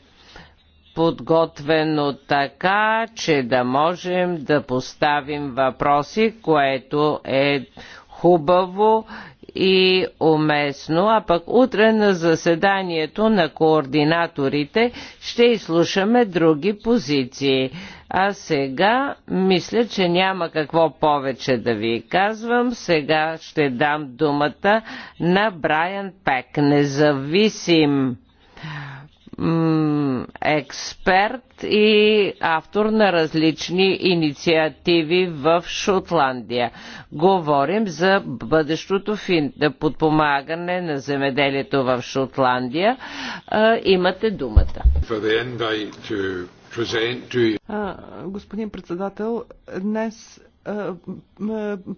подготвено така, че да можем да поставим въпроси, което е хубаво и уместно, а пък утре на заседанието на координаторите ще изслушаме други позиции. А сега мисля, че няма какво повече да ви казвам. Сега ще дам думата на Брайан Пек, независим експерт и автор на различни инициативи в Шотландия. Говорим за бъдещото фин... подпомагане на земеделието в Шотландия. Имате думата. Господин председател, днес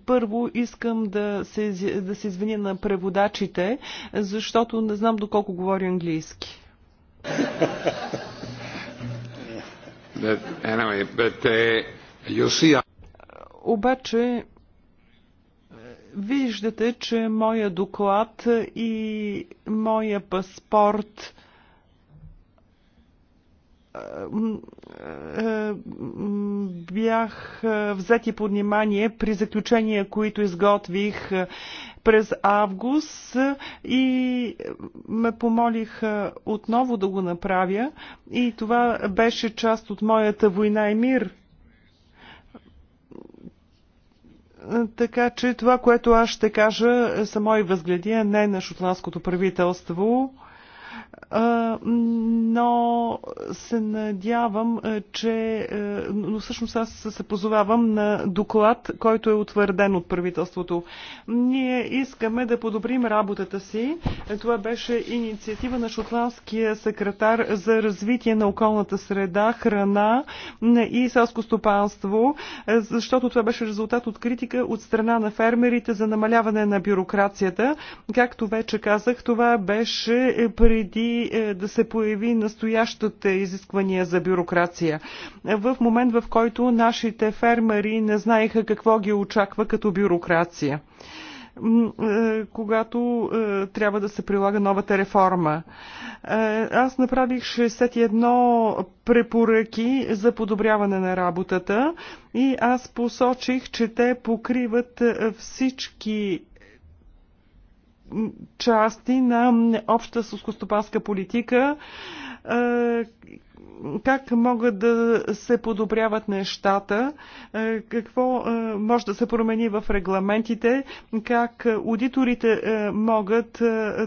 първо искам да се, да се извиня на преводачите, защото не знам доколко говоря английски. Uh, uh, Обаче, виждате, че моя доклад и моя паспорт е, е, бях взети под внимание при заключения, които изготвих през август и ме помолих отново да го направя и това беше част от моята война и мир. Така че това, което аз ще кажа, е са мои възгледи, не на шотландското правителство но се надявам, е, че... Е, но всъщност аз се позовавам на доклад, който е утвърден от правителството. Ние искаме да подобрим работата си. Е, това беше инициатива на шотландския секретар за развитие на околната среда, храна и селско стопанство, защото това беше резултат от критика от страна на фермерите за намаляване на бюрокрацията. Както вече казах, това беше преди е, да се появи настоящата изисквания за бюрокрация. В момент, в който нашите фермери не знаеха какво ги очаква като бюрокрация е, когато е, трябва да се прилага новата реформа. Аз направих 61 препоръки за подобряване на работата и аз посочих, че те покриват всички части на обща сускостопанска политика, как могат да се подобряват нещата, какво може да се промени в регламентите, как аудиторите могат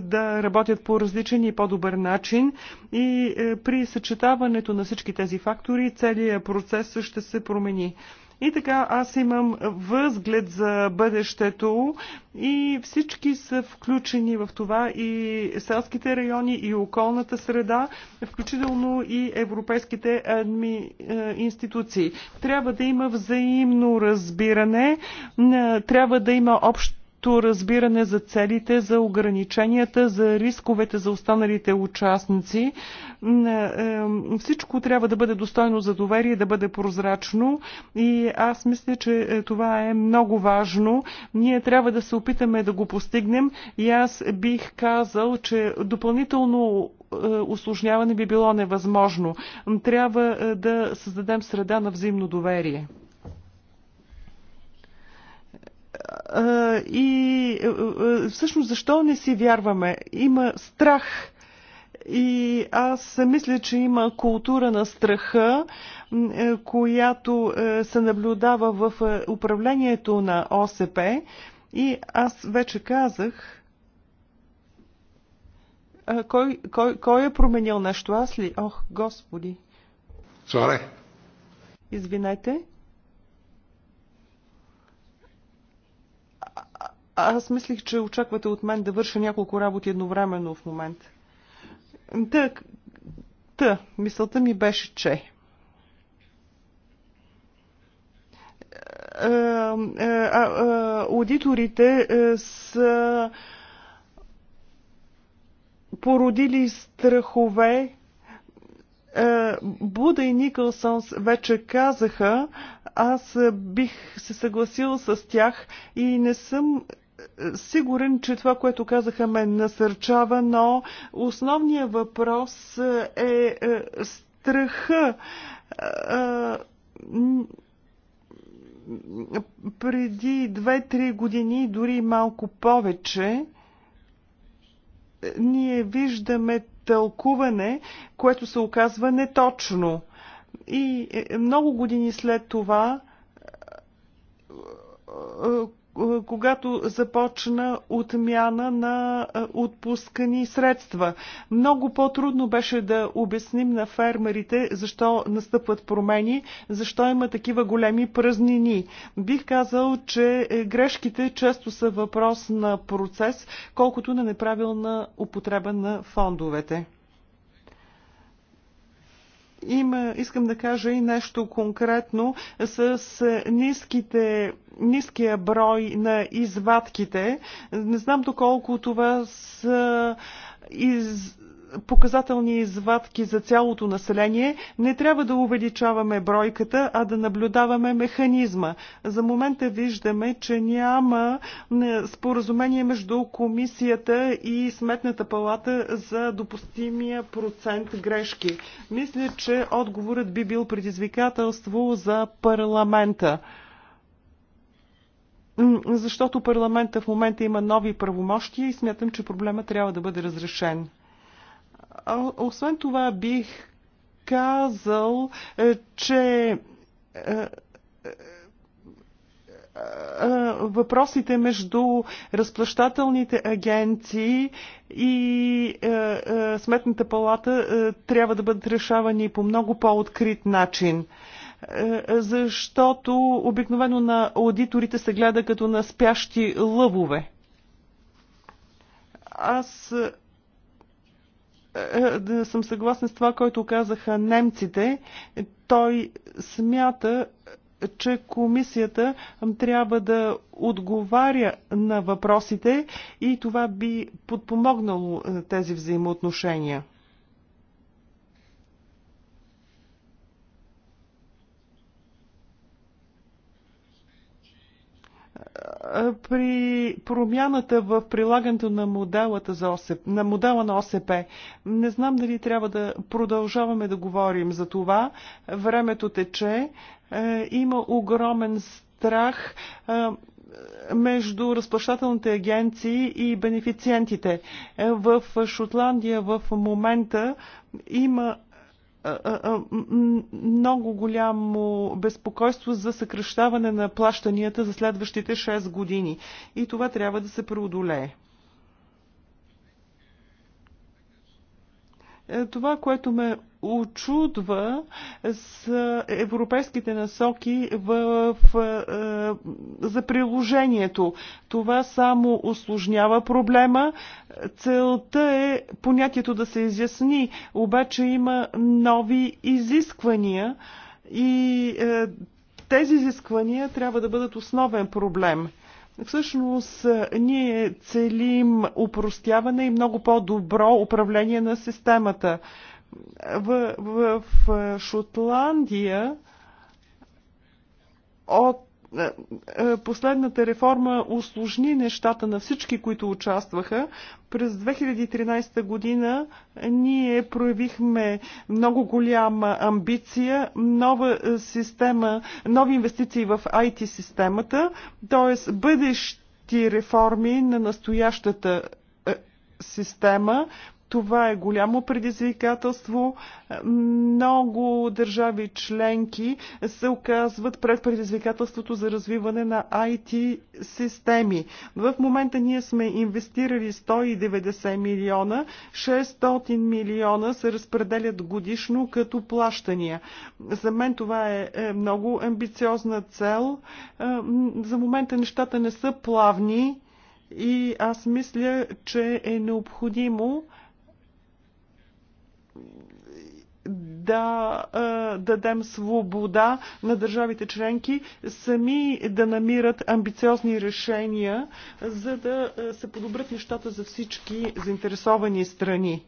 да работят по различен и по-добър начин и при съчетаването на всички тези фактори целият процес ще се промени. И така аз имам възглед за бъдещето и всички са включени в това и селските райони, и околната среда, включително и европейските адми, е, институции. Трябва да има взаимно разбиране, трябва да има общ общото разбиране за целите, за ограниченията, за рисковете за останалите участници. Е, всичко трябва да бъде достойно за доверие, да бъде прозрачно и аз мисля, че е, това е много важно. Ние трябва да се опитаме да го постигнем и аз бих казал, че допълнително осложняване е, би било невъзможно. Трябва да създадем среда на взаимно доверие и всъщност защо не си вярваме? Има страх. И аз мисля, че има култура на страха, е, която е, се наблюдава в е, управлението на ОСП. И аз вече казах, кой, кой, кой е променил нещо? Аз ли? Ох, Господи! Соре! Извинете. Аз мислих, че очаквате от мен да върша няколко работи едновременно в момента. Та, та, мисълта ми беше, че... аудиторите са породили страхове. Буда и Никълсонс вече казаха, аз бих се съгласила с тях и не съм сигурен, че това, което казаха ме насърчава, но основният въпрос е, е страха преди 2-3 години, дори малко повече, ние виждаме тълкуване, което се оказва неточно. И е, много години след това когато започна отмяна на отпускани средства. Много по-трудно беше да обясним на фермерите защо настъпват промени, защо има такива големи празнини. Бих казал, че е, грешките често са въпрос на процес, колкото на неправилна употреба на фондовете има, искам да кажа и нещо конкретно с е, ниските, ниския брой на извадките. Не знам доколко това са из, показателни извадки за цялото население, не трябва да увеличаваме бройката, а да наблюдаваме механизма. За момента виждаме, че няма споразумение между комисията и сметната палата за допустимия процент грешки. Мисля, че отговорът би бил предизвикателство за парламента защото парламента в момента има нови правомощия и смятам, че проблема трябва да бъде разрешен. Освен това бих казал, е, че е, е, въпросите между разплащателните агенции и Сметната палата трябва да бъдат решавани по много по-открит начин. Защото обикновено на аудиторите се гледа като на спящи лъвове. Аз да съм съгласна с това, което казаха немците. Той смята, че комисията трябва да отговаря на въпросите и това би подпомогнало е, тези взаимоотношения. при промяната в прилагането на моделата за ОСП, на модела на ОСП. Не знам дали трябва да продължаваме да говорим за това. Времето тече. Е, има огромен страх е, между разплащателните агенции и бенефициентите. Е, в Шотландия в момента има много голямо безпокойство за съкръщаване на плащанията за следващите 6 години. И това трябва да се преодолее. Е, това, което ме очудва с европейските насоки в, в, е, за приложението. Това само осложнява проблема. Целта е понятието да се изясни, обаче има нови изисквания и е, тези изисквания трябва да бъдат основен проблем. Всъщност ние целим упростяване и много по-добро управление на системата в, в, в Шотландия от е, е, последната реформа усложни нещата на всички, които участваха. През 2013 година ние проявихме много голяма амбиция, нова система, нови инвестиции в IT системата, т.е. бъдещи реформи на настоящата е, система, това е голямо предизвикателство. Много държави членки се оказват пред предизвикателството за развиване на IT системи. В момента ние сме инвестирали 190 милиона, 600 милиона се разпределят годишно като плащания. За мен това е, е много амбициозна цел. Е, за момента нещата не са плавни и аз мисля, че е необходимо да а, е, дадем свобода на държавите членки сами да намират амбициозни решения, за да е, се подобрят нещата за всички заинтересовани страни.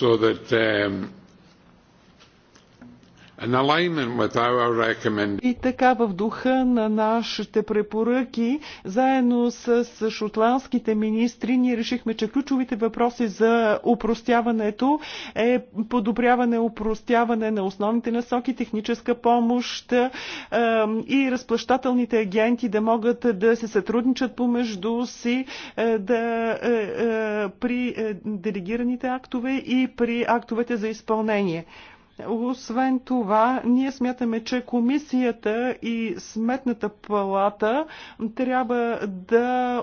So that, um, и така в духа на нашите препоръки, заедно с шотландските министри, ние решихме, че ключовите въпроси за упростяването е подобряване, упростяване на основните насоки, техническа помощ е, и разплащателните агенти да могат да се сътрудничат помежду си е, да, е, е при е, делегираните актове и при актовете за изпълнение. Освен това, ние смятаме, че комисията и сметната палата трябва да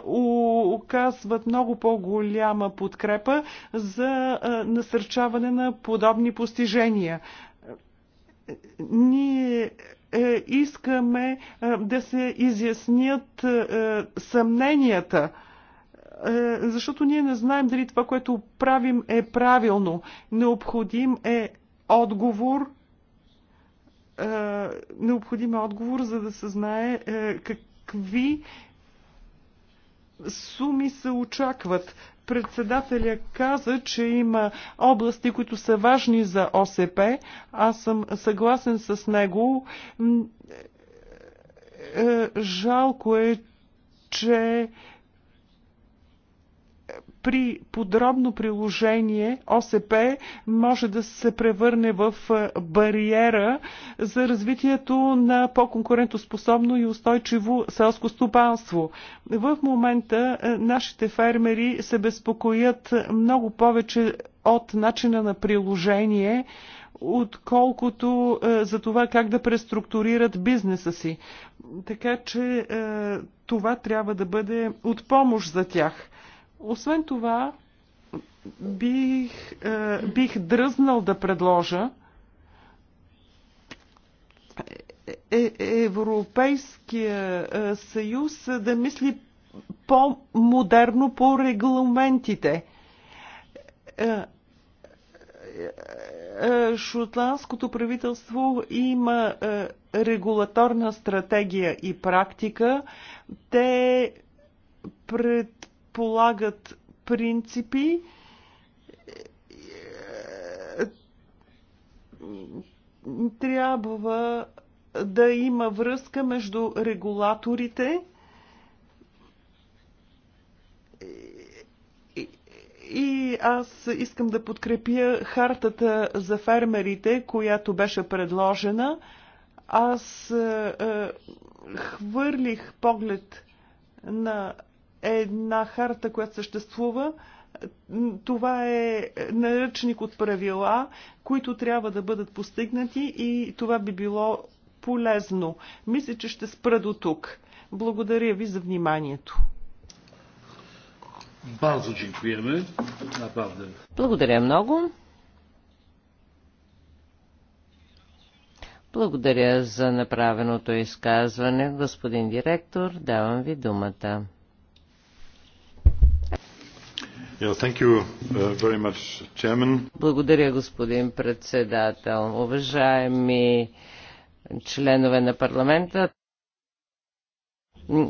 оказват много по-голяма подкрепа за насърчаване на подобни постижения. Ние е, искаме да се изяснят съмненията защото ние не знаем дали това, което правим е правилно. Необходим е отговор, е, необходим е отговор, за да се знае е, какви суми се очакват. Председателя каза, че има области, които са важни за ОСП. Аз съм съгласен с него. Е, е, жалко е, че при подробно приложение ОСП може да се превърне в е, бариера за развитието на по-конкурентоспособно и устойчиво селско стопанство. В момента е, нашите фермери се безпокоят много повече от начина на приложение, отколкото е, за това как да преструктурират бизнеса си. Така че това трябва да бъде от помощ за тях. Освен това, бих, е, бих дръзнал да предложа е, е, Европейския съюз да мисли по-модерно по регламентите. Шотландското правителство има регулаторна стратегия и практика. Те пред полагат принципи, е, трябва да има връзка между регулаторите и аз искам да подкрепя хартата за фермерите, която беше предложена. Аз е, е хвърлих поглед на една харта, която съществува. Това е наръчник от правила, които трябва да бъдат постигнати и това би било полезно. Мисля, че ще спра до тук. Благодаря ви за вниманието. Bardzo dziękujemy. Naprawdę. Благодаря много. Благодаря за направеното изказване, господин директор. Давам ви думата. Uh, Благодаря, господин председател. Уважаеми членове на парламента,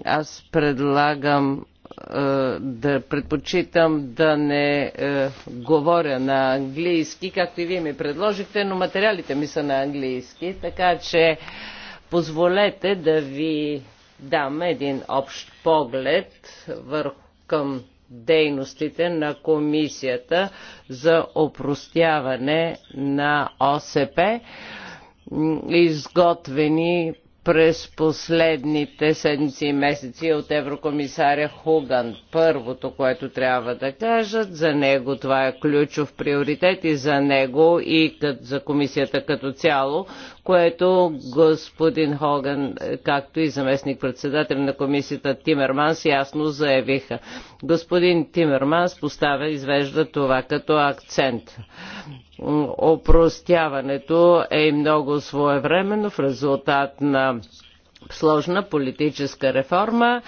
аз предлагам е, да предпочитам да не е, говоря на английски, както и вие ми предложихте, но материалите ми са на английски, така че позволете да ви дам един общ поглед върху към дейностите на комисията за опростяване на ОСП, изготвени през последните седмици и месеци от еврокомисаря Хуган. Първото, което трябва да кажат, за него това е ключов приоритет и за него и за комисията като цяло, което господин Хоган, както и заместник председател на комисията Тимерманс, ясно заявиха. Господин Тимерманс поставя, извежда това като акцент. Опростяването е и много своевременно в резултат на сложна политическа реформа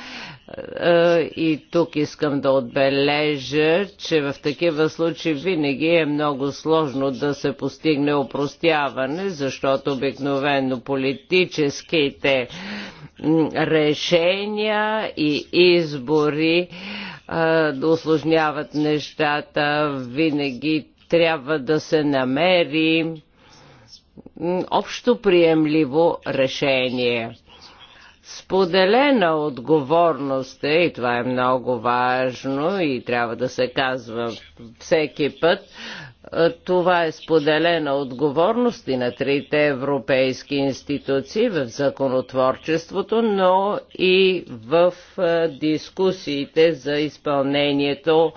е, и тук искам да отбележа, че в такива случаи винаги е много сложно да се постигне опростяване, защото обикновено политическите решения и избори е, да осложняват нещата, винаги трябва да се намери общо приемливо решение Споделена отговорност е, и това е много важно и трябва да се казва всеки път, е, това е споделена отговорност и на трите европейски институции в законотворчеството, но и в е, дискусиите за изпълнението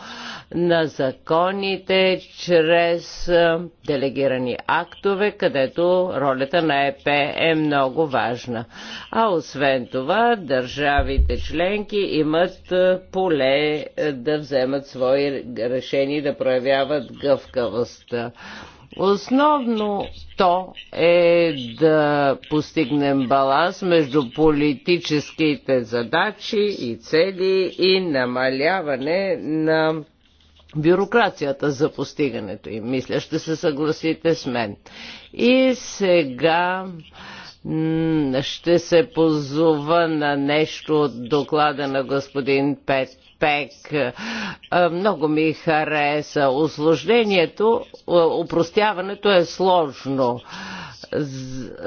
на законите чрез е, делегирани актове, където ролята на ЕП е много важна. А освен това, държавите членки имат поле да вземат свои решения и да проявяват гъвкавост област. Основно то е да постигнем баланс между политическите задачи и цели и намаляване на бюрокрацията за постигането им. Мисля, ще се съгласите с мен. И сега ще се позова на нещо от доклада на господин Пет ОПЕК. Много ми хареса. Осложнението, упростяването е сложно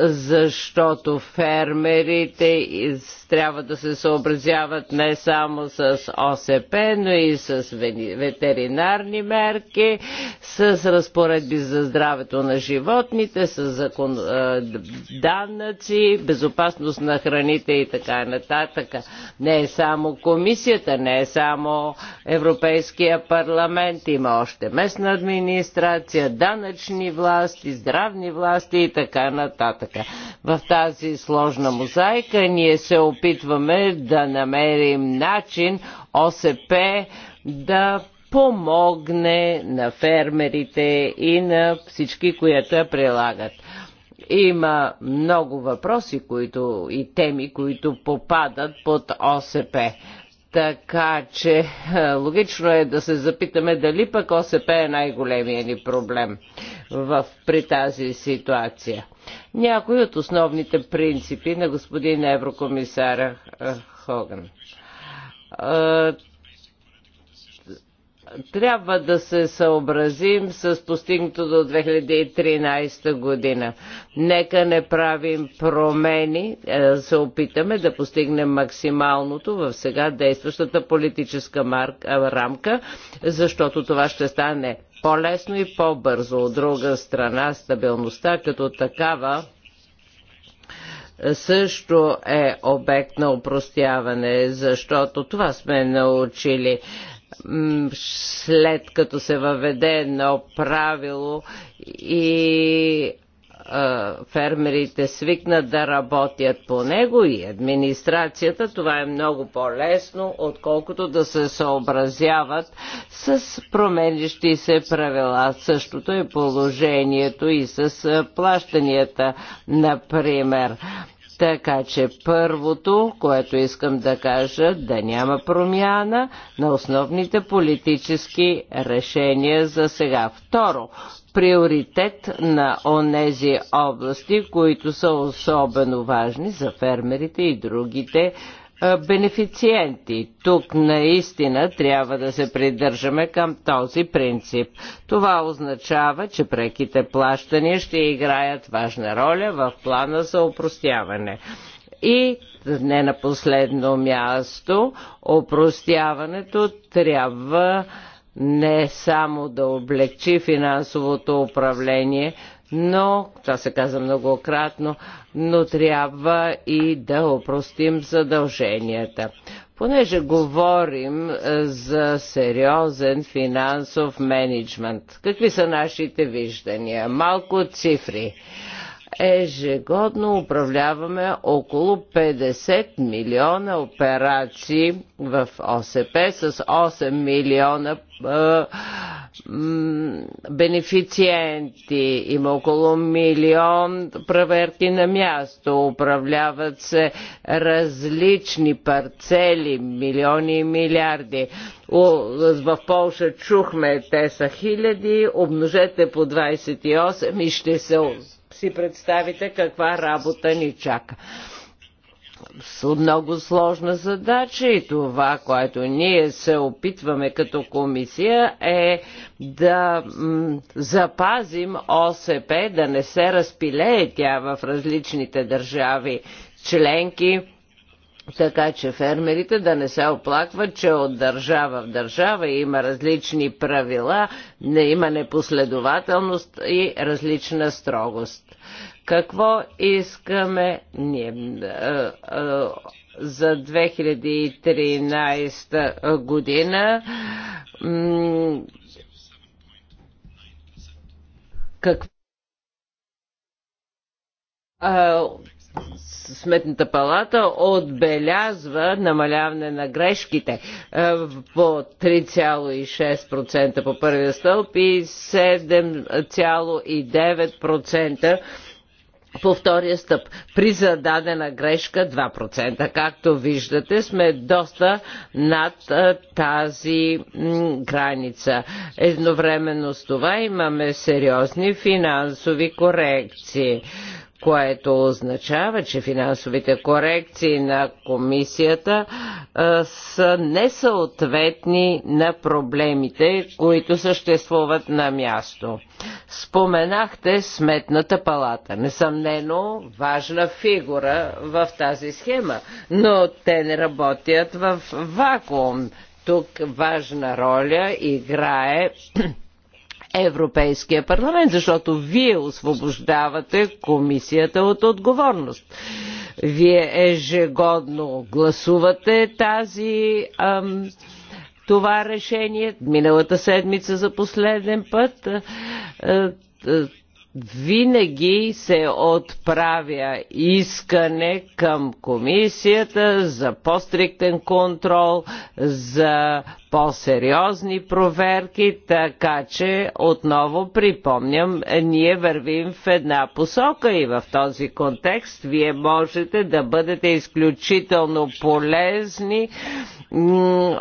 защото фермерите трябва да се съобразяват не само с ОСП, но и с ветеринарни мерки, с разпоредби за здравето на животните, с закон... данъци, безопасност на храните и така нататък. Не е само комисията, не е само само Европейския парламент, има още местна администрация, данъчни власти, здравни власти и така нататък. В тази сложна мозайка ние се опитваме да намерим начин ОСП да помогне на фермерите и на всички, които я прилагат. Има много въпроси които, и теми, които попадат под ОСП. Така че е, логично е да се запитаме дали пък ОСП е най-големия ни проблем в, при тази ситуация. Някои от основните принципи на господин еврокомисара е, Хоган е, трябва да се съобразим с постигнато до 2013 година. Нека не правим промени, е, се опитаме да постигнем максималното в сега действащата политическа марка, рамка, защото това ще стане по-лесно и по-бързо. От друга страна, стабилността като такава е, също е обект на упростяване, защото това сме научили след като се въведе едно правило и фермерите свикнат да работят по него и администрацията, това е много по-лесно, отколкото да се съобразяват с променящи се правила. Същото е положението и с плащанията, например. Така че първото, което искам да кажа, да няма промяна на основните политически решения за сега. Второ, приоритет на онези области, които са особено важни за фермерите и другите бенефициенти. Тук наистина трябва да се придържаме към този принцип. Това означава, че преките плащания ще играят важна роля в плана за упростяване. И не на последно място, упростяването трябва не само да облегчи финансовото управление, но, това се каза многократно, но трябва и да опростим задълженията. Понеже говорим е, за сериозен финансов менеджмент, какви са нашите виждания? Малко цифри. Ежегодно управляваме около 50 милиона операции в ОСП с 8 милиона бенефициенти. Има около милион проверки на място. Управляват се различни парцели, милиони и милиарди. В Полша чухме, те са хиляди, Обножете по 28 и ще се си представите каква работа ни чака с много сложна задача и това, което ние се опитваме като комисия е да запазим ОСП, да не се разпилее тя в различните държави членки, така че фермерите да не се оплакват, че от държава в държава има различни правила, не има непоследователност и различна строгост какво искаме ние е, е, за 2013 година? Какво е, Сметната палата отбелязва намаляване на грешките по 3,6% по първия стълб и 7,9% по втория стъп. При зададена грешка 2%, както виждате, сме доста над тази граница. Едновременно с това имаме сериозни финансови корекции което означава, че финансовите корекции на комисията а, са несъответни на проблемите, които съществуват на място. Споменахте Сметната палата. Несъмнено важна фигура в тази схема, но те не работят в вакуум. Тук важна роля играе Европейския парламент, защото вие освобождавате комисията от отговорност. Вие ежегодно гласувате тази ам, това решение. Миналата седмица за последен път винаги се отправя искане към комисията за по-стриктен контрол, за по-сериозни проверки, така че отново припомням, ние вървим в една посока и в този контекст вие можете да бъдете изключително полезни,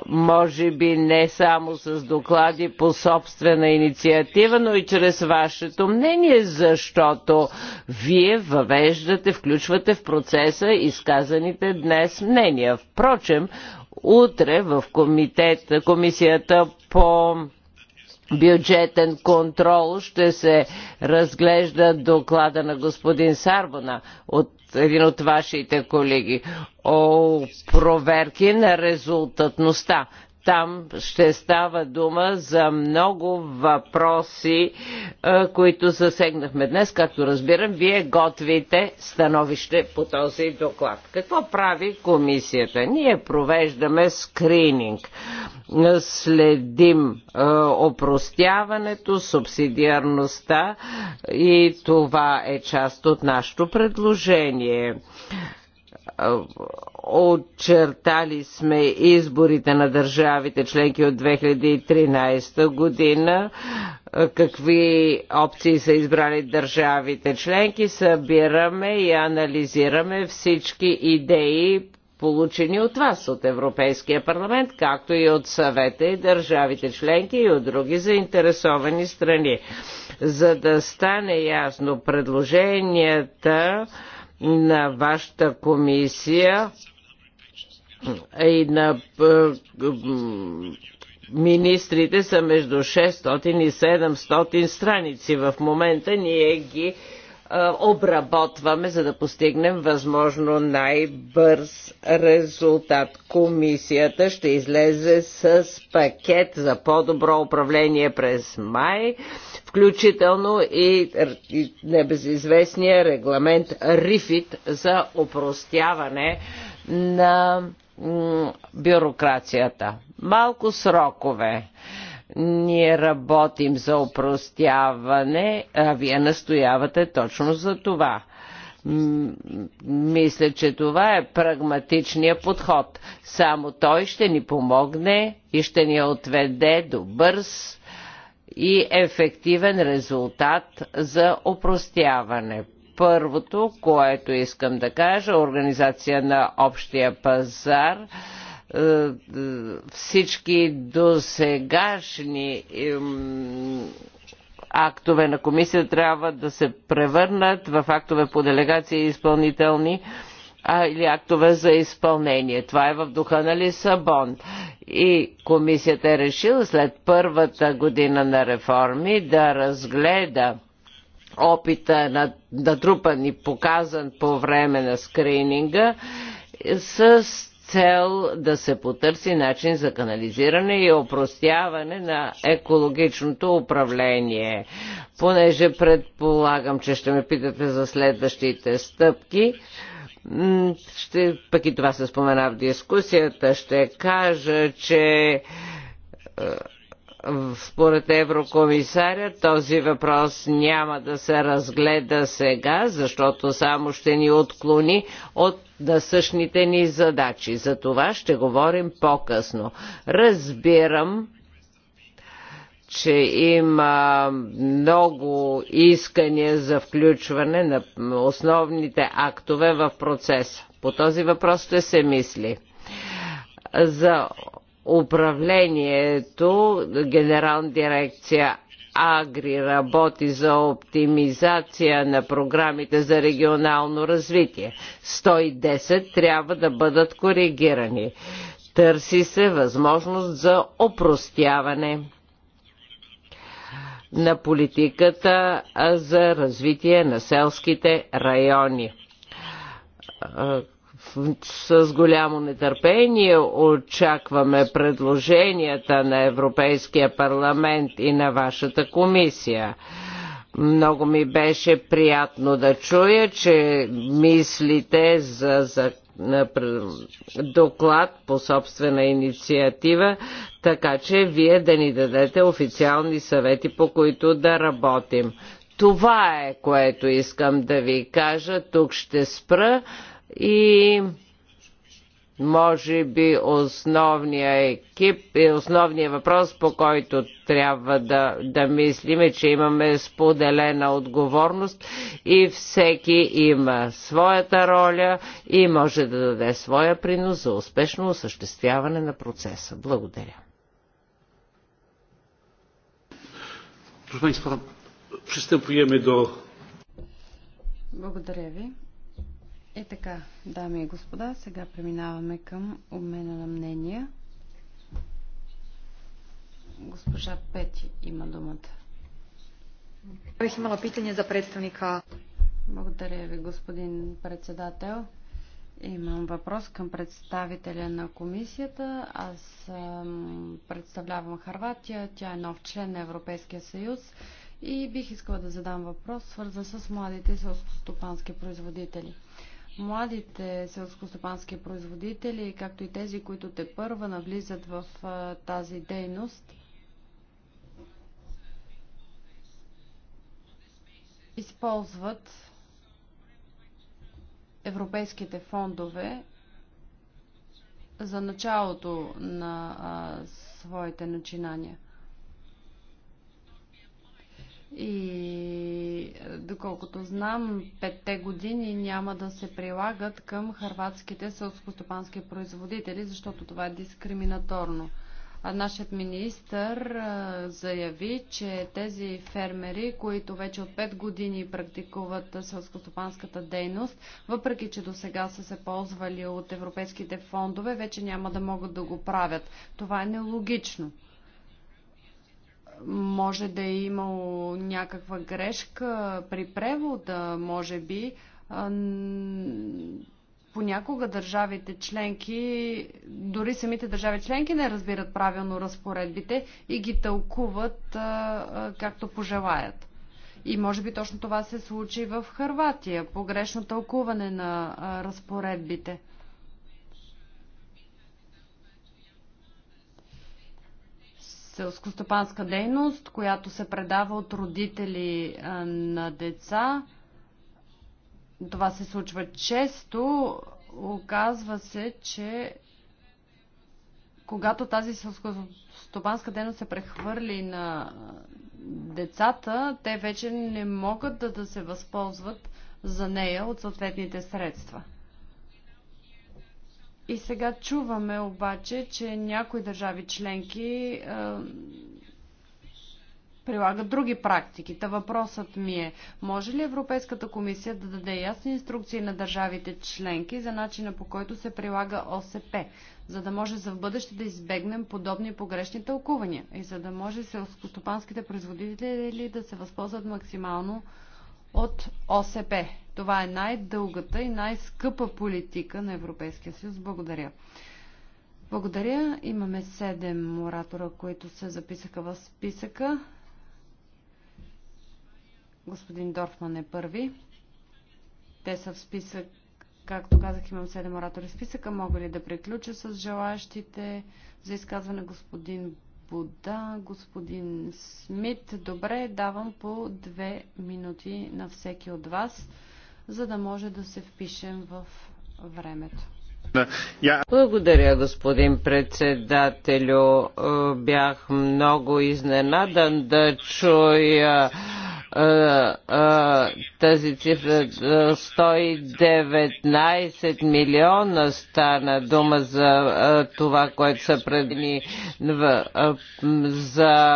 може би не само с доклади по собствена инициатива, но и чрез вашето мнение, защото вие въвеждате, включвате в процеса изказаните днес мнения. Впрочем, утре в комитет, комисията по бюджетен контрол ще се разглежда доклада на господин Сарбона от един от вашите колеги о проверки на резултатността. Там ще става дума за много въпроси, е, които засегнахме днес. Както разбирам, вие готвите становище по този доклад. Какво прави комисията? Ние провеждаме скрининг. Следим е, опростяването, субсидиарността и това е част от нашето предложение. Очертали сме изборите на държавите членки от 2013 година, какви опции са избрали държавите членки, събираме и анализираме всички идеи, получени от вас, от Европейския парламент, както и от съвета и държавите членки и от други заинтересовани страни. За да стане ясно предложенията, на вашата комисия и на е, министрите са между 600 и 700 страници. В момента ние ги е, обработваме, за да постигнем възможно най-бърз резултат. Комисията ще излезе с пакет за по-добро управление през май, включително и небезизвестния регламент РИФИТ за опростяване на бюрокрацията. Малко срокове. Ние работим за опростяване, а вие настоявате точно за това. Мисля, че това е прагматичният подход. Само той ще ни помогне и ще ни отведе до бърз и ефективен резултат за опростяване първото, което искам да кажа, организация на общия пазар е, всички досегашни актове на комисия трябва да се превърнат в актове по делегация и изпълнителни а, или актове за изпълнение. Това е в духа на Лисабон. И комисията е решила след първата година на реформи да разгледа опита на натрупан и показан по време на скрининга с цел да се потърси начин за канализиране и опростяване на екологичното управление. Понеже предполагам, че ще ме питате за следващите стъпки, ще, пък и това се спомена в дискусията, ще кажа, че е, според еврокомисаря този въпрос няма да се разгледа сега, защото само ще ни отклони от да същните ни задачи. За това ще говорим по-късно. Разбирам, че има много искания за включване на основните актове в процеса. По този въпрос ще се мисли. За управлението, генерална дирекция Агри работи за оптимизация на програмите за регионално развитие. 110 трябва да бъдат коригирани. Търси се възможност за опростяване на политиката за развитие на селските райони с голямо нетърпение очакваме предложенията на Европейския парламент и на вашата комисия. Много ми беше приятно да чуя, че мислите за, за доклад по собствена инициатива, така че вие да ни дадете официални съвети, по които да работим. Това е, което искам да ви кажа. Тук ще спра и може би основният екип и основният въпрос, по който трябва да, да мислиме, че имаме споделена отговорност и всеки има своята роля и може да даде своя принос за успешно осъществяване на процеса. Благодаря. Благодаря ви. И е така, дами и господа, сега преминаваме към обмена на мнения. Госпожа Пети има думата. Бих имала питание за представника. Благодаря ви, господин председател. Имам въпрос към представителя на комисията. Аз представлявам Харватия. Тя е нов член на Европейския съюз и бих искала да задам въпрос, свързан с младите селскостопански производители. Младите селскостопански производители, както и тези, които те първа навлизат в тази дейност, използват европейските фондове за началото на а, своите начинания – и доколкото знам, петте години няма да се прилагат към харватските селскостопански производители, защото това е дискриминаторно. А нашият министр заяви, че тези фермери, които вече от 5 години практикуват селскостопанската дейност, въпреки че до сега са се ползвали от европейските фондове, вече няма да могат да го правят. Това е нелогично може да е имало някаква грешка при превода, може би. Понякога държавите членки, дори самите държави членки не разбират правилно разпоредбите и ги тълкуват както пожелаят. И може би точно това се случи в Харватия, погрешно тълкуване на разпоредбите. селскостопанска дейност, която се предава от родители на деца. Това се случва често. Оказва се, че когато тази селскостопанска дейност се прехвърли на децата, те вече не могат да, да се възползват за нея от съответните средства. И сега чуваме обаче, че някои държави членки е, прилагат други практики. Та въпросът ми е, може ли Европейската комисия да даде ясни инструкции на държавите членки за начина по който се прилага ОСП, за да може за в бъдеще да избегнем подобни погрешни тълкувания и за да може селскостопанските производители да се възползват максимално от ОСП. Това е най-дългата и най-скъпа политика на Европейския съюз. Благодаря. Благодаря. Имаме седем оратора, които се записаха в списъка. Господин Дорфман е първи. Те са в списък. Както казах, имам седем оратори в списъка. Мога ли да приключа с желаящите за изказване господин господа, господин Смит. Добре, давам по две минути на всеки от вас, за да може да се впишем в времето. Благодаря, господин председателю. Е, бях много изненадан да чуя тази цифра 119 милиона стана дума за това, което са предни за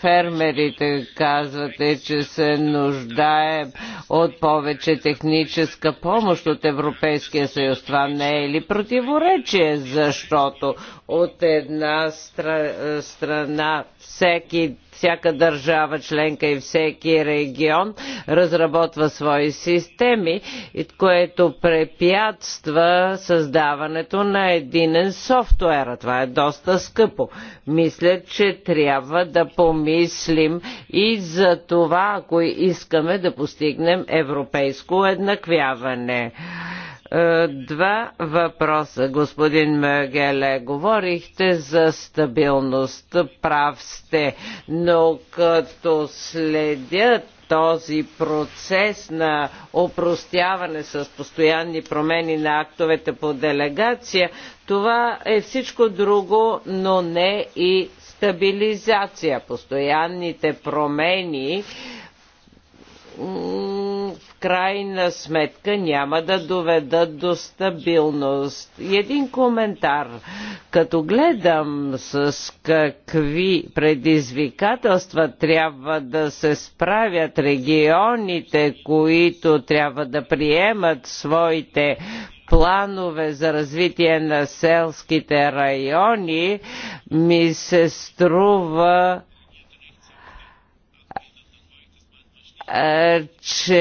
фермерите. Казвате, че се нуждаем от повече техническа помощ от Европейския съюз. Това не е ли противоречие, защото от една страна всеки всяка държава членка и всеки регион разработва свои системи, което препятства създаването на единен софтуер. Това е доста скъпо. Мисля, че трябва да помислим и за това, ако искаме да постигнем европейско еднаквяване. Е, два въпроса, господин Мегеле. Говорихте за стабилност. Прав сте, но като следят този процес на опростяване с постоянни промени на актовете по делегация, това е всичко друго, но не и стабилизация. Постоянните промени в крайна сметка няма да доведат до стабилност. Един коментар. Като гледам с какви предизвикателства трябва да се справят регионите, които трябва да приемат своите планове за развитие на селските райони, ми се струва че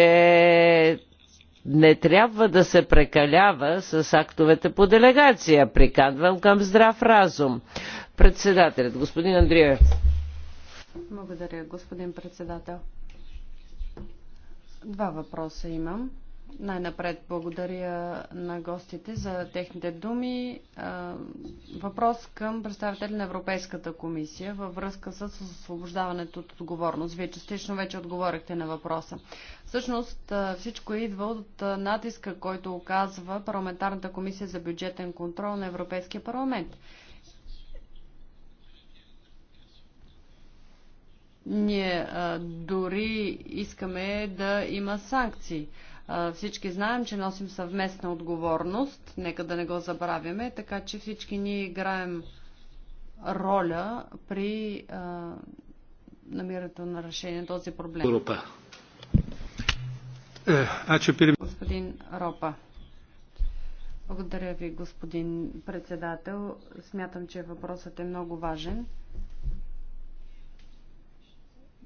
не трябва да се прекалява с актовете по делегация. Приканвам към здрав разум. Председателят, господин Андреев. Благодаря, господин председател. Два въпроса имам. Най-напред благодаря на гостите за техните думи. Въпрос към представители на Европейската комисия във връзка с освобождаването от отговорност. Вие частично вече отговорихте на въпроса. Всъщност всичко идва от натиска, който оказва парламентарната комисия за бюджетен контрол на Европейския парламент. Ние дори искаме да има санкции. Всички знаем, че носим съвместна отговорност, нека да не го забравяме, така че всички ние играем роля при намирането на решение на този проблем. Европа. Е, значи господин Ропа. Благодаря ви, господин председател. Смятам, че въпросът е много важен.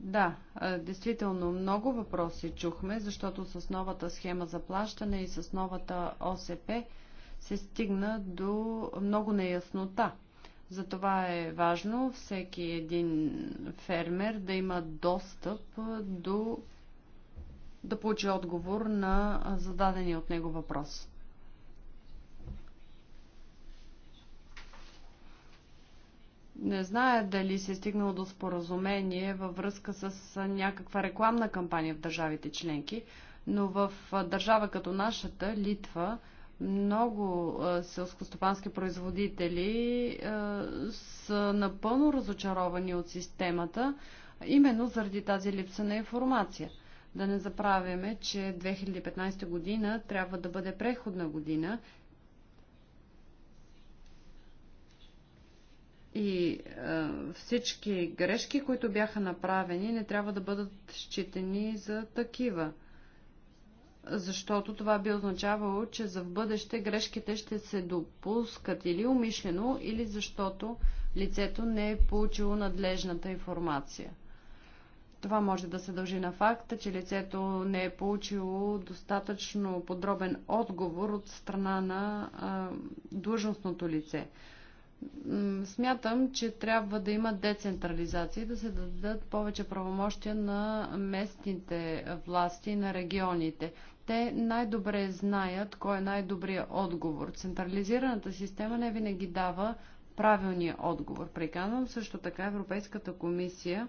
Да, действително много въпроси чухме, защото с новата схема за плащане и с новата ОСП се стигна до много неяснота. Затова е важно всеки един фермер да има достъп до да получи отговор на зададения от него въпрос. не знае дали се е стигнало до споразумение във връзка с някаква рекламна кампания в държавите членки, но в държава като нашата, Литва, много селскостопански производители са напълно разочаровани от системата, именно заради тази липса на информация. Да не заправяме, че 2015 година трябва да бъде преходна година И а, всички грешки, които бяха направени, не трябва да бъдат считани за такива. Защото това би означавало, че за в бъдеще грешките ще се допускат или умишлено, или защото лицето не е получило надлежната информация. Това може да се дължи на факта, че лицето не е получило достатъчно подробен отговор от страна на а, длъжностното лице смятам, че трябва да има децентрализация и да се дадат повече правомощия на местните власти и на регионите. Те най-добре знаят кой е най-добрият отговор. Централизираната система не винаги дава правилния отговор. Приканвам също така Европейската комисия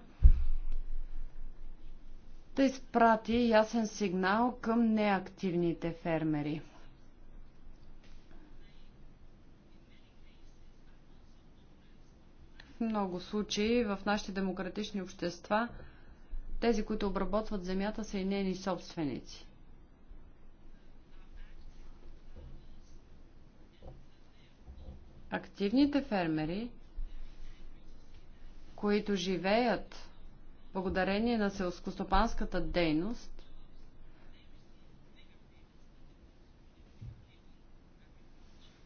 да изпрати ясен сигнал към неактивните фермери. много случаи в нашите демократични общества тези, които обработват земята, са и нейни собственици. Активните фермери, които живеят благодарение на селскостопанската дейност,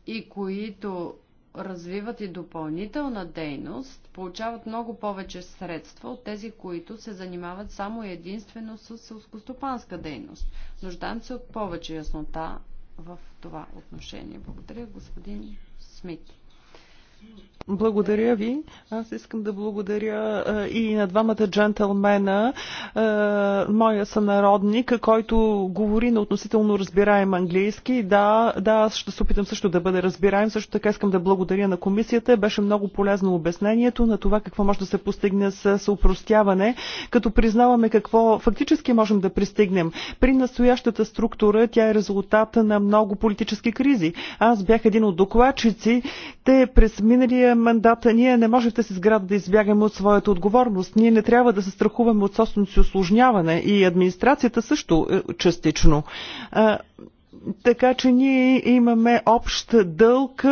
и които развиват и допълнителна дейност, получават много повече средства от тези, които се занимават само и единствено с селскостопанска дейност. Нуждаем се от повече яснота в това отношение. Благодаря, господин Смит. Благодаря ви. Аз искам да благодаря и на двамата джентълмена, моя сънародник, който говори на относително разбираем английски. Да, да, аз ще се опитам също да бъде разбираем. Също така искам да благодаря на комисията. Беше много полезно обяснението на това какво може да се постигне с упростяване, като признаваме какво фактически можем да пристигнем. При настоящата структура тя е резултата на много политически кризи. Аз бях един от докладчици. Те през миналия мандат ние не може в тази сграда да избягаме от своята отговорност. Ние не трябва да се страхуваме от собственото си осложняване и администрацията също е, частично. Така че ние имаме общ дълг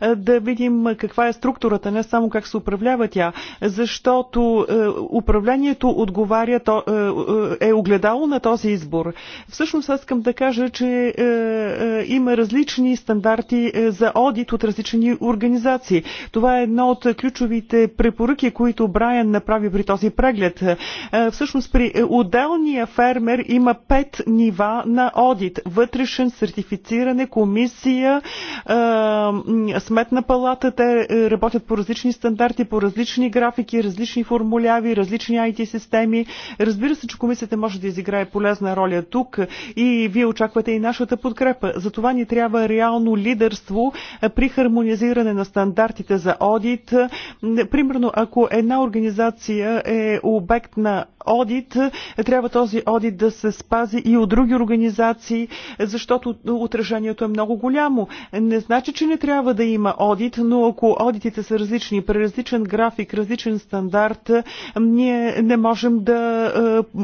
е, да видим каква е структурата, не само как се управлява тя, защото е, управлението отговаря, е, е огледало на този избор. Всъщност аз искам да кажа, че има различни стандарти за одит от различни организации. Това е едно от ключовите препоръки, които Брайан направи при този преглед. Всъщност при отделния фермер има пет нива на одит. Вътрешен степен, сертифициране, комисия, сметна палата. Те е, работят по различни стандарти, по различни графики, различни формуляви, различни IT системи. Разбира се, че комисията може да изиграе полезна роля тук и вие очаквате и нашата подкрепа. За това ни трябва реално лидерство при хармонизиране на стандартите за одит. Примерно, ако една организация е обект на одит, трябва този одит да се спази и от други организации, защото защото отражението е много голямо. Не значи, че не трябва да има одит, но ако одитите са различни, при различен график, различен стандарт, ние не можем да, е,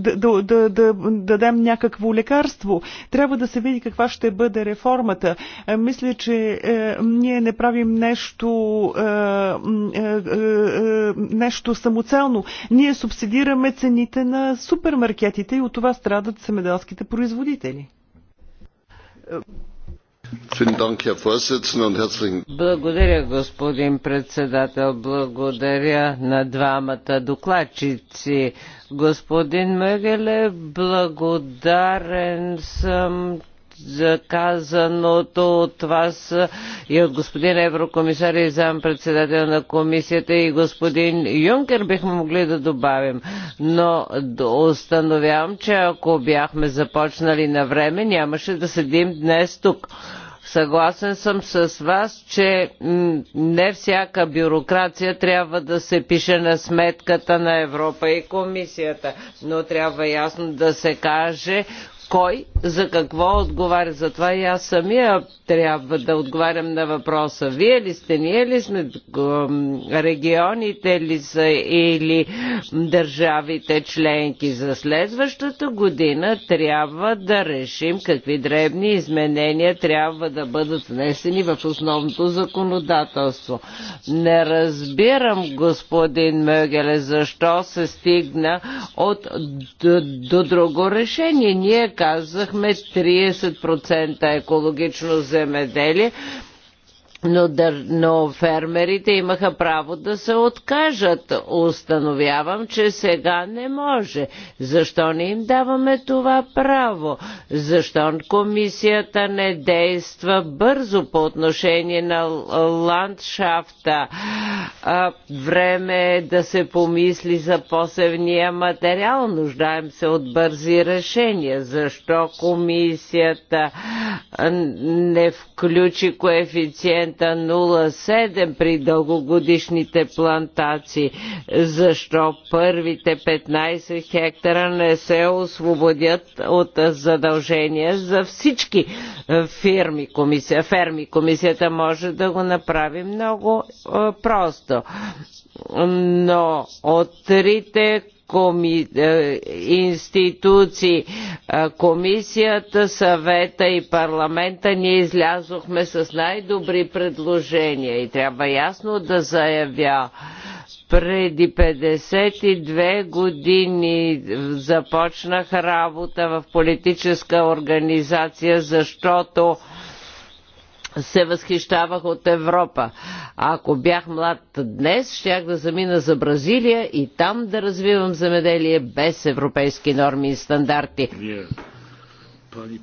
да, да, да, да дадем някакво лекарство. Трябва да се види каква ще бъде реформата. Е, мисля, че е, ние не правим нещо, нещо самоцелно. Ние субсидираме цените на супермаркетите и от това страдат семеделските производители. Благодаря, господин председател. Благодаря на двамата докладчици. Господин Мегеле, благодарен съм, за казаното от вас и от господин Еврокомисар и зам председател на комисията и господин Юнкер бихме могли да добавим. Но установявам, че ако бяхме започнали на време, нямаше да седим днес тук. Съгласен съм с вас, че не всяка бюрокрация трябва да се пише на сметката на Европа и комисията, но трябва ясно да се каже кой за какво отговаря. Затова и аз самия трябва да отговарям на въпроса. Вие ли сте, ние ли сме, регионите ли са или държавите членки. За следващата година трябва да решим какви дребни изменения трябва да бъдат внесени в основното законодателство. Не разбирам, господин Мъгеле, защо се стигна от, до, до друго решение. Ние казахме 30% екологично земеделие, но, дър, но фермерите имаха право да се откажат. Установявам, че сега не може. Защо не им даваме това право? Защо комисията не действа бързо по отношение на ландшафта? А, време е да се помисли за посевния материал. Нуждаем се от бързи решения. Защо комисията не включи коефициент 0,7 при дългогодишните плантации. Защо първите 15 хектара не се освободят от задължения за всички фирми, комисия, ферми? Комисията може да го направи много просто. Но от трите коми, е, институции, е, комисията, съвета и парламента, ние излязохме с най-добри предложения и трябва ясно да заявя, преди 52 години започнах работа в политическа организация, защото се възхищавах от Европа. А ако бях млад днес, щях да замина за Бразилия и там да развивам земеделие без европейски норми и стандарти. Пани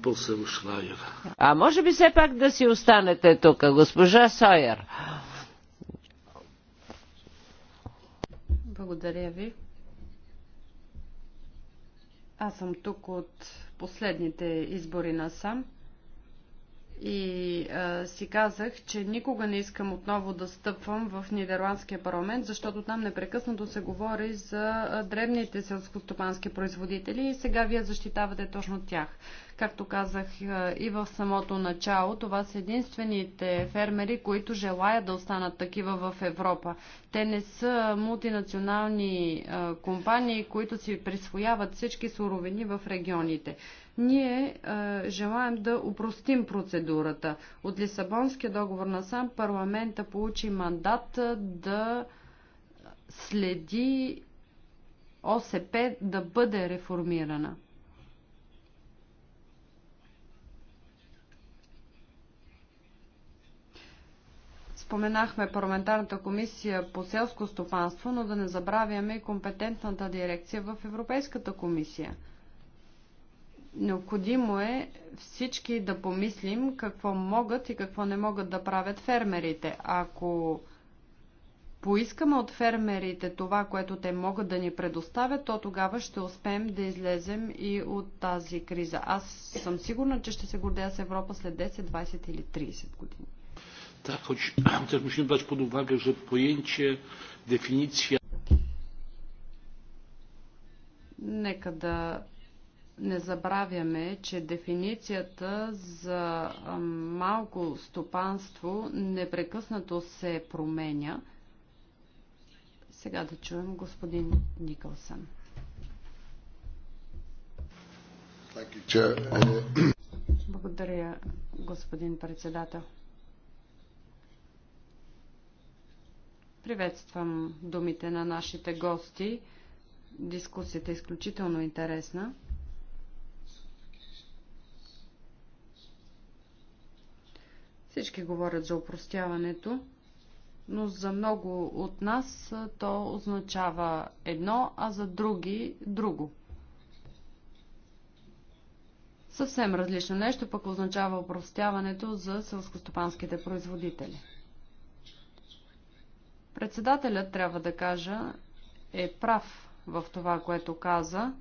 а може би все пак да си останете тук, госпожа Сойер. Благодаря ви. Аз съм тук от последните избори на сам и а, си казах, че никога не искам отново да стъпвам в Нидерландския парламент, защото там непрекъснато се говори за дребните селскостопански производители и сега вие защитавате точно тях. Както казах е, и в самото начало, това са единствените фермери, които желаят да останат такива в Европа. Те не са мултинационални е, компании, които си присвояват всички суровини в регионите ние е, желаем да упростим процедурата. От Лисабонския договор на сам парламента получи мандат е, да следи ОСП да бъде реформирана. Споменахме парламентарната комисия по селско стопанство, но да не забравяме и компетентната дирекция в Европейската комисия. Необходимо е всички да помислим какво могат и какво не могат да правят фермерите. Ако поискаме от фермерите това, което те могат да ни предоставят, то тогава ще успеем да излезем и от тази криза. Аз съм сигурна, че ще се гордея с Европа след 10, 20 или 30 години. Tak, choć też musimy brać pod uwagę, że pojęcie, definicja. Нека да не забравяме, че дефиницията за малко стопанство непрекъснато се променя. Сега да чуем господин Никълсън. Благодаря, господин председател. Приветствам думите на нашите гости. Дискусията е изключително интересна. Всички говорят за упростяването, но за много от нас то означава едно, а за други друго. Съвсем различно нещо пък означава упростяването за селскостопанските производители. Председателят, трябва да кажа, е прав в това, което каза.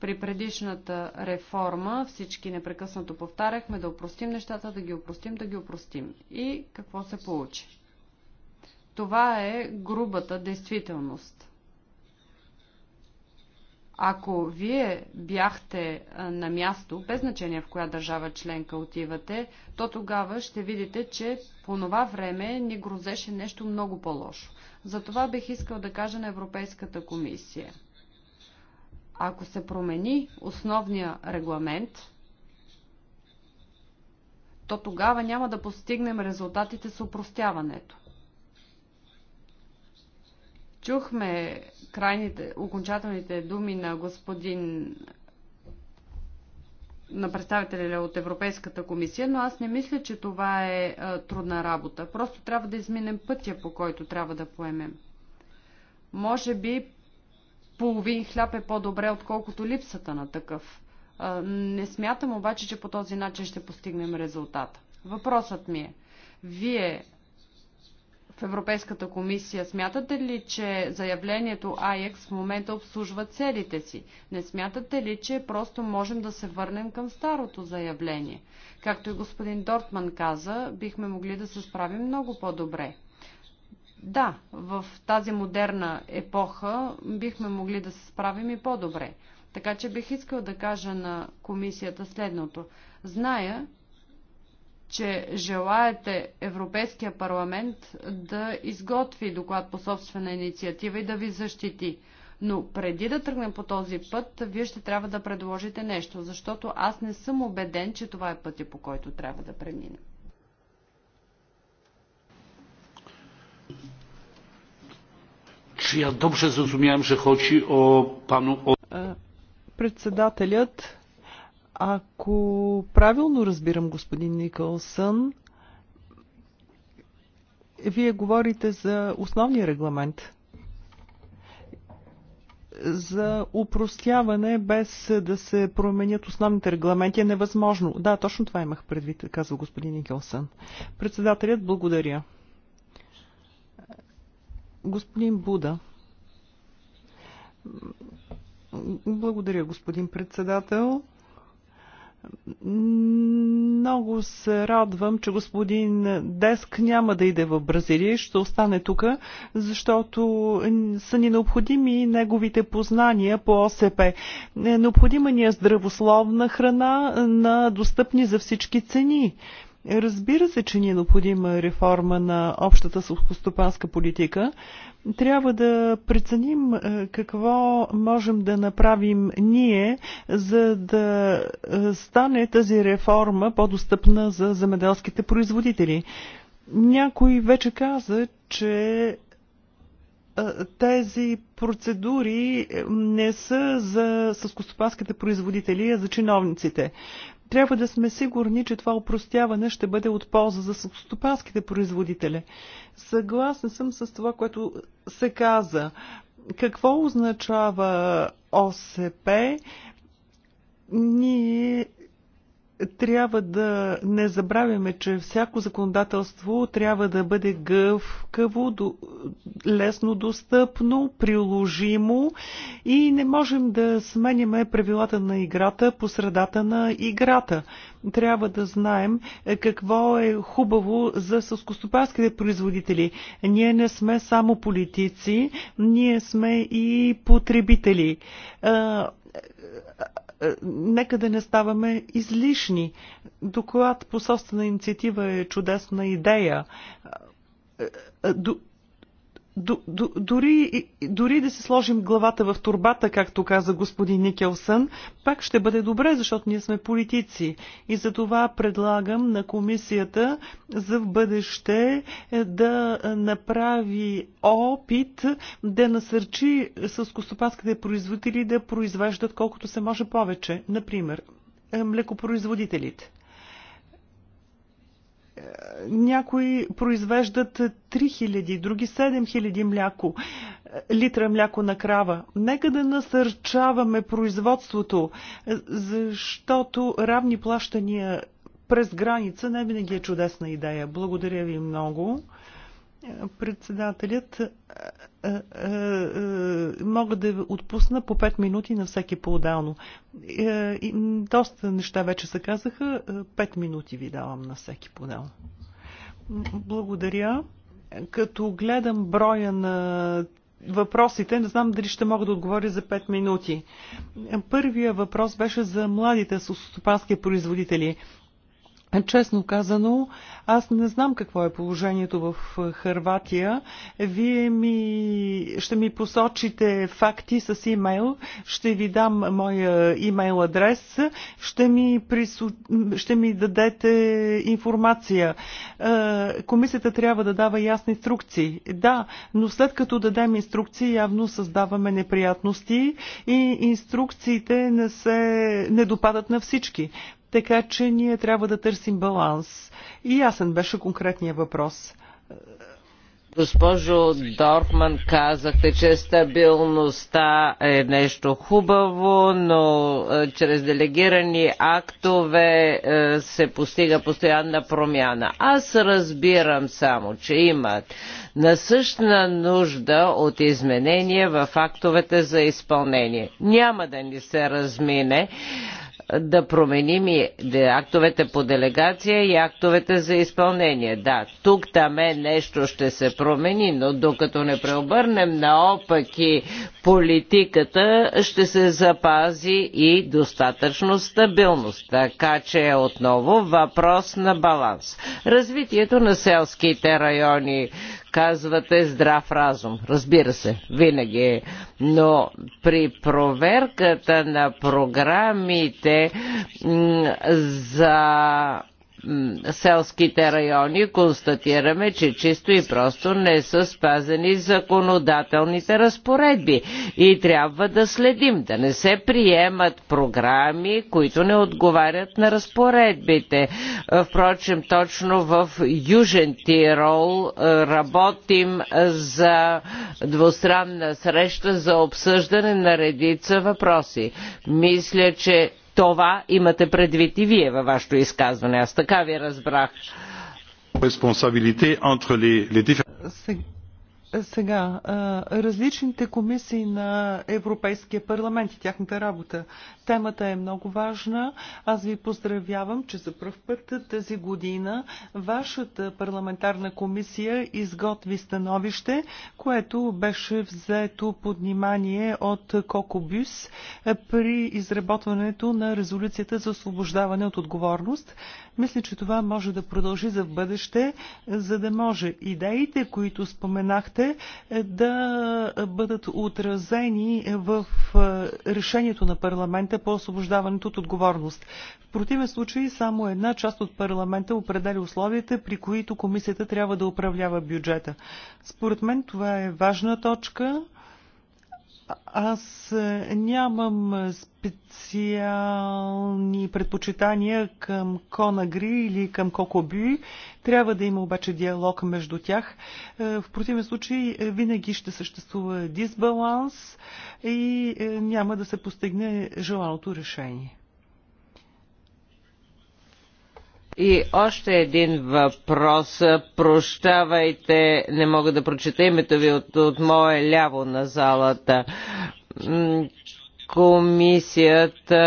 При предишната реформа всички непрекъснато повтаряхме да опростим нещата, да ги опростим, да ги опростим. И какво се получи? Това е грубата действителност. Ако вие бяхте на място, без значение в коя държава членка отивате, то тогава ще видите, че по това време ни грозеше нещо много по-лошо. Затова бих искал да кажа на Европейската комисия. Ако се промени основния регламент, то тогава няма да постигнем резултатите с упростяването. Чухме крайните, окончателните думи на господин на представителя от Европейската комисия, но аз не мисля, че това е трудна работа. Просто трябва да изминем пътя, по който трябва да поемем. Може би половин хляб е по-добре, отколкото липсата на такъв. Не смятам обаче, че по този начин ще постигнем резултата. Въпросът ми е, вие в Европейската комисия. Смятате ли, че заявлението АЕК в момента обслужва целите си? Не смятате ли, че просто можем да се върнем към старото заявление? Както и господин Дортман каза, бихме могли да се справим много по-добре. Да, в тази модерна епоха бихме могли да се справим и по-добре. Така че бих искал да кажа на комисията следното. Зная, че желаете Европейския парламент да изготви доклад по собствена инициатива и да ви защити. Но преди да тръгнем по този път, вие ще трябва да предложите нещо, защото аз не съм убеден, че това е пътя по който трябва да преминем. Чи я добре зрозумявам, че хочи о пану... Е, председателят ако правилно разбирам господин Никълсън, вие говорите за основния регламент, за упростяване без да се променят основните регламенти е невъзможно. Да, точно това имах предвид, казва господин Никелсън. Председателят, благодаря. Господин Буда. Благодаря, господин председател. Много се радвам, че господин Деск няма да иде в Бразилия и ще остане тук, защото са ни необходими неговите познания по ОСП. Необходима ни е здравословна храна на достъпни за всички цени. Разбира се, че ни е необходима реформа на общата сълскостопанска политика, трябва да преценим е, какво можем да направим ние, за да е, стане тази реформа по-достъпна за земеделските производители. Някой вече каза, че е, тези процедури не са за съскостопанските производители, а за чиновниците трябва да сме сигурни, че това упростяване ще бъде от полза за стопанските производители. Съгласен съм с това, което се каза. Какво означава ОСП? Ние трябва да не забравяме, че всяко законодателство трябва да бъде гъвкаво, лесно достъпно, приложимо и не можем да сменяме правилата на играта по средата на играта. Трябва да знаем е, какво е хубаво за съскостопарските производители. Ние не сме само политици, ние сме и потребители е, нека да не ставаме излишни. Доклад по собствена инициатива е чудесна идея. Е, е, дори, дори да се сложим главата в турбата, както каза господин Никелсън, пак ще бъде добре, защото ние сме политици. И за това предлагам на комисията за в бъдеще е, да е, направи опит да насърчи с производители да произвеждат колкото се може повече. Например, е, млекопроизводителите някои произвеждат 3000, други 7000 мляко, литра мляко на крава. Нека да насърчаваме производството, защото равни плащания през граница не винаги е чудесна идея. Благодаря ви много. Председателят е, е, е, мога да отпусна по 5 минути на всеки по-отдално. Доста неща вече се казаха. 5 минути ви давам на всеки по-отдално. Благодаря. Като гледам броя на въпросите. Не знам дали ще мога да отговоря за 5 минути. Първия въпрос беше за младите сустопански производители. Честно казано, аз не знам какво е положението в Харватия. Вие ми, ще ми посочите факти с имейл, ще ви дам моя имейл адрес, ще ми, прису... ще ми дадете информация. Е, комисията трябва да дава ясни инструкции. Да, но след като дадем инструкции, явно създаваме неприятности и инструкциите не, се... не допадат на всички. Така че ние трябва да търсим баланс. И ясен беше конкретния въпрос. Госпожо Дорфман, казахте, че стабилността е нещо хубаво, но е, чрез делегирани актове е, се постига постоянна промяна. Аз разбирам само, че имат насъщна нужда от изменения в актовете за изпълнение. Няма да ни се размине да променим и актовете по делегация и актовете за изпълнение. Да, тук е нещо ще се промени, но докато не преобърнем наопаки политиката, ще се запази и достатъчно стабилност. Така че е отново въпрос на баланс. Развитието на селските райони, казвате здрав разум. Разбира се, винаги. е. Но при проверката на програмите за селските райони, констатираме, че чисто и просто не са спазени законодателните разпоредби и трябва да следим, да не се приемат програми, които не отговарят на разпоредбите. Е, впрочем, точно в Южен Тирол е, работим за двустранна среща за обсъждане на редица въпроси. Мисля, че това имате предвид и вие във вашето изказване. Аз така ви разбрах. Responsabilité сега, различните комисии на Европейския парламент и тяхната работа. Темата е много важна. Аз ви поздравявам, че за първ път тази година вашата парламентарна комисия изготви становище, което беше взето под внимание от Кокобюс при изработването на резолюцията за освобождаване от отговорност. Мисля, че това може да продължи за в бъдеще, за да може идеите, които споменахте, те е, да бъдат отразени в е, решението на парламента по освобождаването от отговорност. В противен случай само една част от парламента определя условията, при които комисията трябва да управлява бюджета. Според мен това е важна точка. Аз е, нямам е, специални предпочитания към Конагри или към Кокоби. Трябва да има обаче диалог между тях. Е, в противен случай винаги ще съществува дисбаланс и няма да се постигне желаното решение. И още един въпрос. Прощавайте, не мога да прочета името ви от, от мое ляво на залата комисията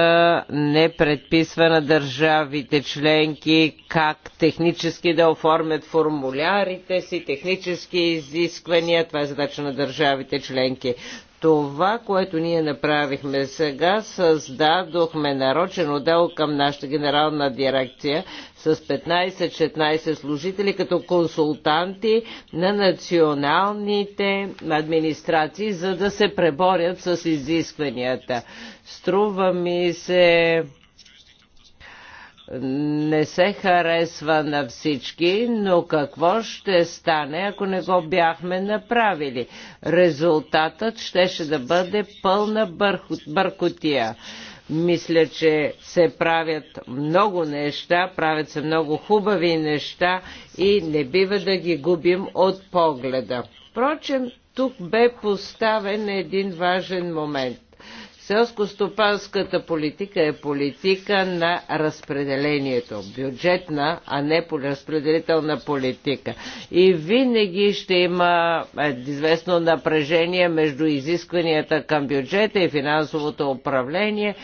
не предписва на държавите членки как технически да оформят формулярите си, технически изисквания. Това е задача на държавите членки. Това, което ние направихме сега, създадохме нарочен отдел към нашата генерална дирекция с 15-16 служители като консултанти на националните администрации, за да се преборят с изискванията. Струва ми се, не се харесва на всички, но какво ще стане, ако не го бяхме направили? Резултатът щеше да бъде пълна бъркотия. Мисля, че се правят много неща, правят се много хубави неща и не бива да ги губим от погледа. Впрочем, тук бе поставен един важен момент. Селско-стопанската политика е политика на разпределението, бюджетна, а не разпределителна политика. И винаги ще има е, известно напрежение между изискванията към бюджета и финансовото управление,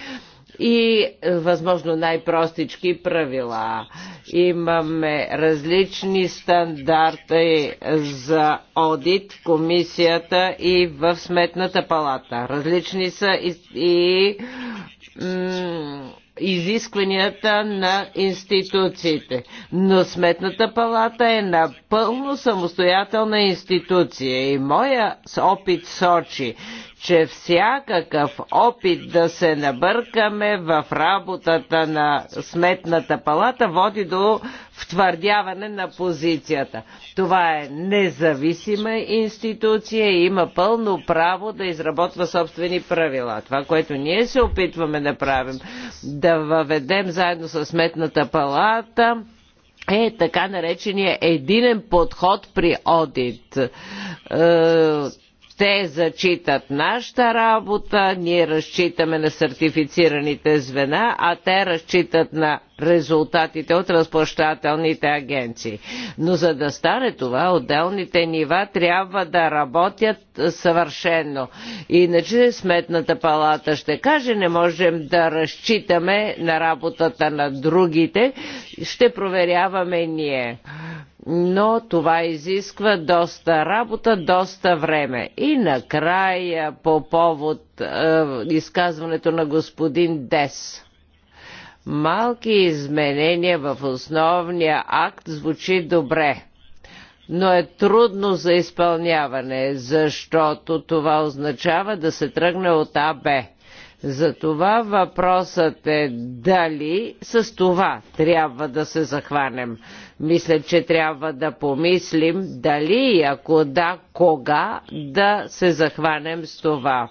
и възможно най-простички правила. Имаме различни стандарти за одит в комисията и в сметната палата. Различни са и, и изискванията на институциите. Но Сметната палата е напълно самостоятелна институция и моя опит сочи, че всякакъв опит да се набъркаме в работата на Сметната палата води до втвърдяване на позицията. Това е независима институция и има пълно право да изработва собствени правила. Това, което ние се опитваме да правим, да въведем заедно с Сметната палата, е така наречения единен подход при одит е, те зачитат нашата работа, ние разчитаме на сертифицираните звена, а те разчитат на резултатите от разплащателните агенции. Но за да стане това, отделните нива трябва да работят съвършенно. Иначе Сметната палата ще каже, не можем да разчитаме на работата на другите, ще проверяваме ние но това изисква доста работа, доста време. И накрая по повод е, изказването на господин Дес. Малки изменения в основния акт звучи добре но е трудно за изпълняване, защото това означава да се тръгне от АБ. Затова въпросът е дали с това трябва да се захванем. Мисля, че трябва да помислим дали и ако да, кога да се захванем с това.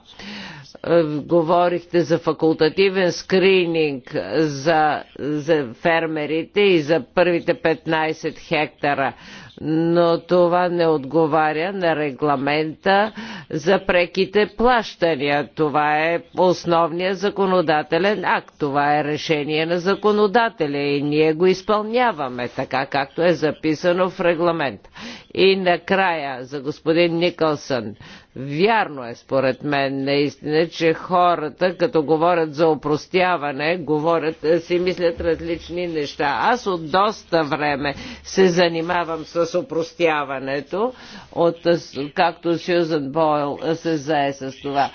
Е, говорихте за факултативен скрининг за, за фермерите и за първите 15 хектара но това не отговаря на регламента за преките плащания. Това е основният законодателен акт. Това е решение на законодателя и ние го изпълняваме така, както е записано в регламент. И накрая за господин Никълсън. Вярно е, според мен, наистина, че хората, като говорят за опростяване, говорят, е, си мислят различни неща. Аз от доста време се занимавам с опростяването, от, както Сюзан Бойл се зае с това.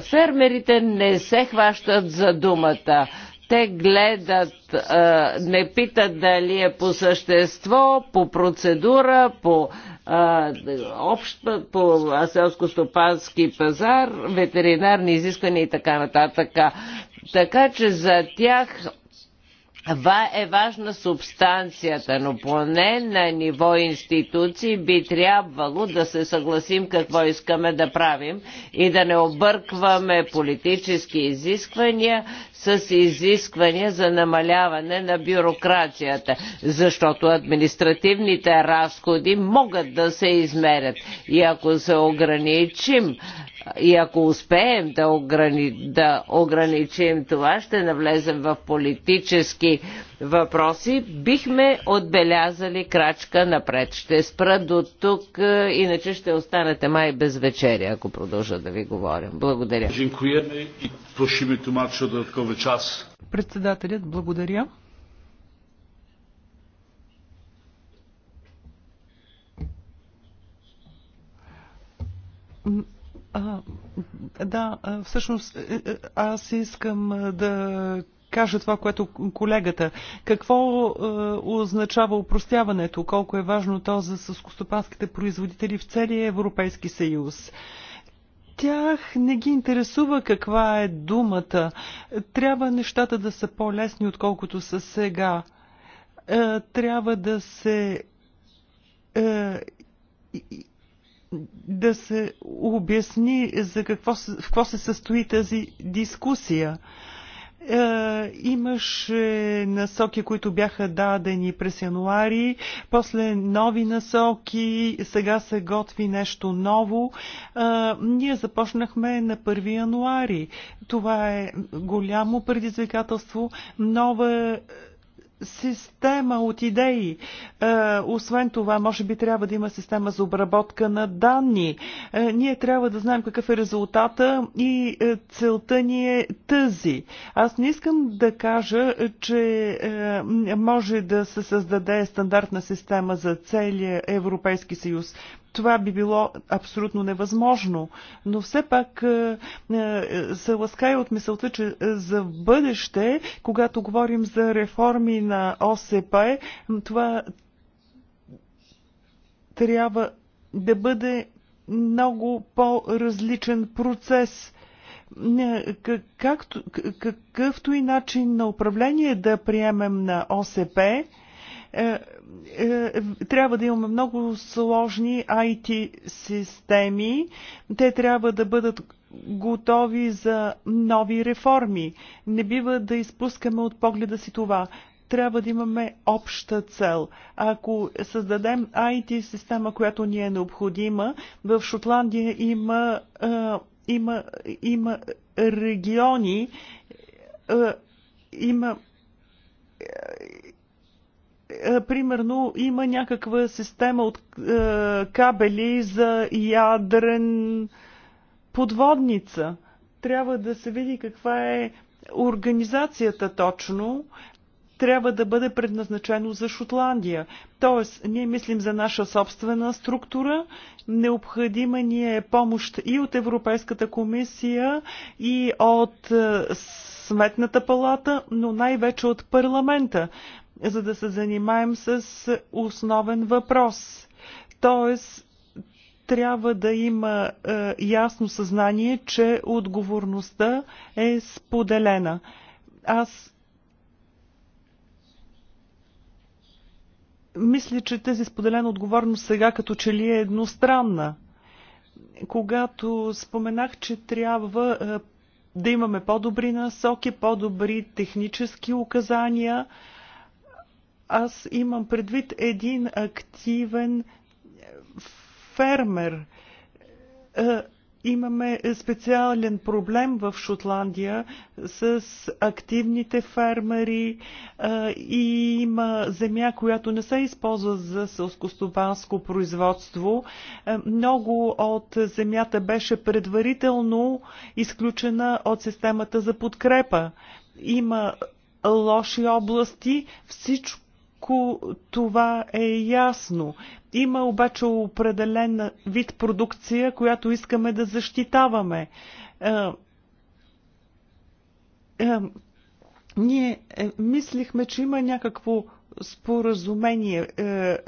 Фермерите не се хващат за думата те гледат, е, не питат дали е по същество, по процедура, по общ по селско-стопански пазар, ветеринарни изисквания и така нататък. Така че за тях това е важна субстанцията, но поне на ниво институции би трябвало да се съгласим какво искаме да правим и да не объркваме политически изисквания с изисквания за намаляване на бюрокрацията, защото административните разходи могат да се измерят. И ако се ограничим и ако успеем да, ограни, да ограничим това, ще навлезем в политически въпроси, бихме отбелязали крачка напред. Ще спра до тук, е, иначе ще останете май без вечеря, ако продължа да ви говоря. Благодаря. Дякуваме и прошиме тумача cały Председателят, благодаря. А, да, всъщност е, е, аз искам да кажа това, което колегата. Какво е, означава упростяването? Колко е важно то за съскостопанските производители в целия Европейски съюз? Е, тях не ги интересува каква е думата. Трябва нещата да са по-лесни, отколкото са сега. Е, трябва да се е, да се обясни за какво, в какво се състои тази дискусия. Е, имаше насоки, които бяха дадени през януари, после нови насоки, сега се готви нещо ново. Е, ние започнахме на 1 януари. Това е голямо предизвикателство, нова система от идеи. Е, освен това, може би трябва да има система за обработка на данни. Е, ние трябва да знаем какъв е резултата и е, целта ни е тази. Аз не искам да кажа, че може да се създаде стандартна система за целия Европейски съюз това би било абсолютно невъзможно. Но все пак е, е, се лаская от мисълта, че за бъдеще, когато говорим за реформи на ОСП, това трябва да бъде много по-различен процес. Е, както, какъвто и начин на управление да приемем на ОСП, е, е, трябва да имаме много сложни IT системи. Те трябва да бъдат готови за нови реформи. Не бива да изпускаме от погледа си това. Трябва да имаме обща цел. Ако създадем IT система, която ни е необходима, в Шотландия има, е, има, има региони, има е, примерно има някаква система от е, кабели за ядрен подводница. Трябва да се види каква е организацията точно, трябва да бъде предназначено за Шотландия. Тоест, ние мислим за наша собствена структура, необходима ни е помощ и от Европейската комисия, и от е, Сметната палата, но най-вече от парламента за да се занимаем с основен въпрос. Тоест, трябва да има е, ясно съзнание, че отговорността е споделена. Аз мисля, че тази споделена отговорност сега като че ли е едностранна. Когато споменах, че трябва е, да имаме по-добри насоки, по-добри технически указания, е, аз имам предвид един активен е, фермер. Е, имаме специален проблем в Шотландия с активните фермери е, и има земя, която не се използва за сълскостопанско производство. Много от земята беше предварително изключена от системата за подкрепа. Има лоши области, всичко всичко това е ясно. Има обаче определен вид продукция, която искаме да защитаваме. Е, е, ние е, мислихме, че има някакво споразумение.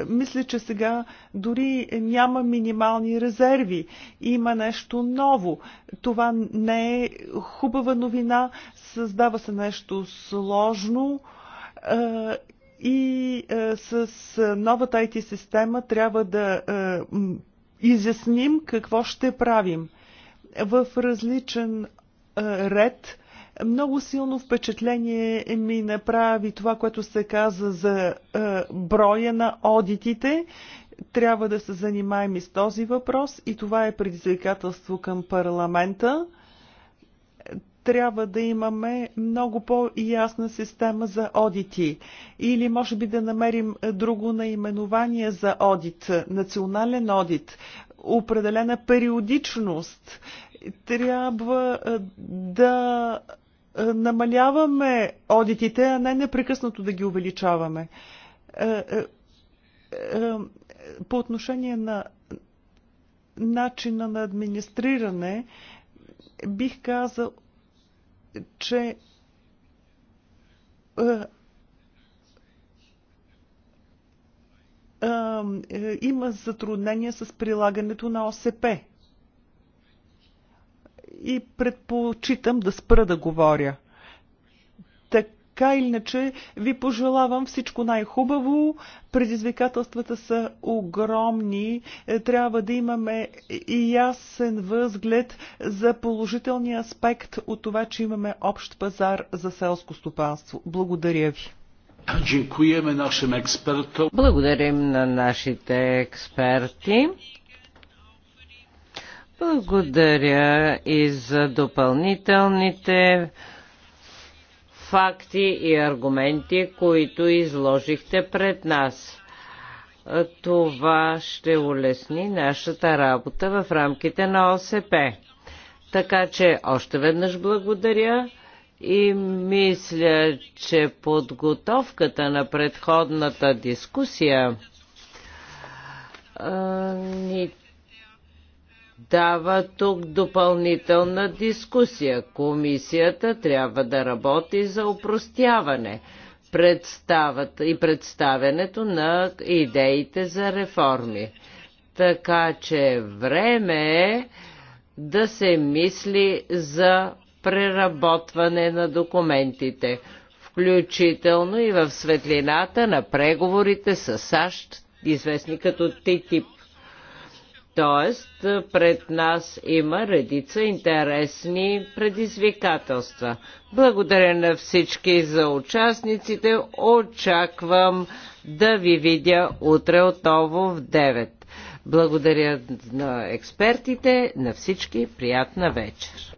Мисля, че сега дори няма минимални резерви. Има нещо ново. Това не е хубава новина. Създава се нещо сложно и а, е, с е, новата IT система трябва да а, е, изясним какво ще правим. В различен а, ред много силно впечатление ми направи това, което се каза за а, броя на одитите. Трябва да се занимаем и с този въпрос и това е предизвикателство към парламента трябва да имаме много по-ясна система за одити. Или може би да намерим друго наименование за одит, национален одит, определена периодичност. Трябва е, да е, намаляваме одитите, а не непрекъснато да ги увеличаваме. Е, по отношение на начина на администриране, бих казал, че е, е, е, има затруднения с прилагането на ОСП. И предпочитам да спра да говоря. Така или иначе, ви пожелавам всичко най-хубаво. Предизвикателствата са огромни. Е, трябва да имаме и ясен възглед за положителния аспект от това, че имаме общ пазар за селско стопанство. Благодаря ви. Благодарим на нашите експерти. Благодаря и за допълнителните факти и аргументи, които изложихте пред нас. Това ще улесни нашата работа в рамките на ОСП. Така че още веднъж благодаря и мисля, че подготовката на предходната дискусия ни дава тук допълнителна дискусия. Комисията трябва да работи за упростяване и представянето на идеите за реформи. Така че време е да се мисли за преработване на документите, включително и в светлината на преговорите с САЩ, известни като ТТП. Тоест, пред нас има редица интересни предизвикателства. Благодаря на всички за участниците. Очаквам да ви видя утре отново в 9. Благодаря на експертите, на всички. Приятна вечер!